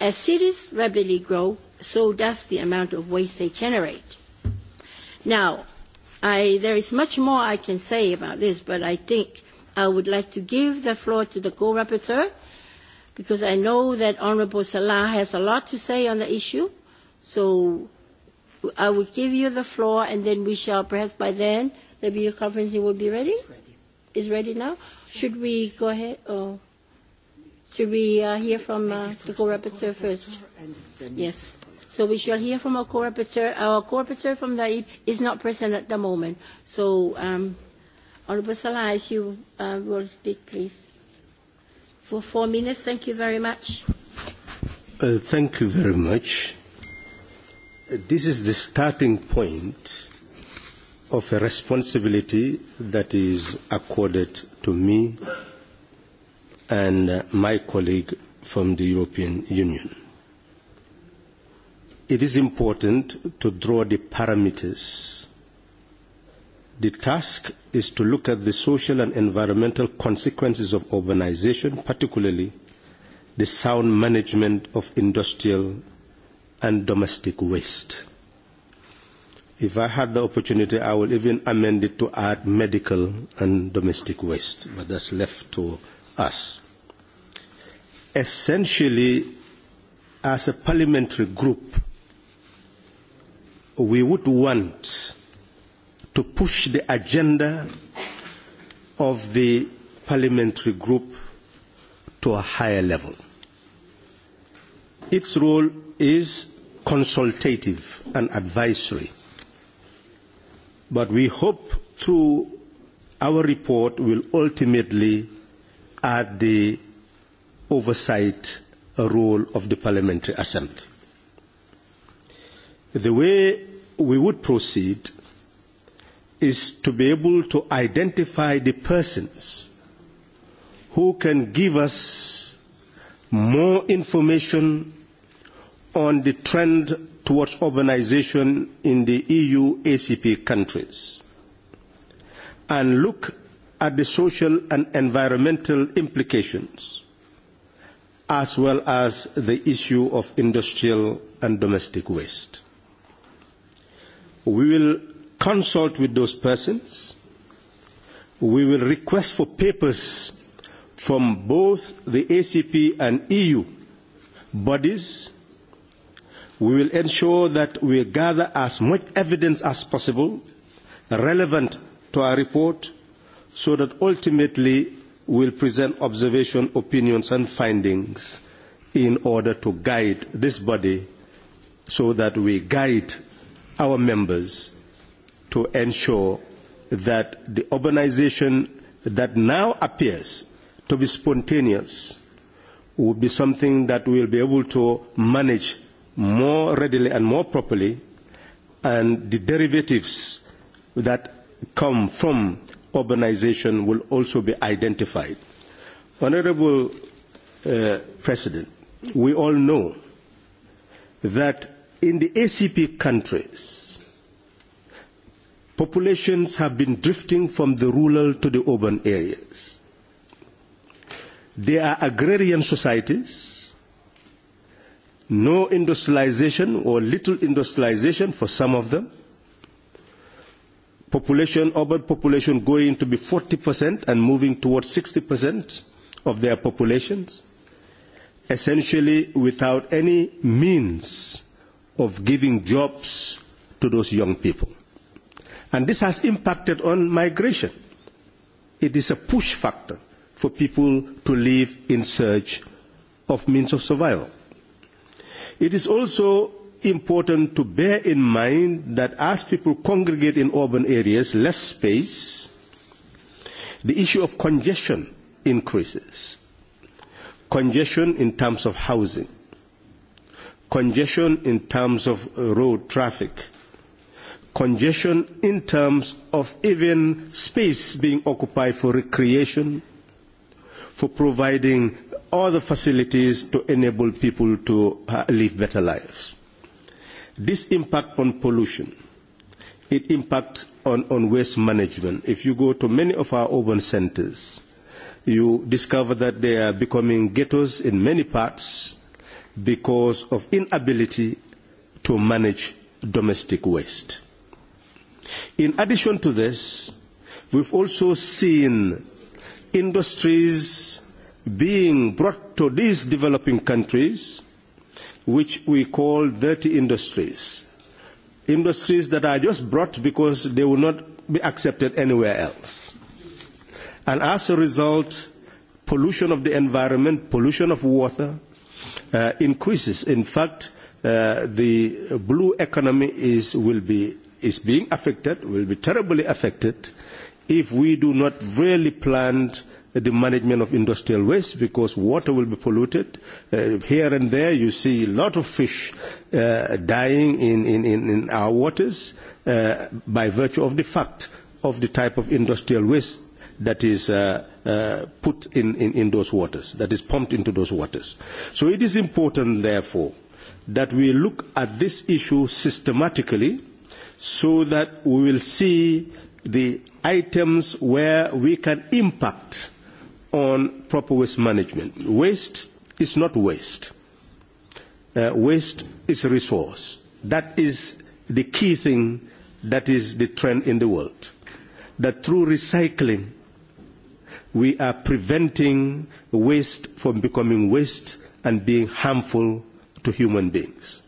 As cities rapidly grow, so does the amount of waste they generate. Now, I, there is much more I can say about this, but I think I would like to give the floor to the co-rapporteur because I know that Honorable Salah has a lot to say on the issue. So I will give you the floor, and then we shall perhaps by then the video conferencing will be ready. It's ready. Is ready now. Should we go ahead or should we uh, hear from uh, the co-rapporteur first? Yes. So we shall hear from our co-rapporteur. Our co-rapporteur from the e is not present at the moment. So, um, Honourable Salah, if you uh, will speak, please. For four minutes, thank you very much. Uh, thank you very much. Uh, this is the starting point of a responsibility that is accorded to me and uh, my colleague from the European Union it is important to draw the parameters. The task is to look at the social and environmental consequences of urbanization, particularly the sound management of industrial and domestic waste. If I had the opportunity, I will even amend it to add medical and domestic waste, but that's left to us. Essentially, as a parliamentary group, we would want to push the agenda of the parliamentary group to a higher level. Its role is consultative and advisory, but we hope through our report will ultimately add the oversight role of the Parliamentary Assembly the way we would proceed is to be able to identify the persons who can give us more information on the trend towards urbanization in the EU ACP countries and look at the social and environmental implications as well as the issue of industrial and domestic waste. We will consult with those persons. We will request for papers from both the ACP and EU bodies. We will ensure that we gather as much evidence as possible relevant to our report so that ultimately we'll present observation, opinions and findings in order to guide this body so that we guide our members to ensure that the urbanization that now appears to be spontaneous will be something that we'll be able to manage more readily and more properly, and the derivatives that come from urbanization will also be identified. Honorable uh, President, we all know that in the ACP countries, populations have been drifting from the rural to the urban areas. They are agrarian societies, no industrialization or little industrialization for some of them. Population, urban population going to be 40% and moving towards 60% of their populations, essentially without any means of giving jobs to those young people. And this has impacted on migration. It is a push factor for people to live in search of means of survival. It is also important to bear in mind that as people congregate in urban areas, less space, the issue of congestion increases. Congestion in terms of housing, congestion in terms of uh, road traffic, congestion in terms of even space being occupied for recreation, for providing all the facilities to enable people to uh, live better lives. This impact on pollution, it impacts on, on waste management. If you go to many of our urban centers, you discover that they are becoming ghettos in many parts because of inability to manage domestic waste. In addition to this, we've also seen industries being brought to these developing countries, which we call dirty industries. Industries that are just brought because they will not be accepted anywhere else. And as a result, pollution of the environment, pollution of water, uh, increases. In fact, uh, the blue economy is, will be, is being affected, will be terribly affected, if we do not really plan the management of industrial waste because water will be polluted. Uh, here and there you see a lot of fish uh, dying in, in, in, in our waters uh, by virtue of the fact of the type of industrial waste that is uh, uh, put in, in, in those waters, that is pumped into those waters. So it is important, therefore, that we look at this issue systematically so that we will see the items where we can impact on proper waste management. Waste is not waste. Uh, waste is a resource. That is the key thing that is the trend in the world. That through recycling, we are preventing waste from becoming waste and being harmful to human beings.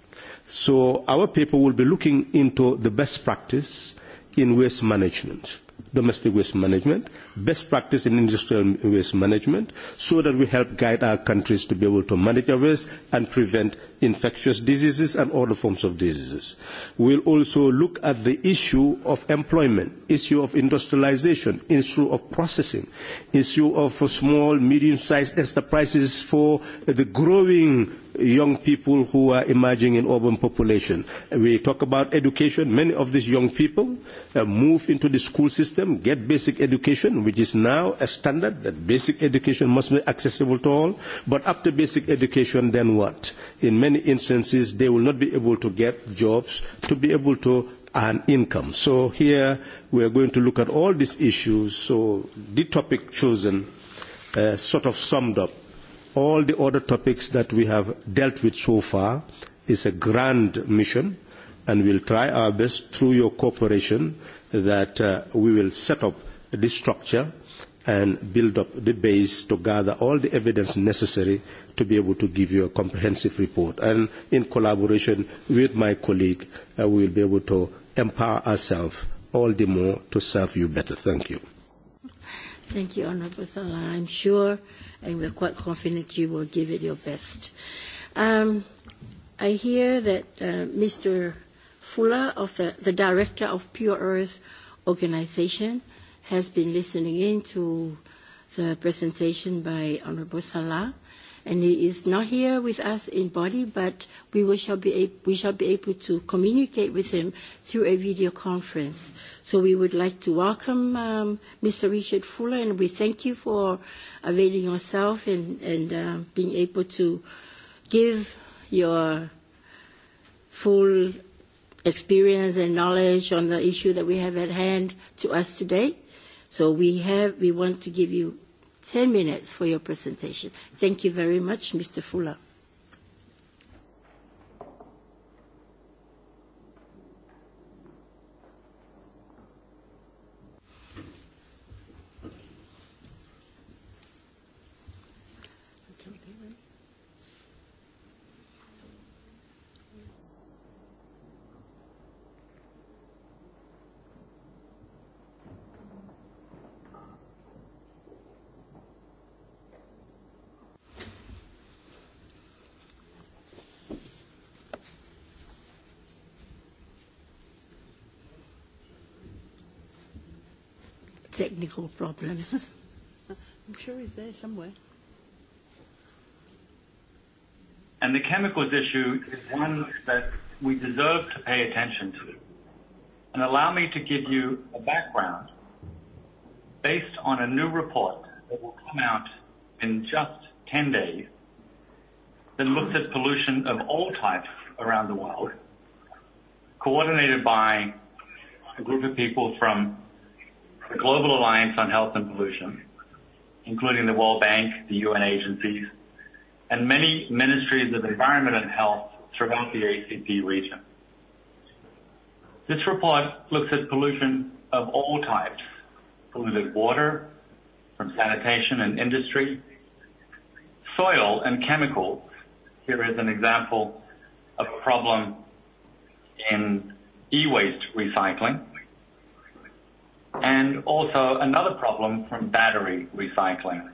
So our paper will be looking into the best practice in waste management domestic waste management, best practice in industrial waste management, so that we help guide our countries to be able to manage our waste and prevent infectious diseases and other forms of diseases. We'll also look at the issue of employment, issue of industrialization, issue of processing, issue of small, medium-sized enterprises for the growing young people who are emerging in urban population. We talk about education. Many of these young people uh, move into the school system, get basic education, which is now a standard that basic education must be accessible to all. But after basic education, then what? In many instances, they will not be able to get jobs, to be able to and income. So here we are going to look at all these issues. So the topic chosen uh, sort of summed up all the other topics that we have dealt with so far is a grand mission, and we'll try our best through your cooperation that uh, we will set up this structure and build up the base to gather all the evidence necessary to be able to give you a comprehensive report. And in collaboration with my colleague, uh, we will be able to empower ourselves all the more to serve you better. Thank you. Thank you, Honorable Salah. I'm sure and we're quite confident you will give it your best. Um, I hear that uh, Mr. Fuller, of the, the director of Pure Earth organization, has been listening in to the presentation by Honorable Salah and he is not here with us in body, but we, will shall, be ab- we shall be able to communicate with him through a video conference. So we would like to welcome um, Mr. Richard Fuller, and we thank you for availing yourself and, and uh, being able to give your full experience and knowledge on the issue that we have at hand to us today. So we have, we want to give you 10 minutes for your presentation. Thank you very much, Mr. Fuller. technical problems. I'm sure he's there somewhere. And the chemicals issue is one that we deserve to pay attention to. And allow me to give you a background based on a new report that will come out in just 10 days that looks at pollution of all types around the world, coordinated by a group of people from the Global Alliance on Health and Pollution, including the World Bank, the UN agencies, and many ministries of environment and health throughout the ACP region. This report looks at pollution of all types, polluted water from sanitation and industry, soil and chemicals. Here is an example of a problem in e-waste recycling, and also another problem from battery recycling.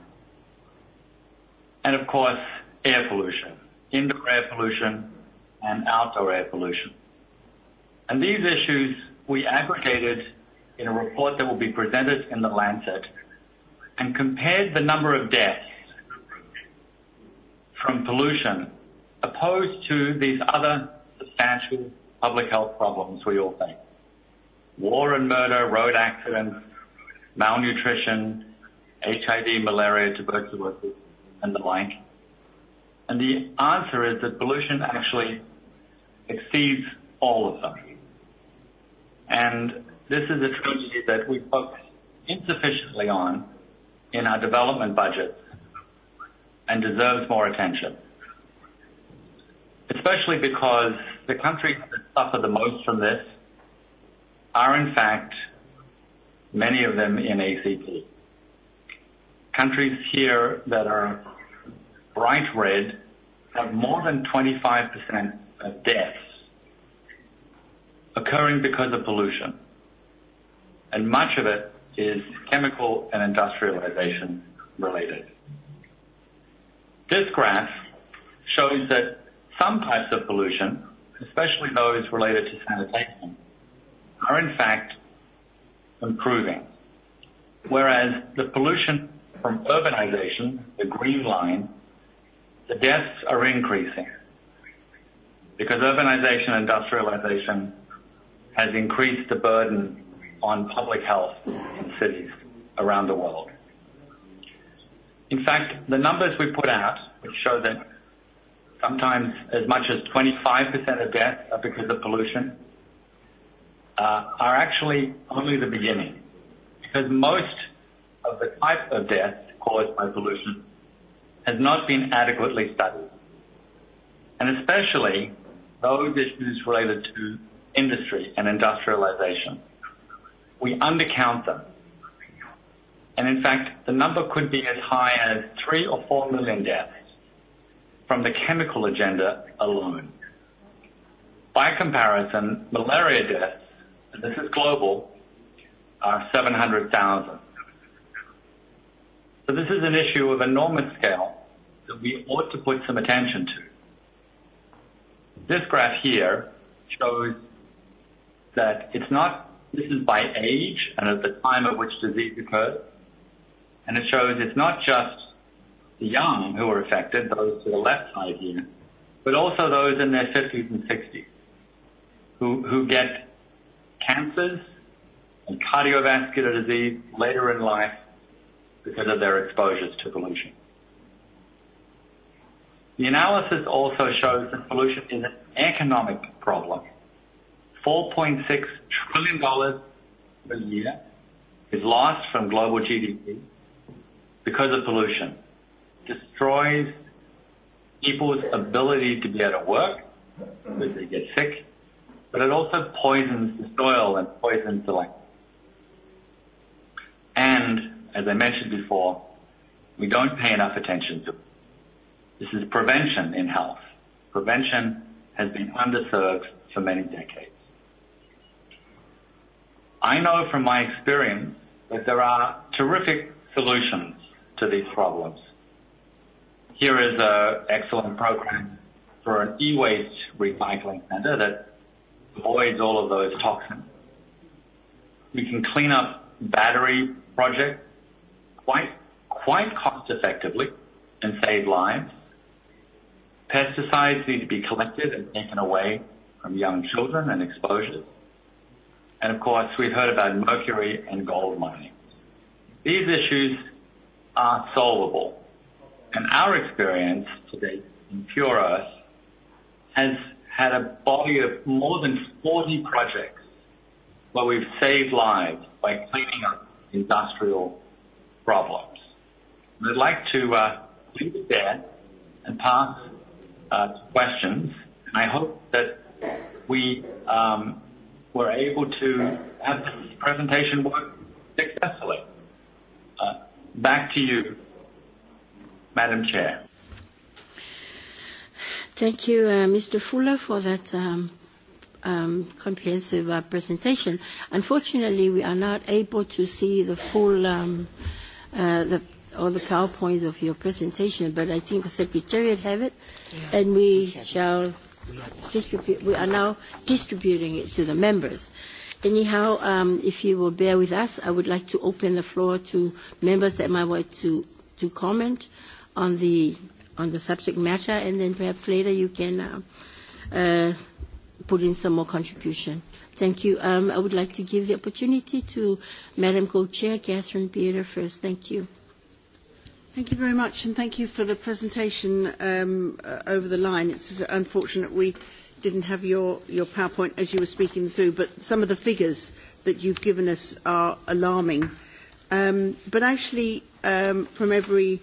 Of course, air pollution, indoor air pollution and outdoor air pollution. These issues we aggregated in a report that will be presented in The Lancet and compared the number of deaths from pollution opposed to these other substantial public health problems we all face war and murder, road accidents, malnutrition, HIV, malaria, tuberculosis, and the like. And the answer is that pollution actually exceeds all of them. And this is a tragedy that we focus insufficiently on in our development budgets and deserves more attention, especially because the countries that suffer the most from this are in fact, many of them in ACP. Countries here that are bright red have more than 25% of deaths occurring because of pollution, and much of it is chemical and industrialization related. This graph shows that some types of pollution, especially those related to sanitation, are in fact improving. Whereas the pollution from urbanization, the green line, the deaths are increasing because urbanization, industrialization has increased the burden on public health in cities around the world. In fact, the numbers we put out, which show that sometimes as much as 25% of deaths are because of pollution, Uh, are actually only the beginning, because most of the type of death caused by pollution has not been adequately studied, and especially those issues related to industry and industrialization. We undercount them. In fact, the number could be as high as 3 or 4 million deaths from the chemical agenda alone. By comparison, malaria deaths and this is global, are uh, 700,000. So this is an issue of enormous scale that we ought to put some attention to. This graph here shows that it's not. This is by age and at the time at which disease occurs, and it shows it's not just the young who are affected, those to the left side here, but also those in their 50s and 60s who, who get cancers and cardiovascular disease later in life because of their exposures to pollution. The analysis also shows that pollution is an economic problem. $4.6 trillion per year is lost from global GDP because of pollution. Destroys people's ability to be able to work because they get sick, but it also poisons the soil and poisons the land. And as I mentioned before, we don't pay enough attention to it. This is prevention in health. Prevention has been underserved for many decades. I know from my experience that there are terrific solutions to these problems. Here is an excellent program for an e-waste recycling center that voids all of those toxins. We can clean up battery projects quite cost effectively and save lives. Pesticides need to be collected and taken away from young children and exposures. Of course, we've heard about mercury and gold mining. These issues are solvable, and our experience to date in Pure Earth has had a body of more than 40 projects where we've saved lives by cleaning up industrial problems. I'd like to uh, leave it there and pass uh, to questions. I hope that we um, were able to have this presentation work successfully. Uh, back to you, Madam Chair. Thank you, uh, Mr. Fuller, for that um, um, comprehensive uh, presentation. Unfortunately, we are not able to see the full um, uh, the, all the PowerPoint of your presentation, but I think the Secretariat have it, yeah, and we shall distribute. We are now distributing it to the members. Anyhow, um, if you will bear with us, I would like to open the floor to members that might want to, to comment on the on the subject matter, and then perhaps later you can uh, uh, put in some more contribution. Thank you. Um, I would like to give the opportunity to Madam Co-Chair Catherine Beater first. Thank you. Thank you very much, and thank you for the presentation um, uh, over the line. It's unfortunate we didn't have your, your PowerPoint as you were speaking through, but some of the figures that you've given us are alarming. Um, but actually, um, from every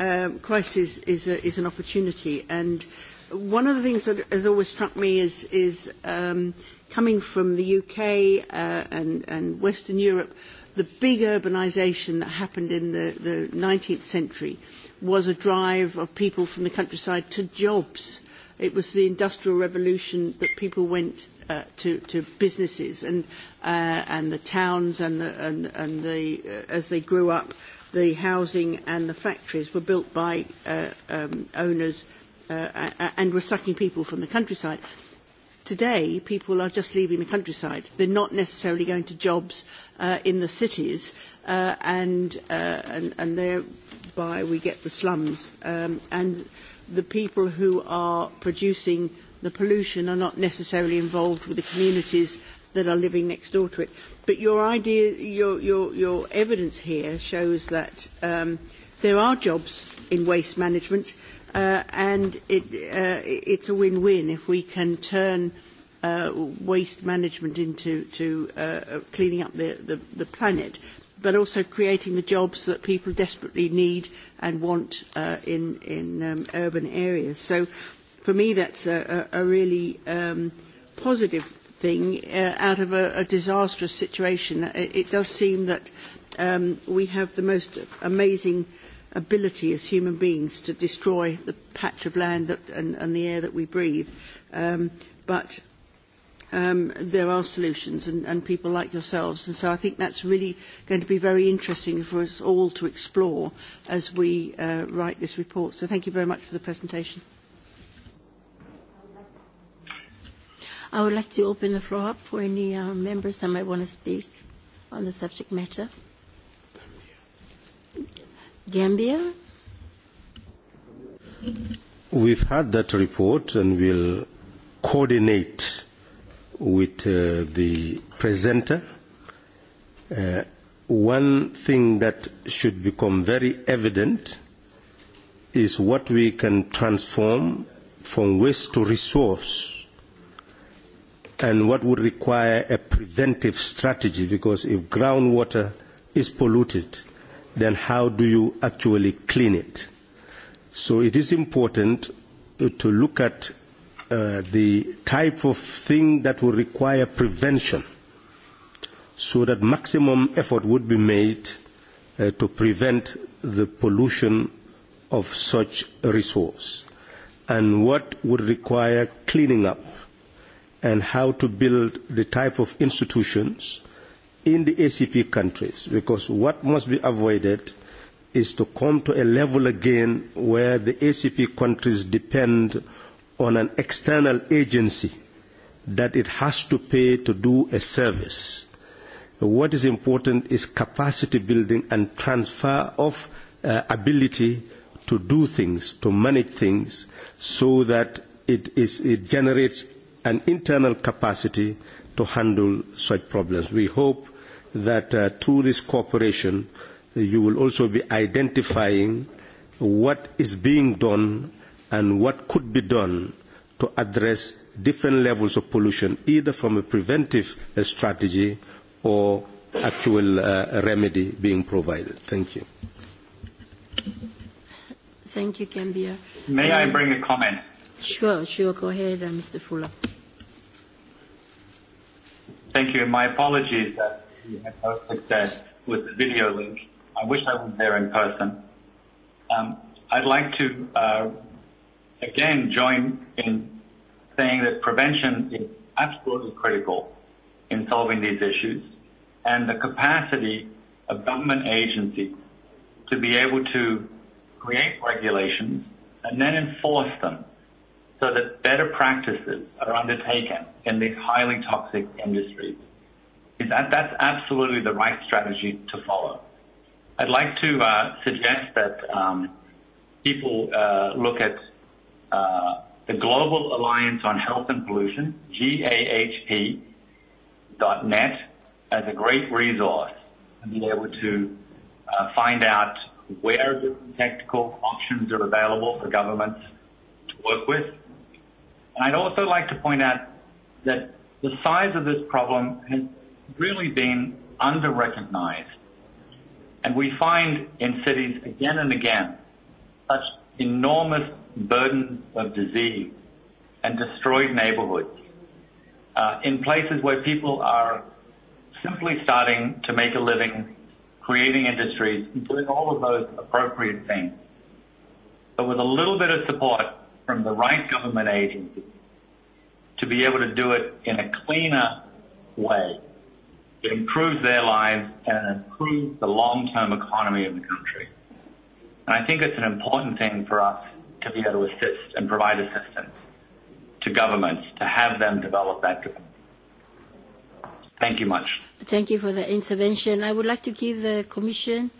um, crisis is, a, is an opportunity. And one of the things that has always struck me is, is um, coming from the UK uh, and, and Western Europe, the big urbanisation that happened in the, the 19th century was a drive of people from the countryside to jobs. It was the Industrial Revolution that people went uh, to, to businesses and, uh, and the towns and the, and, and the, uh, as they grew up the housing and the factories were built by uh, um, owners uh, and were sucking people from the countryside. Today, people are just leaving the countryside. They're not necessarily going to jobs uh, in the cities, uh, and, uh, and, and thereby we get the slums. Um, and the people who are producing the pollution are not necessarily involved with the communities that are living next door to it. But your idea, your, your, your evidence here shows that um, there are jobs in waste management, uh, and it, uh, it's a win-win if we can turn uh, waste management into to, uh, uh, cleaning up the, the, the planet, but also creating the jobs that people desperately need and want uh, in, in um, urban areas. So for me, that's a, a, a really um, positive something uh, out of a, a disastrous situation. Uh, it, it does seem that um, we have the most amazing ability as human beings to destroy the patch of land that, and, and the air that we breathe. Um, but um, there are solutions and, and people like yourselves. And so I think that's really going to be very interesting for us all to explore as we uh, write this report. So thank you very much for the presentation. I would like to open the floor up for any uh, members that might want to speak on the subject matter. Gambia? We've had that report and we'll coordinate with uh, the presenter. Uh, one thing that should become very evident is what we can transform from waste to resource and what would require a preventive strategy because if groundwater is polluted, then how do you actually clean it? So it is important uh, to look at uh, the type of thing that will require prevention so that maximum effort would be made uh, to prevent the pollution of such a resource and what would require cleaning up and how to build the type of institutions in the ACP countries, because what must be avoided is to come to a level again where the ACP countries depend on an external agency that it has to pay to do a service. What is important is capacity building and transfer of uh, ability to do things, to manage things, so that it, is, it generates an internal capacity to handle such problems. We hope that uh, through this cooperation, you will also be identifying what is being done and what could be done to address different levels of pollution, either from a preventive uh, strategy or actual uh, remedy being provided. Thank you. Thank you, Gambier. May um, I bring a comment? Sure, sure. Go ahead, uh, Mr. Fuller. Uh, Thank you. My apologies that we had no success with the video link. I wish I was there in person. Um, I'd like to uh, again join in saying that prevention is absolutely critical in solving these issues and the capacity of government agencies to be able to create regulations and then enforce them so that better practices are undertaken in these highly toxic industries. That's absolutely the right strategy to follow. I'd like to uh, suggest that um, people uh, look at uh, the Global Alliance on Health and Pollution, gahp.net, as a great resource to be able to find out where different technical options are available for governments to work with I'd also like to point out that the size of this problem has really been under-recognized, and we find in cities again and again such enormous burden of disease and destroyed neighborhoods uh, in places where people are simply starting to make a living, creating industries, doing all of those appropriate things. With a little bit of support from the right government agency to be able to do it in a cleaner way that improves their lives and improves the long-term economy of the country. I think it's an important thing for us to be able to assist and provide assistance to governments to have them develop that government. Thank you much. Thank you for the intervention. I would like to give the Commission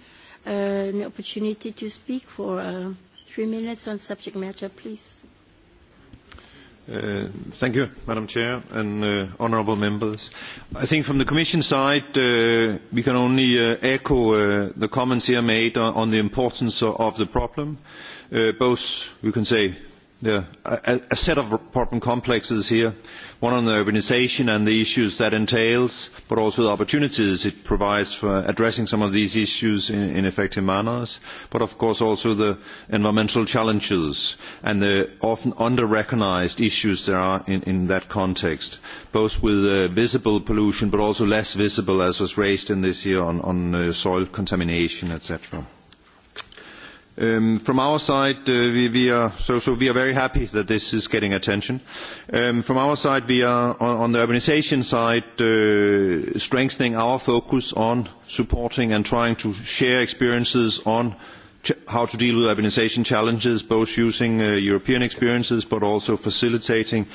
uh, an opportunity to speak for uh, Three minutes on subject matter, please. Uh, thank you, Madam Chair and uh, honourable members. I think from the Commission side, uh, we can only uh, echo uh, the comments here made on, on the importance of, of the problem, uh, both, we can say, Yeah, a, a set of problem complexes here, one on the urbanization and the issues that entails, but also the opportunities it provides for addressing some of these issues in, in effective manners, but of course also the environmental challenges and the often under-recognized issues there are in, in that context, both with uh, visible pollution but also less visible as was raised in this year on, on uh, soil contamination, etc. Um, from our side, uh, we, we are so, so we are very happy that this is getting attention. Um, from our side, we are on, on the urbanization side, uh, strengthening our focus on supporting and trying to share experiences on ch- how to deal with urbanization challenges, both using uh, European experiences, but also facilitating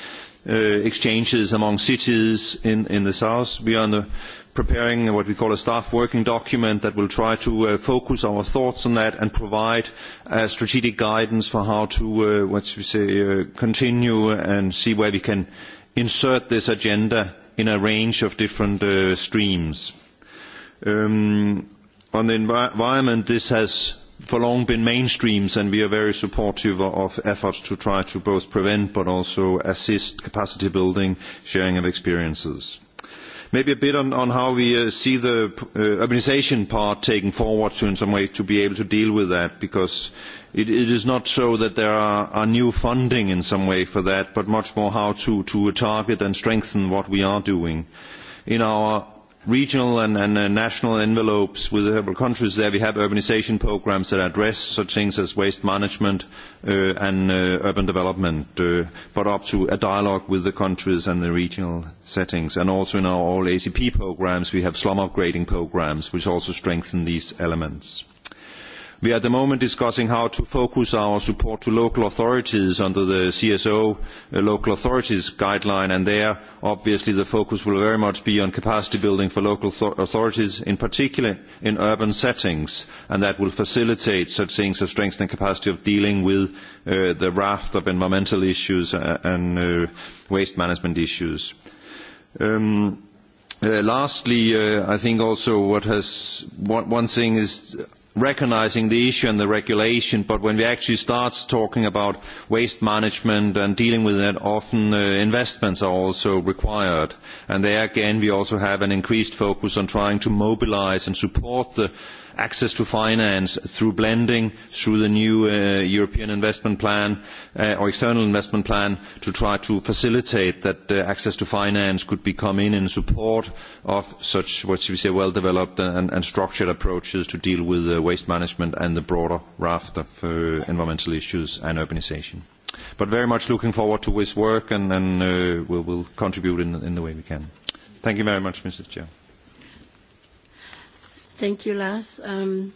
uh, exchanges among cities in, in the south. We are on the preparing what we call a staff working document that will try to uh, focus our thoughts on that and provide uh, strategic guidance for how to, uh, what should we say, uh, continue and see where we can insert this agenda in a range of different uh, streams. Um, on the envi environment, this has for long been mainstreams, and we are very supportive of efforts to try to both prevent but also assist capacity building, sharing of experiences. Uh, Maybe a bit on, on how we uh, see the uh, urbanization part taken forward to in some way to be able to deal with that, because it, it is not so that there are, are new funding in some way for that, but much more how to, to target and strengthen what we are doing. In our regional and, and uh, national envelopes with several countries there. We have urbanization programs that address such things as waste management uh, and uh, urban development, uh, but up to a dialogue with the countries and the regional settings. And also in our all ACP programs, we have slum upgrading programs, which also strengthen these elements. We are at the moment discussing how to focus our support to local authorities under the CSO uh, local authorities guideline and there obviously the focus will very much be on capacity building for local authorities in particular in urban settings and that will facilitate such things as strengthening capacity of dealing with uh, the raft of environmental issues uh, and uh, waste management issues. Um, uh, lastly, uh, I think also what has one, one thing is recognizing the issue and the regulation, but when we actually start talking about waste management and dealing with it, often uh, investments are also required. And there again, we also have an increased focus on trying to mobilize and support the access to finance through blending, through the new uh, European investment plan uh, or external investment plan to try to facilitate that uh, access to finance could be come in in support of such, what should we say, well-developed and, and structured approaches to deal with uh, waste management and the broader raft of uh, environmental issues and urbanization. But very much looking forward to this work and, and uh, we'll, we'll contribute in, in the way we can. Thank you very much, Mrs. Chair. Thank you, Lars. Um,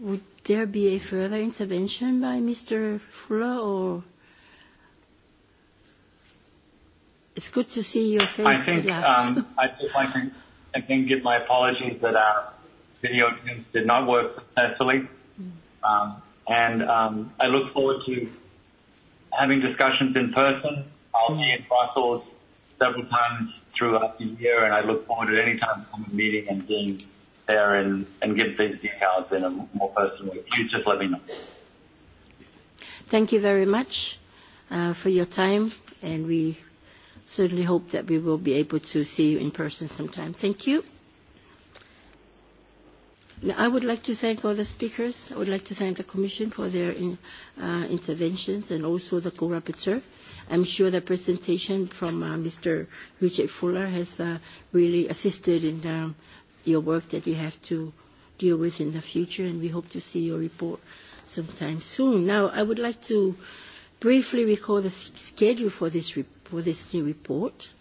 would there be a further intervention by Mr. Fuller, or it's good to see your face, I think, Lars. Um, I'd just like to again give my apologies that our video did not work successfully. Mm. Um, and um, I look forward to having discussions in person. I'll be in Brussels several times throughout the year, and I look forward to any time coming meeting and being share and, and give these details in a more personal way, please just let me know. Thank you very much uh, for your time, and we certainly hope that we will be able to see you in person sometime. Thank you. Now, I would like to thank all the speakers. I would like to thank the Commission for their in, uh, interventions and also the co-rapporteur. I'm sure the presentation from uh, Mr. Richard Fuller has uh, really assisted in um, uh, your work that you have to deal with in the future, and we hope to see your report sometime soon. Now, I would like to briefly recall the schedule for this, re- for this new report.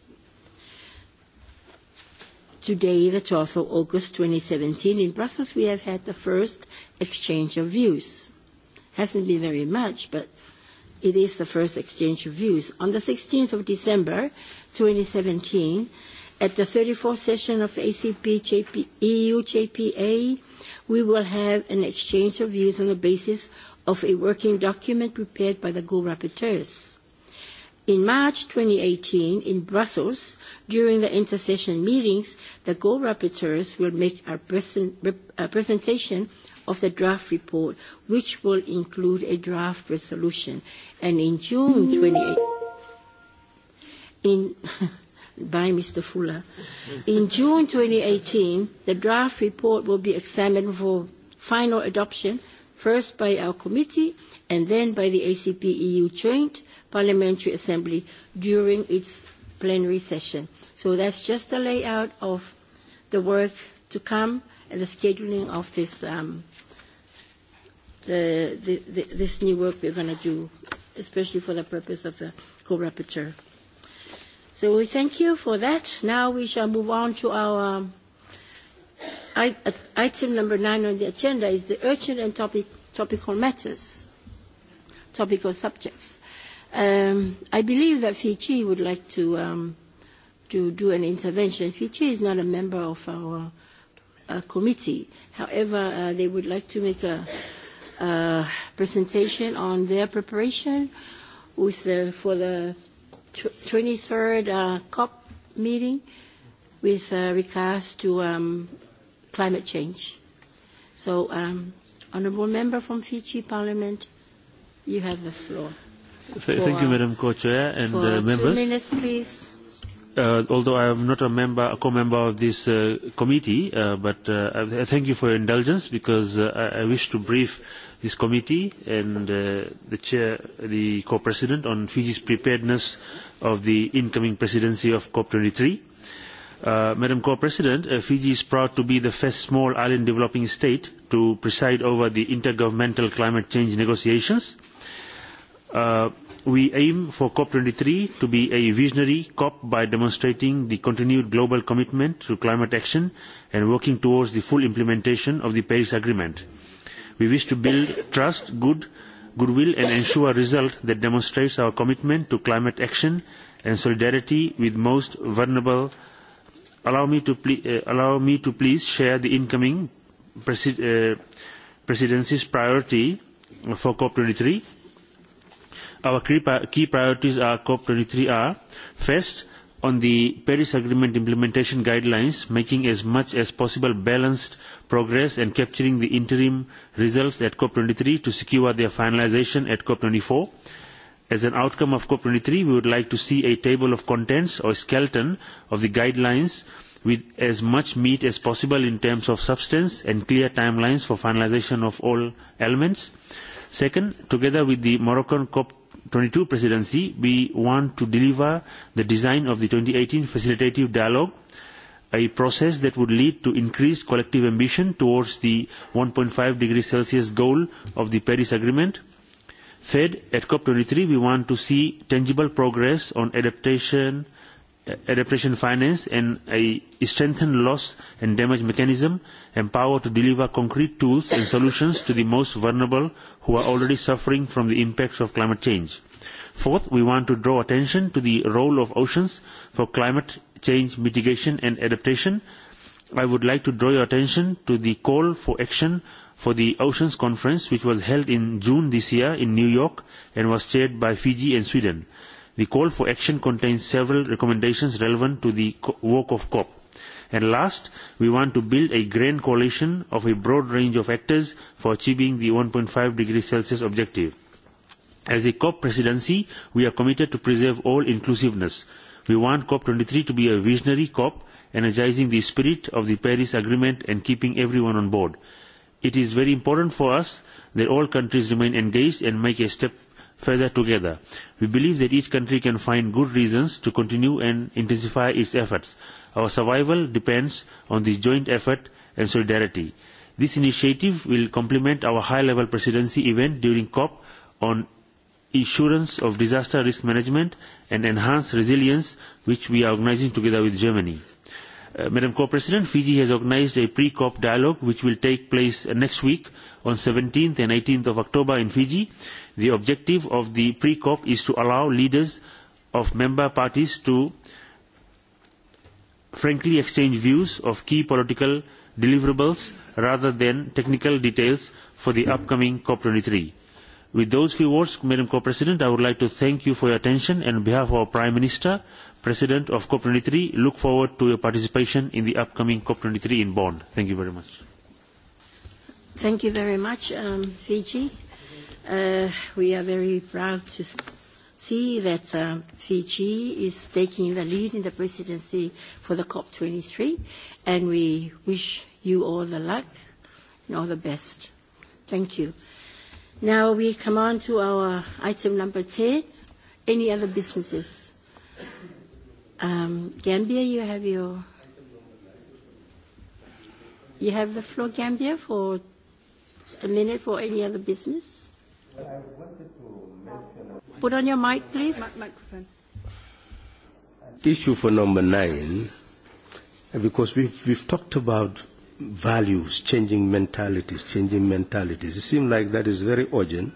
Today, the 12th of August 2017, in Brussels, we have had the first exchange of views. Hasn't been very much, but it is the first exchange of views. On the 16th of December 2017, At the 34th session of ACP JP, EU JPA, we will have an exchange of views on the basis of a working document prepared by the co-rapporteurs. In March 2018, in Brussels, during the intercession meetings, the co-rapporteurs will make a, present, a presentation of the draft report, which will include a draft resolution. And in June 2018, in by Mr. Fuller. In June 2018, the draft report will be examined for final adoption, first by our committee and then by the ACP EU Joint Parliamentary Assembly during its plenary session. So that's just the layout of the work to come and the scheduling of this, um, the, the, the, this new work we're going to do, especially for the purpose of the co-rapporteur. So we thank you for that. Now we shall move on to our um, I, uh, item number nine on the agenda is the urgent and topic, topical matters, topical subjects. Um, I believe that Fiji would like to, um, to do an intervention. Fiji is not a member of our uh, committee. However, uh, they would like to make a, a presentation on their preparation with the, for the 23rd uh, COP meeting with uh, regards to um, climate change. So, um, honourable member from Fiji Parliament, you have the floor. Th for, Thank you, uh, Madam Co-Chair and uh, for uh, members. Two minutes, please. Uh, although I am not a member, a co-member of this uh, committee, uh, but uh, I thank you for your indulgence because uh, I, I wish to brief uh, this committee and uh, the chair, the co-president on Fiji's preparedness of the incoming presidency of COP23. Uh, Madam Co-President, uh, Fiji is proud to be the first small island developing state to preside over the intergovernmental climate change negotiations. Uh, we aim for COP23 to be a visionary COP by demonstrating the continued global commitment to climate action and working towards the full implementation of the Paris Agreement. Mm-hmm We wish to build trust, good, goodwill and ensure a result that demonstrates our commitment to climate action and solidarity with most vulnerable. Allow me to, ple uh, allow me to please share the incoming presi uh, presidency's priority for COP23. Our key, key priorities are COP23 are first, on the Paris Agreement implementation guidelines, making as much as possible balanced progress and capturing the interim results at COP23 to secure their finalization at COP24. As an outcome of COP23, we would like to see a table of contents or skeleton of the guidelines with as much meat as possible in terms of substance and clear timelines for finalization of all elements. Second, together with the Moroccan COP 22 presidency, we want to deliver the design of the 2018 facilitative dialogue, a process that would lead to increased collective ambition towards the 1.5 degrees Celsius goal of the Paris Agreement. Third, at COP23, we want to see tangible progress on adaptation, adaptation finance and a strengthened loss and damage mechanism empowered to deliver concrete tools and solutions to the most vulnerable who are already suffering from the impacts of climate change. Fourth, we want to draw attention to the role of oceans for climate change mitigation and adaptation. I would like to draw your attention to the call for action for the Oceans Conference, which was held in June this year in New York and was chaired by Fiji and Sweden. The call for action contains several recommendations relevant to the work of COP. And last, we want to build a grand coalition of a broad range of actors for achieving the 1.5 degrees Celsius objective. As a COP presidency, we are committed to preserve all inclusiveness. We want COP23 to be a visionary COP, energizing the spirit of the Paris Agreement and keeping everyone on board. It is very important for us that all countries remain engaged and make a step further together. We believe that each country can find good reasons to continue and intensify its efforts. Our survival depends on this joint effort and solidarity. This initiative will complement our high-level presidency event during COP on insurance of disaster risk management and enhanced resilience, which we are organizing together with Germany. Uh, Madam Co-President, Fiji has organized a pre-COP dialogue which will take place uh, next week on 17th and 18th of October in Fiji. The objective of the pre-COP is to allow leaders of member parties to frankly exchange views of key political deliverables rather than technical details for the upcoming COP23. With those few words, Madam Co-President, I would like to thank you for your attention and on behalf of our Prime Minister, President of COP23, look forward to your participation in the upcoming COP23 in Bonn. Thank you very much. Thank you very much, um, Fiji. Uh, we are very proud to see that uh, Fiji is taking the lead in the presidency for the COP23, and we wish you all the luck and all the best. Thank you. Now we come on to our item number 10, any other businesses. Um, Gambia, you have your... You have the floor, Gambia, for a minute for any other business. Well, I wanted to mention... Put on your mic, please. Mic- microphone. Issue for number nine because we've, we've talked about values, changing mentalities, changing mentalities. It seems like that is very urgent,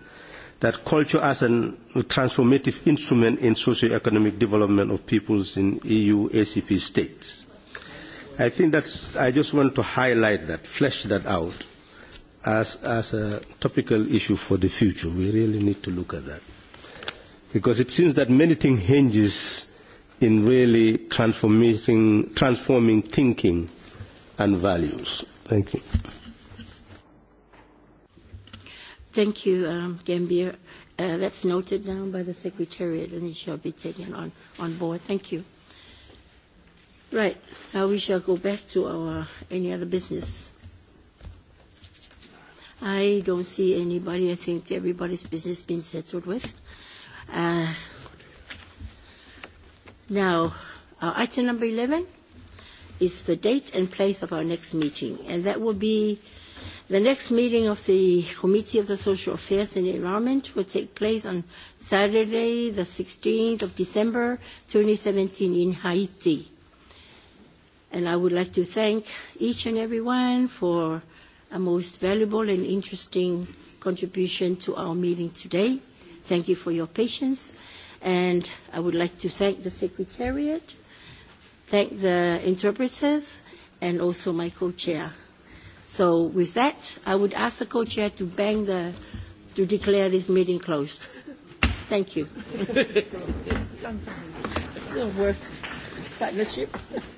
that culture as a transformative instrument in socio-economic development of peoples in EU ACP states. I think that's, I just want to highlight that, flesh that out as, as a topical issue for the future. We really need to look at that. Because it seems that many things hinges in really transforming, transforming thinking and values. Thank you. Thank you, um, Gambier. Uh, that's noted down by the Secretariat and it shall be taken on, on board. Thank you. Right. Now we shall go back to our any other business. I don't see anybody. I think everybody's business being settled with. Uh, Now, uh, item number 11 is the date and place of our next meeting, and that will be the next meeting of the Committee of the Social Affairs and Environment will take place on Saturday, the 16th of December 2017 in Haiti. And I would like to thank each and everyone for a most valuable and interesting contribution to our meeting today. Thank you for your patience. And I would like to thank the Secretariat, thank the interpreters, and also my co-chair. So with that, I would ask the co-chair to bang the, to declare this meeting closed. Thank you. Partnership.